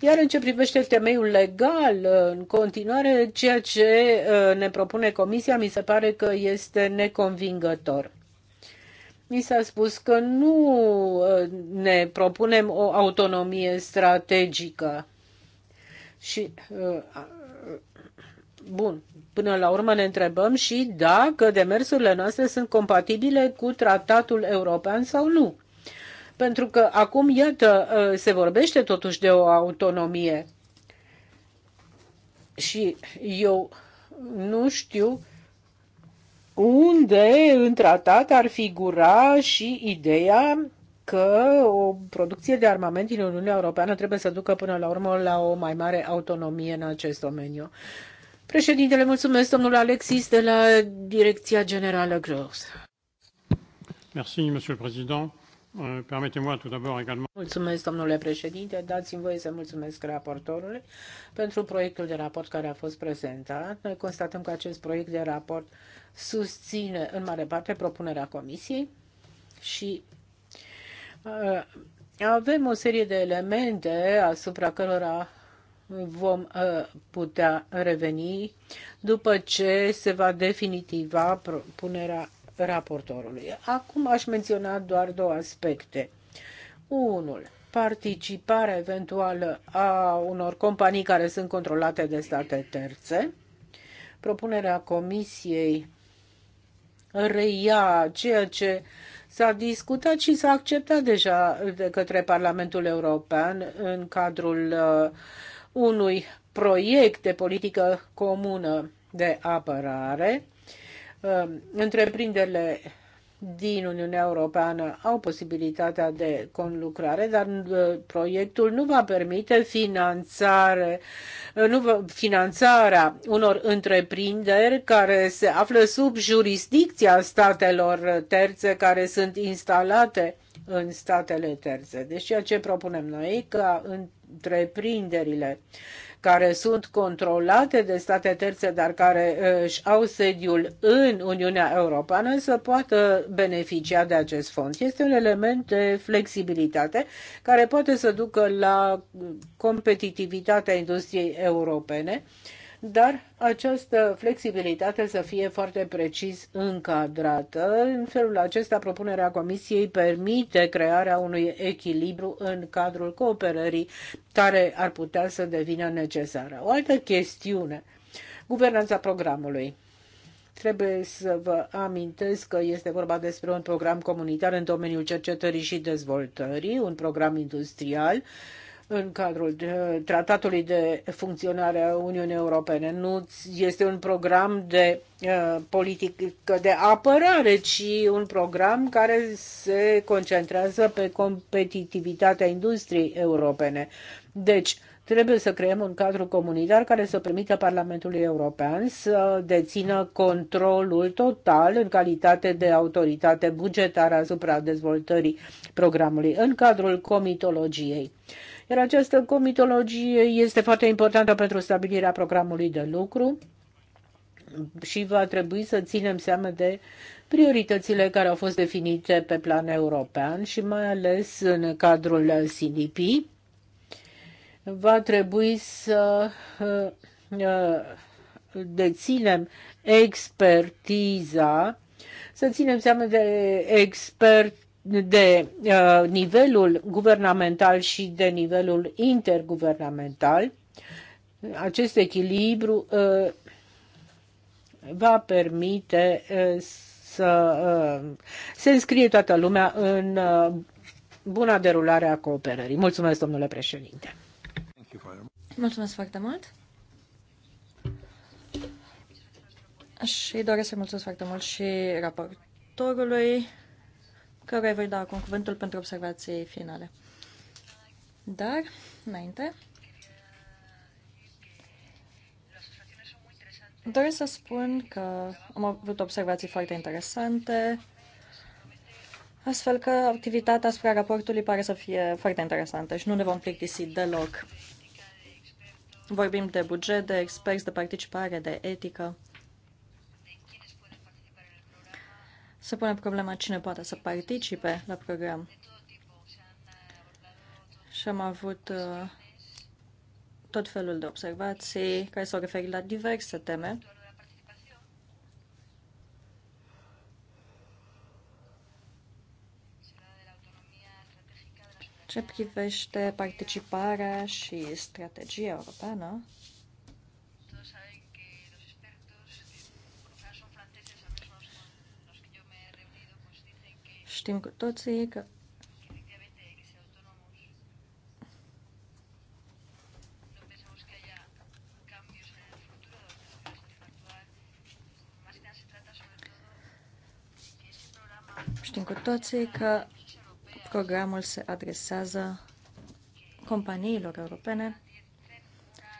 Speaker 3: Iar în ce privește temeiul legal, uh, în continuare, ceea ce uh, ne propune Comisia mi se pare că este neconvingător. Mi s-a spus că nu uh, ne propunem o autonomie strategică. Și Bun, până la urmă ne întrebăm și dacă demersurile noastre sunt compatibile cu tratatul european sau nu. Pentru că acum, iată, uh, se vorbește totuși de o autonomie. Și eu nu știu unde în tratat ar figura și ideea că o producție de armament din Uniunea Europeană trebuie să ducă până la urmă la o mai mare autonomie în acest domeniu. Președintele, mulțumesc, domnul Alexis, de la Direcția Generală Gross.
Speaker 1: Merci, monsieur le président. Euh,
Speaker 3: mulțumesc, domnule președinte. Dați-mi voie să mulțumesc raportorului pentru proiectul de raport care a fost prezentat. Noi constatăm că acest proiect de raport susține în mare parte propunerea Comisiei și uh, avem o serie de elemente asupra cărora vom uh, putea reveni după ce se va definitiva propunerea raportorului. Acum aș menționa doar două aspecte. Unul, participarea eventuală a unor companii care sunt controlate de state terțe. Propunerea Comisiei reia ceea ce s-a discutat și s-a acceptat deja de către Parlamentul European în cadrul uh, unui proiect de politică comună de apărare. Um, întreprinderile din Uniunea Europeană au posibilitatea de conlucrare, dar uh, proiectul nu va permite finanțare, uh, nu va, finanțarea unor întreprinderi care se află sub jurisdicția statelor terțe care sunt instalate în statele terțe. Deci ceea ce propunem noi ca în întreprinderile care sunt controlate de state terțe, dar care uh, își au sediul în Uniunea Europeană, să poată beneficia de acest fond. Este un element de flexibilitate care poate să ducă la uh, competitivitatea industriei europene dar această flexibilitate să fie foarte precis încadrată. În felul acesta, propunerea Comisiei permite crearea unui echilibru în cadrul cooperării care ar putea să devină necesară. O altă chestiune, guvernanța programului. Trebuie să vă amintesc că este vorba despre un program comunitar în domeniul cercetării și dezvoltării, un program industrial uh, în cadrul eh, Tratatului de Funcționare a Uniunii Europene. Nu este un program de eh, politică de apărare, ci un program care se concentrează pe competitivitatea industriei europene. Deci, trebuie să creăm un cadru comunitar care să permită Parlamentului European să dețină controlul total în calitate de autoritate bugetară asupra dezvoltării programului în cadrul comitologiei. Iar această comitologie este foarte importantă pentru stabilirea programului de lucru și va trebui să ținem seama de prioritățile care au fost definite pe plan european și mai ales în cadrul CDP. Va trebui să uh, uh, deținem expertiza, să ținem seama de expert de uh, nivelul guvernamental și de nivelul interguvernamental, acest echilibru uh, va permite uh, să uh, se înscrie toată lumea în uh, buna derulare a cooperării. Mulțumesc, domnule președinte.
Speaker 2: Mulțumesc foarte mult. Și doresc să mulțumesc foarte mult și raportorului. Care voi da acum cuvântul pentru observații finale. Dar, înainte, doresc să spun că am avut observații foarte interesante, astfel că activitatea asupra raportului pare să fie foarte interesantă și nu ne vom plictisi deloc. Vorbim de buget, de experți, de participare, de etică. să punem problema cine poate să participe la program. Și am avut uh, tot felul de observații care s-au referit la diverse teme. Ce privește participarea și strategia europeană, Știm cu toții că Știm cu toții că programul se adresează companiilor europene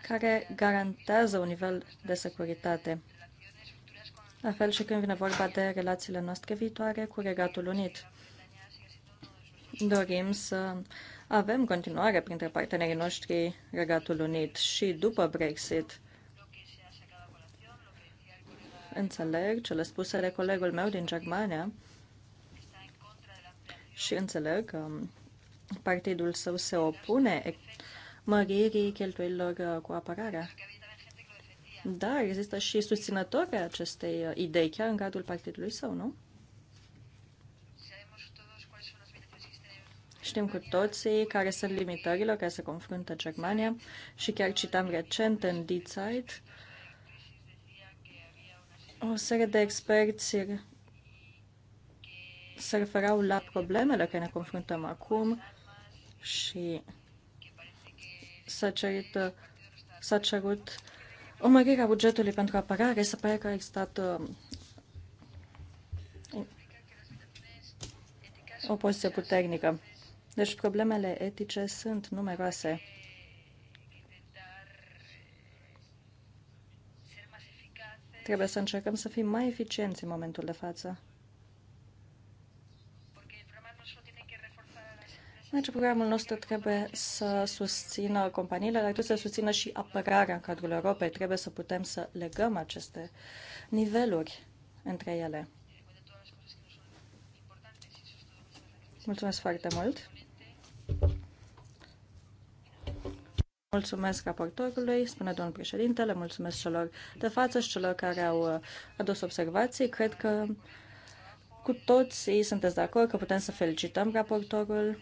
Speaker 2: care garantează un nivel de securitate. La fel și când vine vorba de relațiile noastre viitoare cu Regatul Unit dorim să avem continuare printre partenerii noștri Regatul Unit și după Brexit. Înțeleg cele spuse de colegul meu din Germania și înțeleg că partidul său se opune măririi cheltuielor cu apărarea. Dar există și susținători acestei idei, chiar în cadrul partidului său, nu? Știm cu toții care sunt limitările care se confruntă Germania și chiar citam recent în Die Zeit o serie de experți se referau la problemele care ne confruntăm acum și s-a cerut, s-a cerut o mărire a bugetului pentru apărare. Se pare că a existat uh, o poziție puternică. Deci problemele etice sunt numeroase. Trebuie să încercăm să fim mai eficienți în momentul de față. Deci programul nostru trebuie să susțină companiile, dar trebuie să susțină și apărarea în cadrul Europei. Trebuie să putem să legăm aceste niveluri între ele. Mulțumesc foarte mult! Mulțumesc raportorului, spune domnul președinte, le mulțumesc celor de față și celor care au uh, adus observații. Cred că cu toții sunteți de acord că putem să felicităm raportorul.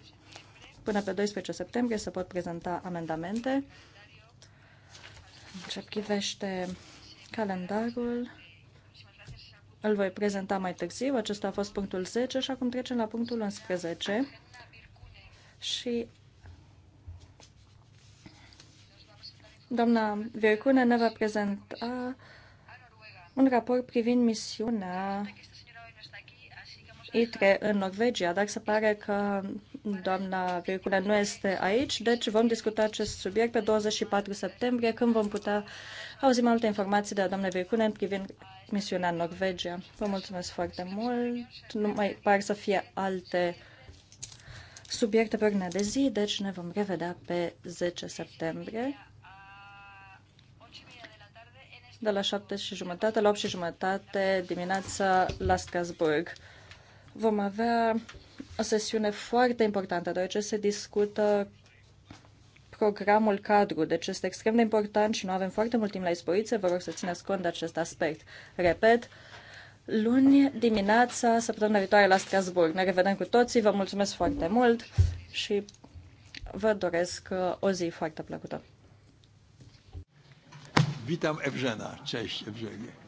Speaker 2: Până pe 12 septembrie se pot prezenta amendamente. ce privește calendarul, îl voi prezenta mai târziu. Acesta a fost punctul 10 și acum trecem la punctul 11 și doamna Vircune ne va prezenta un raport privind misiunea ITRE în Norvegia, dar se pare că doamna Vircule nu este aici, deci vom discuta acest subiect pe 24 septembrie, când vom putea auzi mai multe informații de la doamna Vircule în privind misiunea în Norvegia. Vă mulțumesc foarte mult, nu mai par să fie alte subiecte pe ordinea de zi, deci ne vom revedea pe 10 septembrie de la 7 și jumătate la 8 și jumătate dimineața la Strasburg. Vom avea o sesiune foarte importantă, deoarece se discută programul cadru, deci este extrem de important și nu avem foarte mult timp la dispoziție, vă rog să țineți cont de acest aspect. Repet, luni dimineața, săptămâna viitoare la Strasburg. Ne revedem cu toții, vă mulțumesc foarte mult și vă doresc uh, o zi foarte plăcută.
Speaker 3: Witam Evgena, Cześć Evgenie.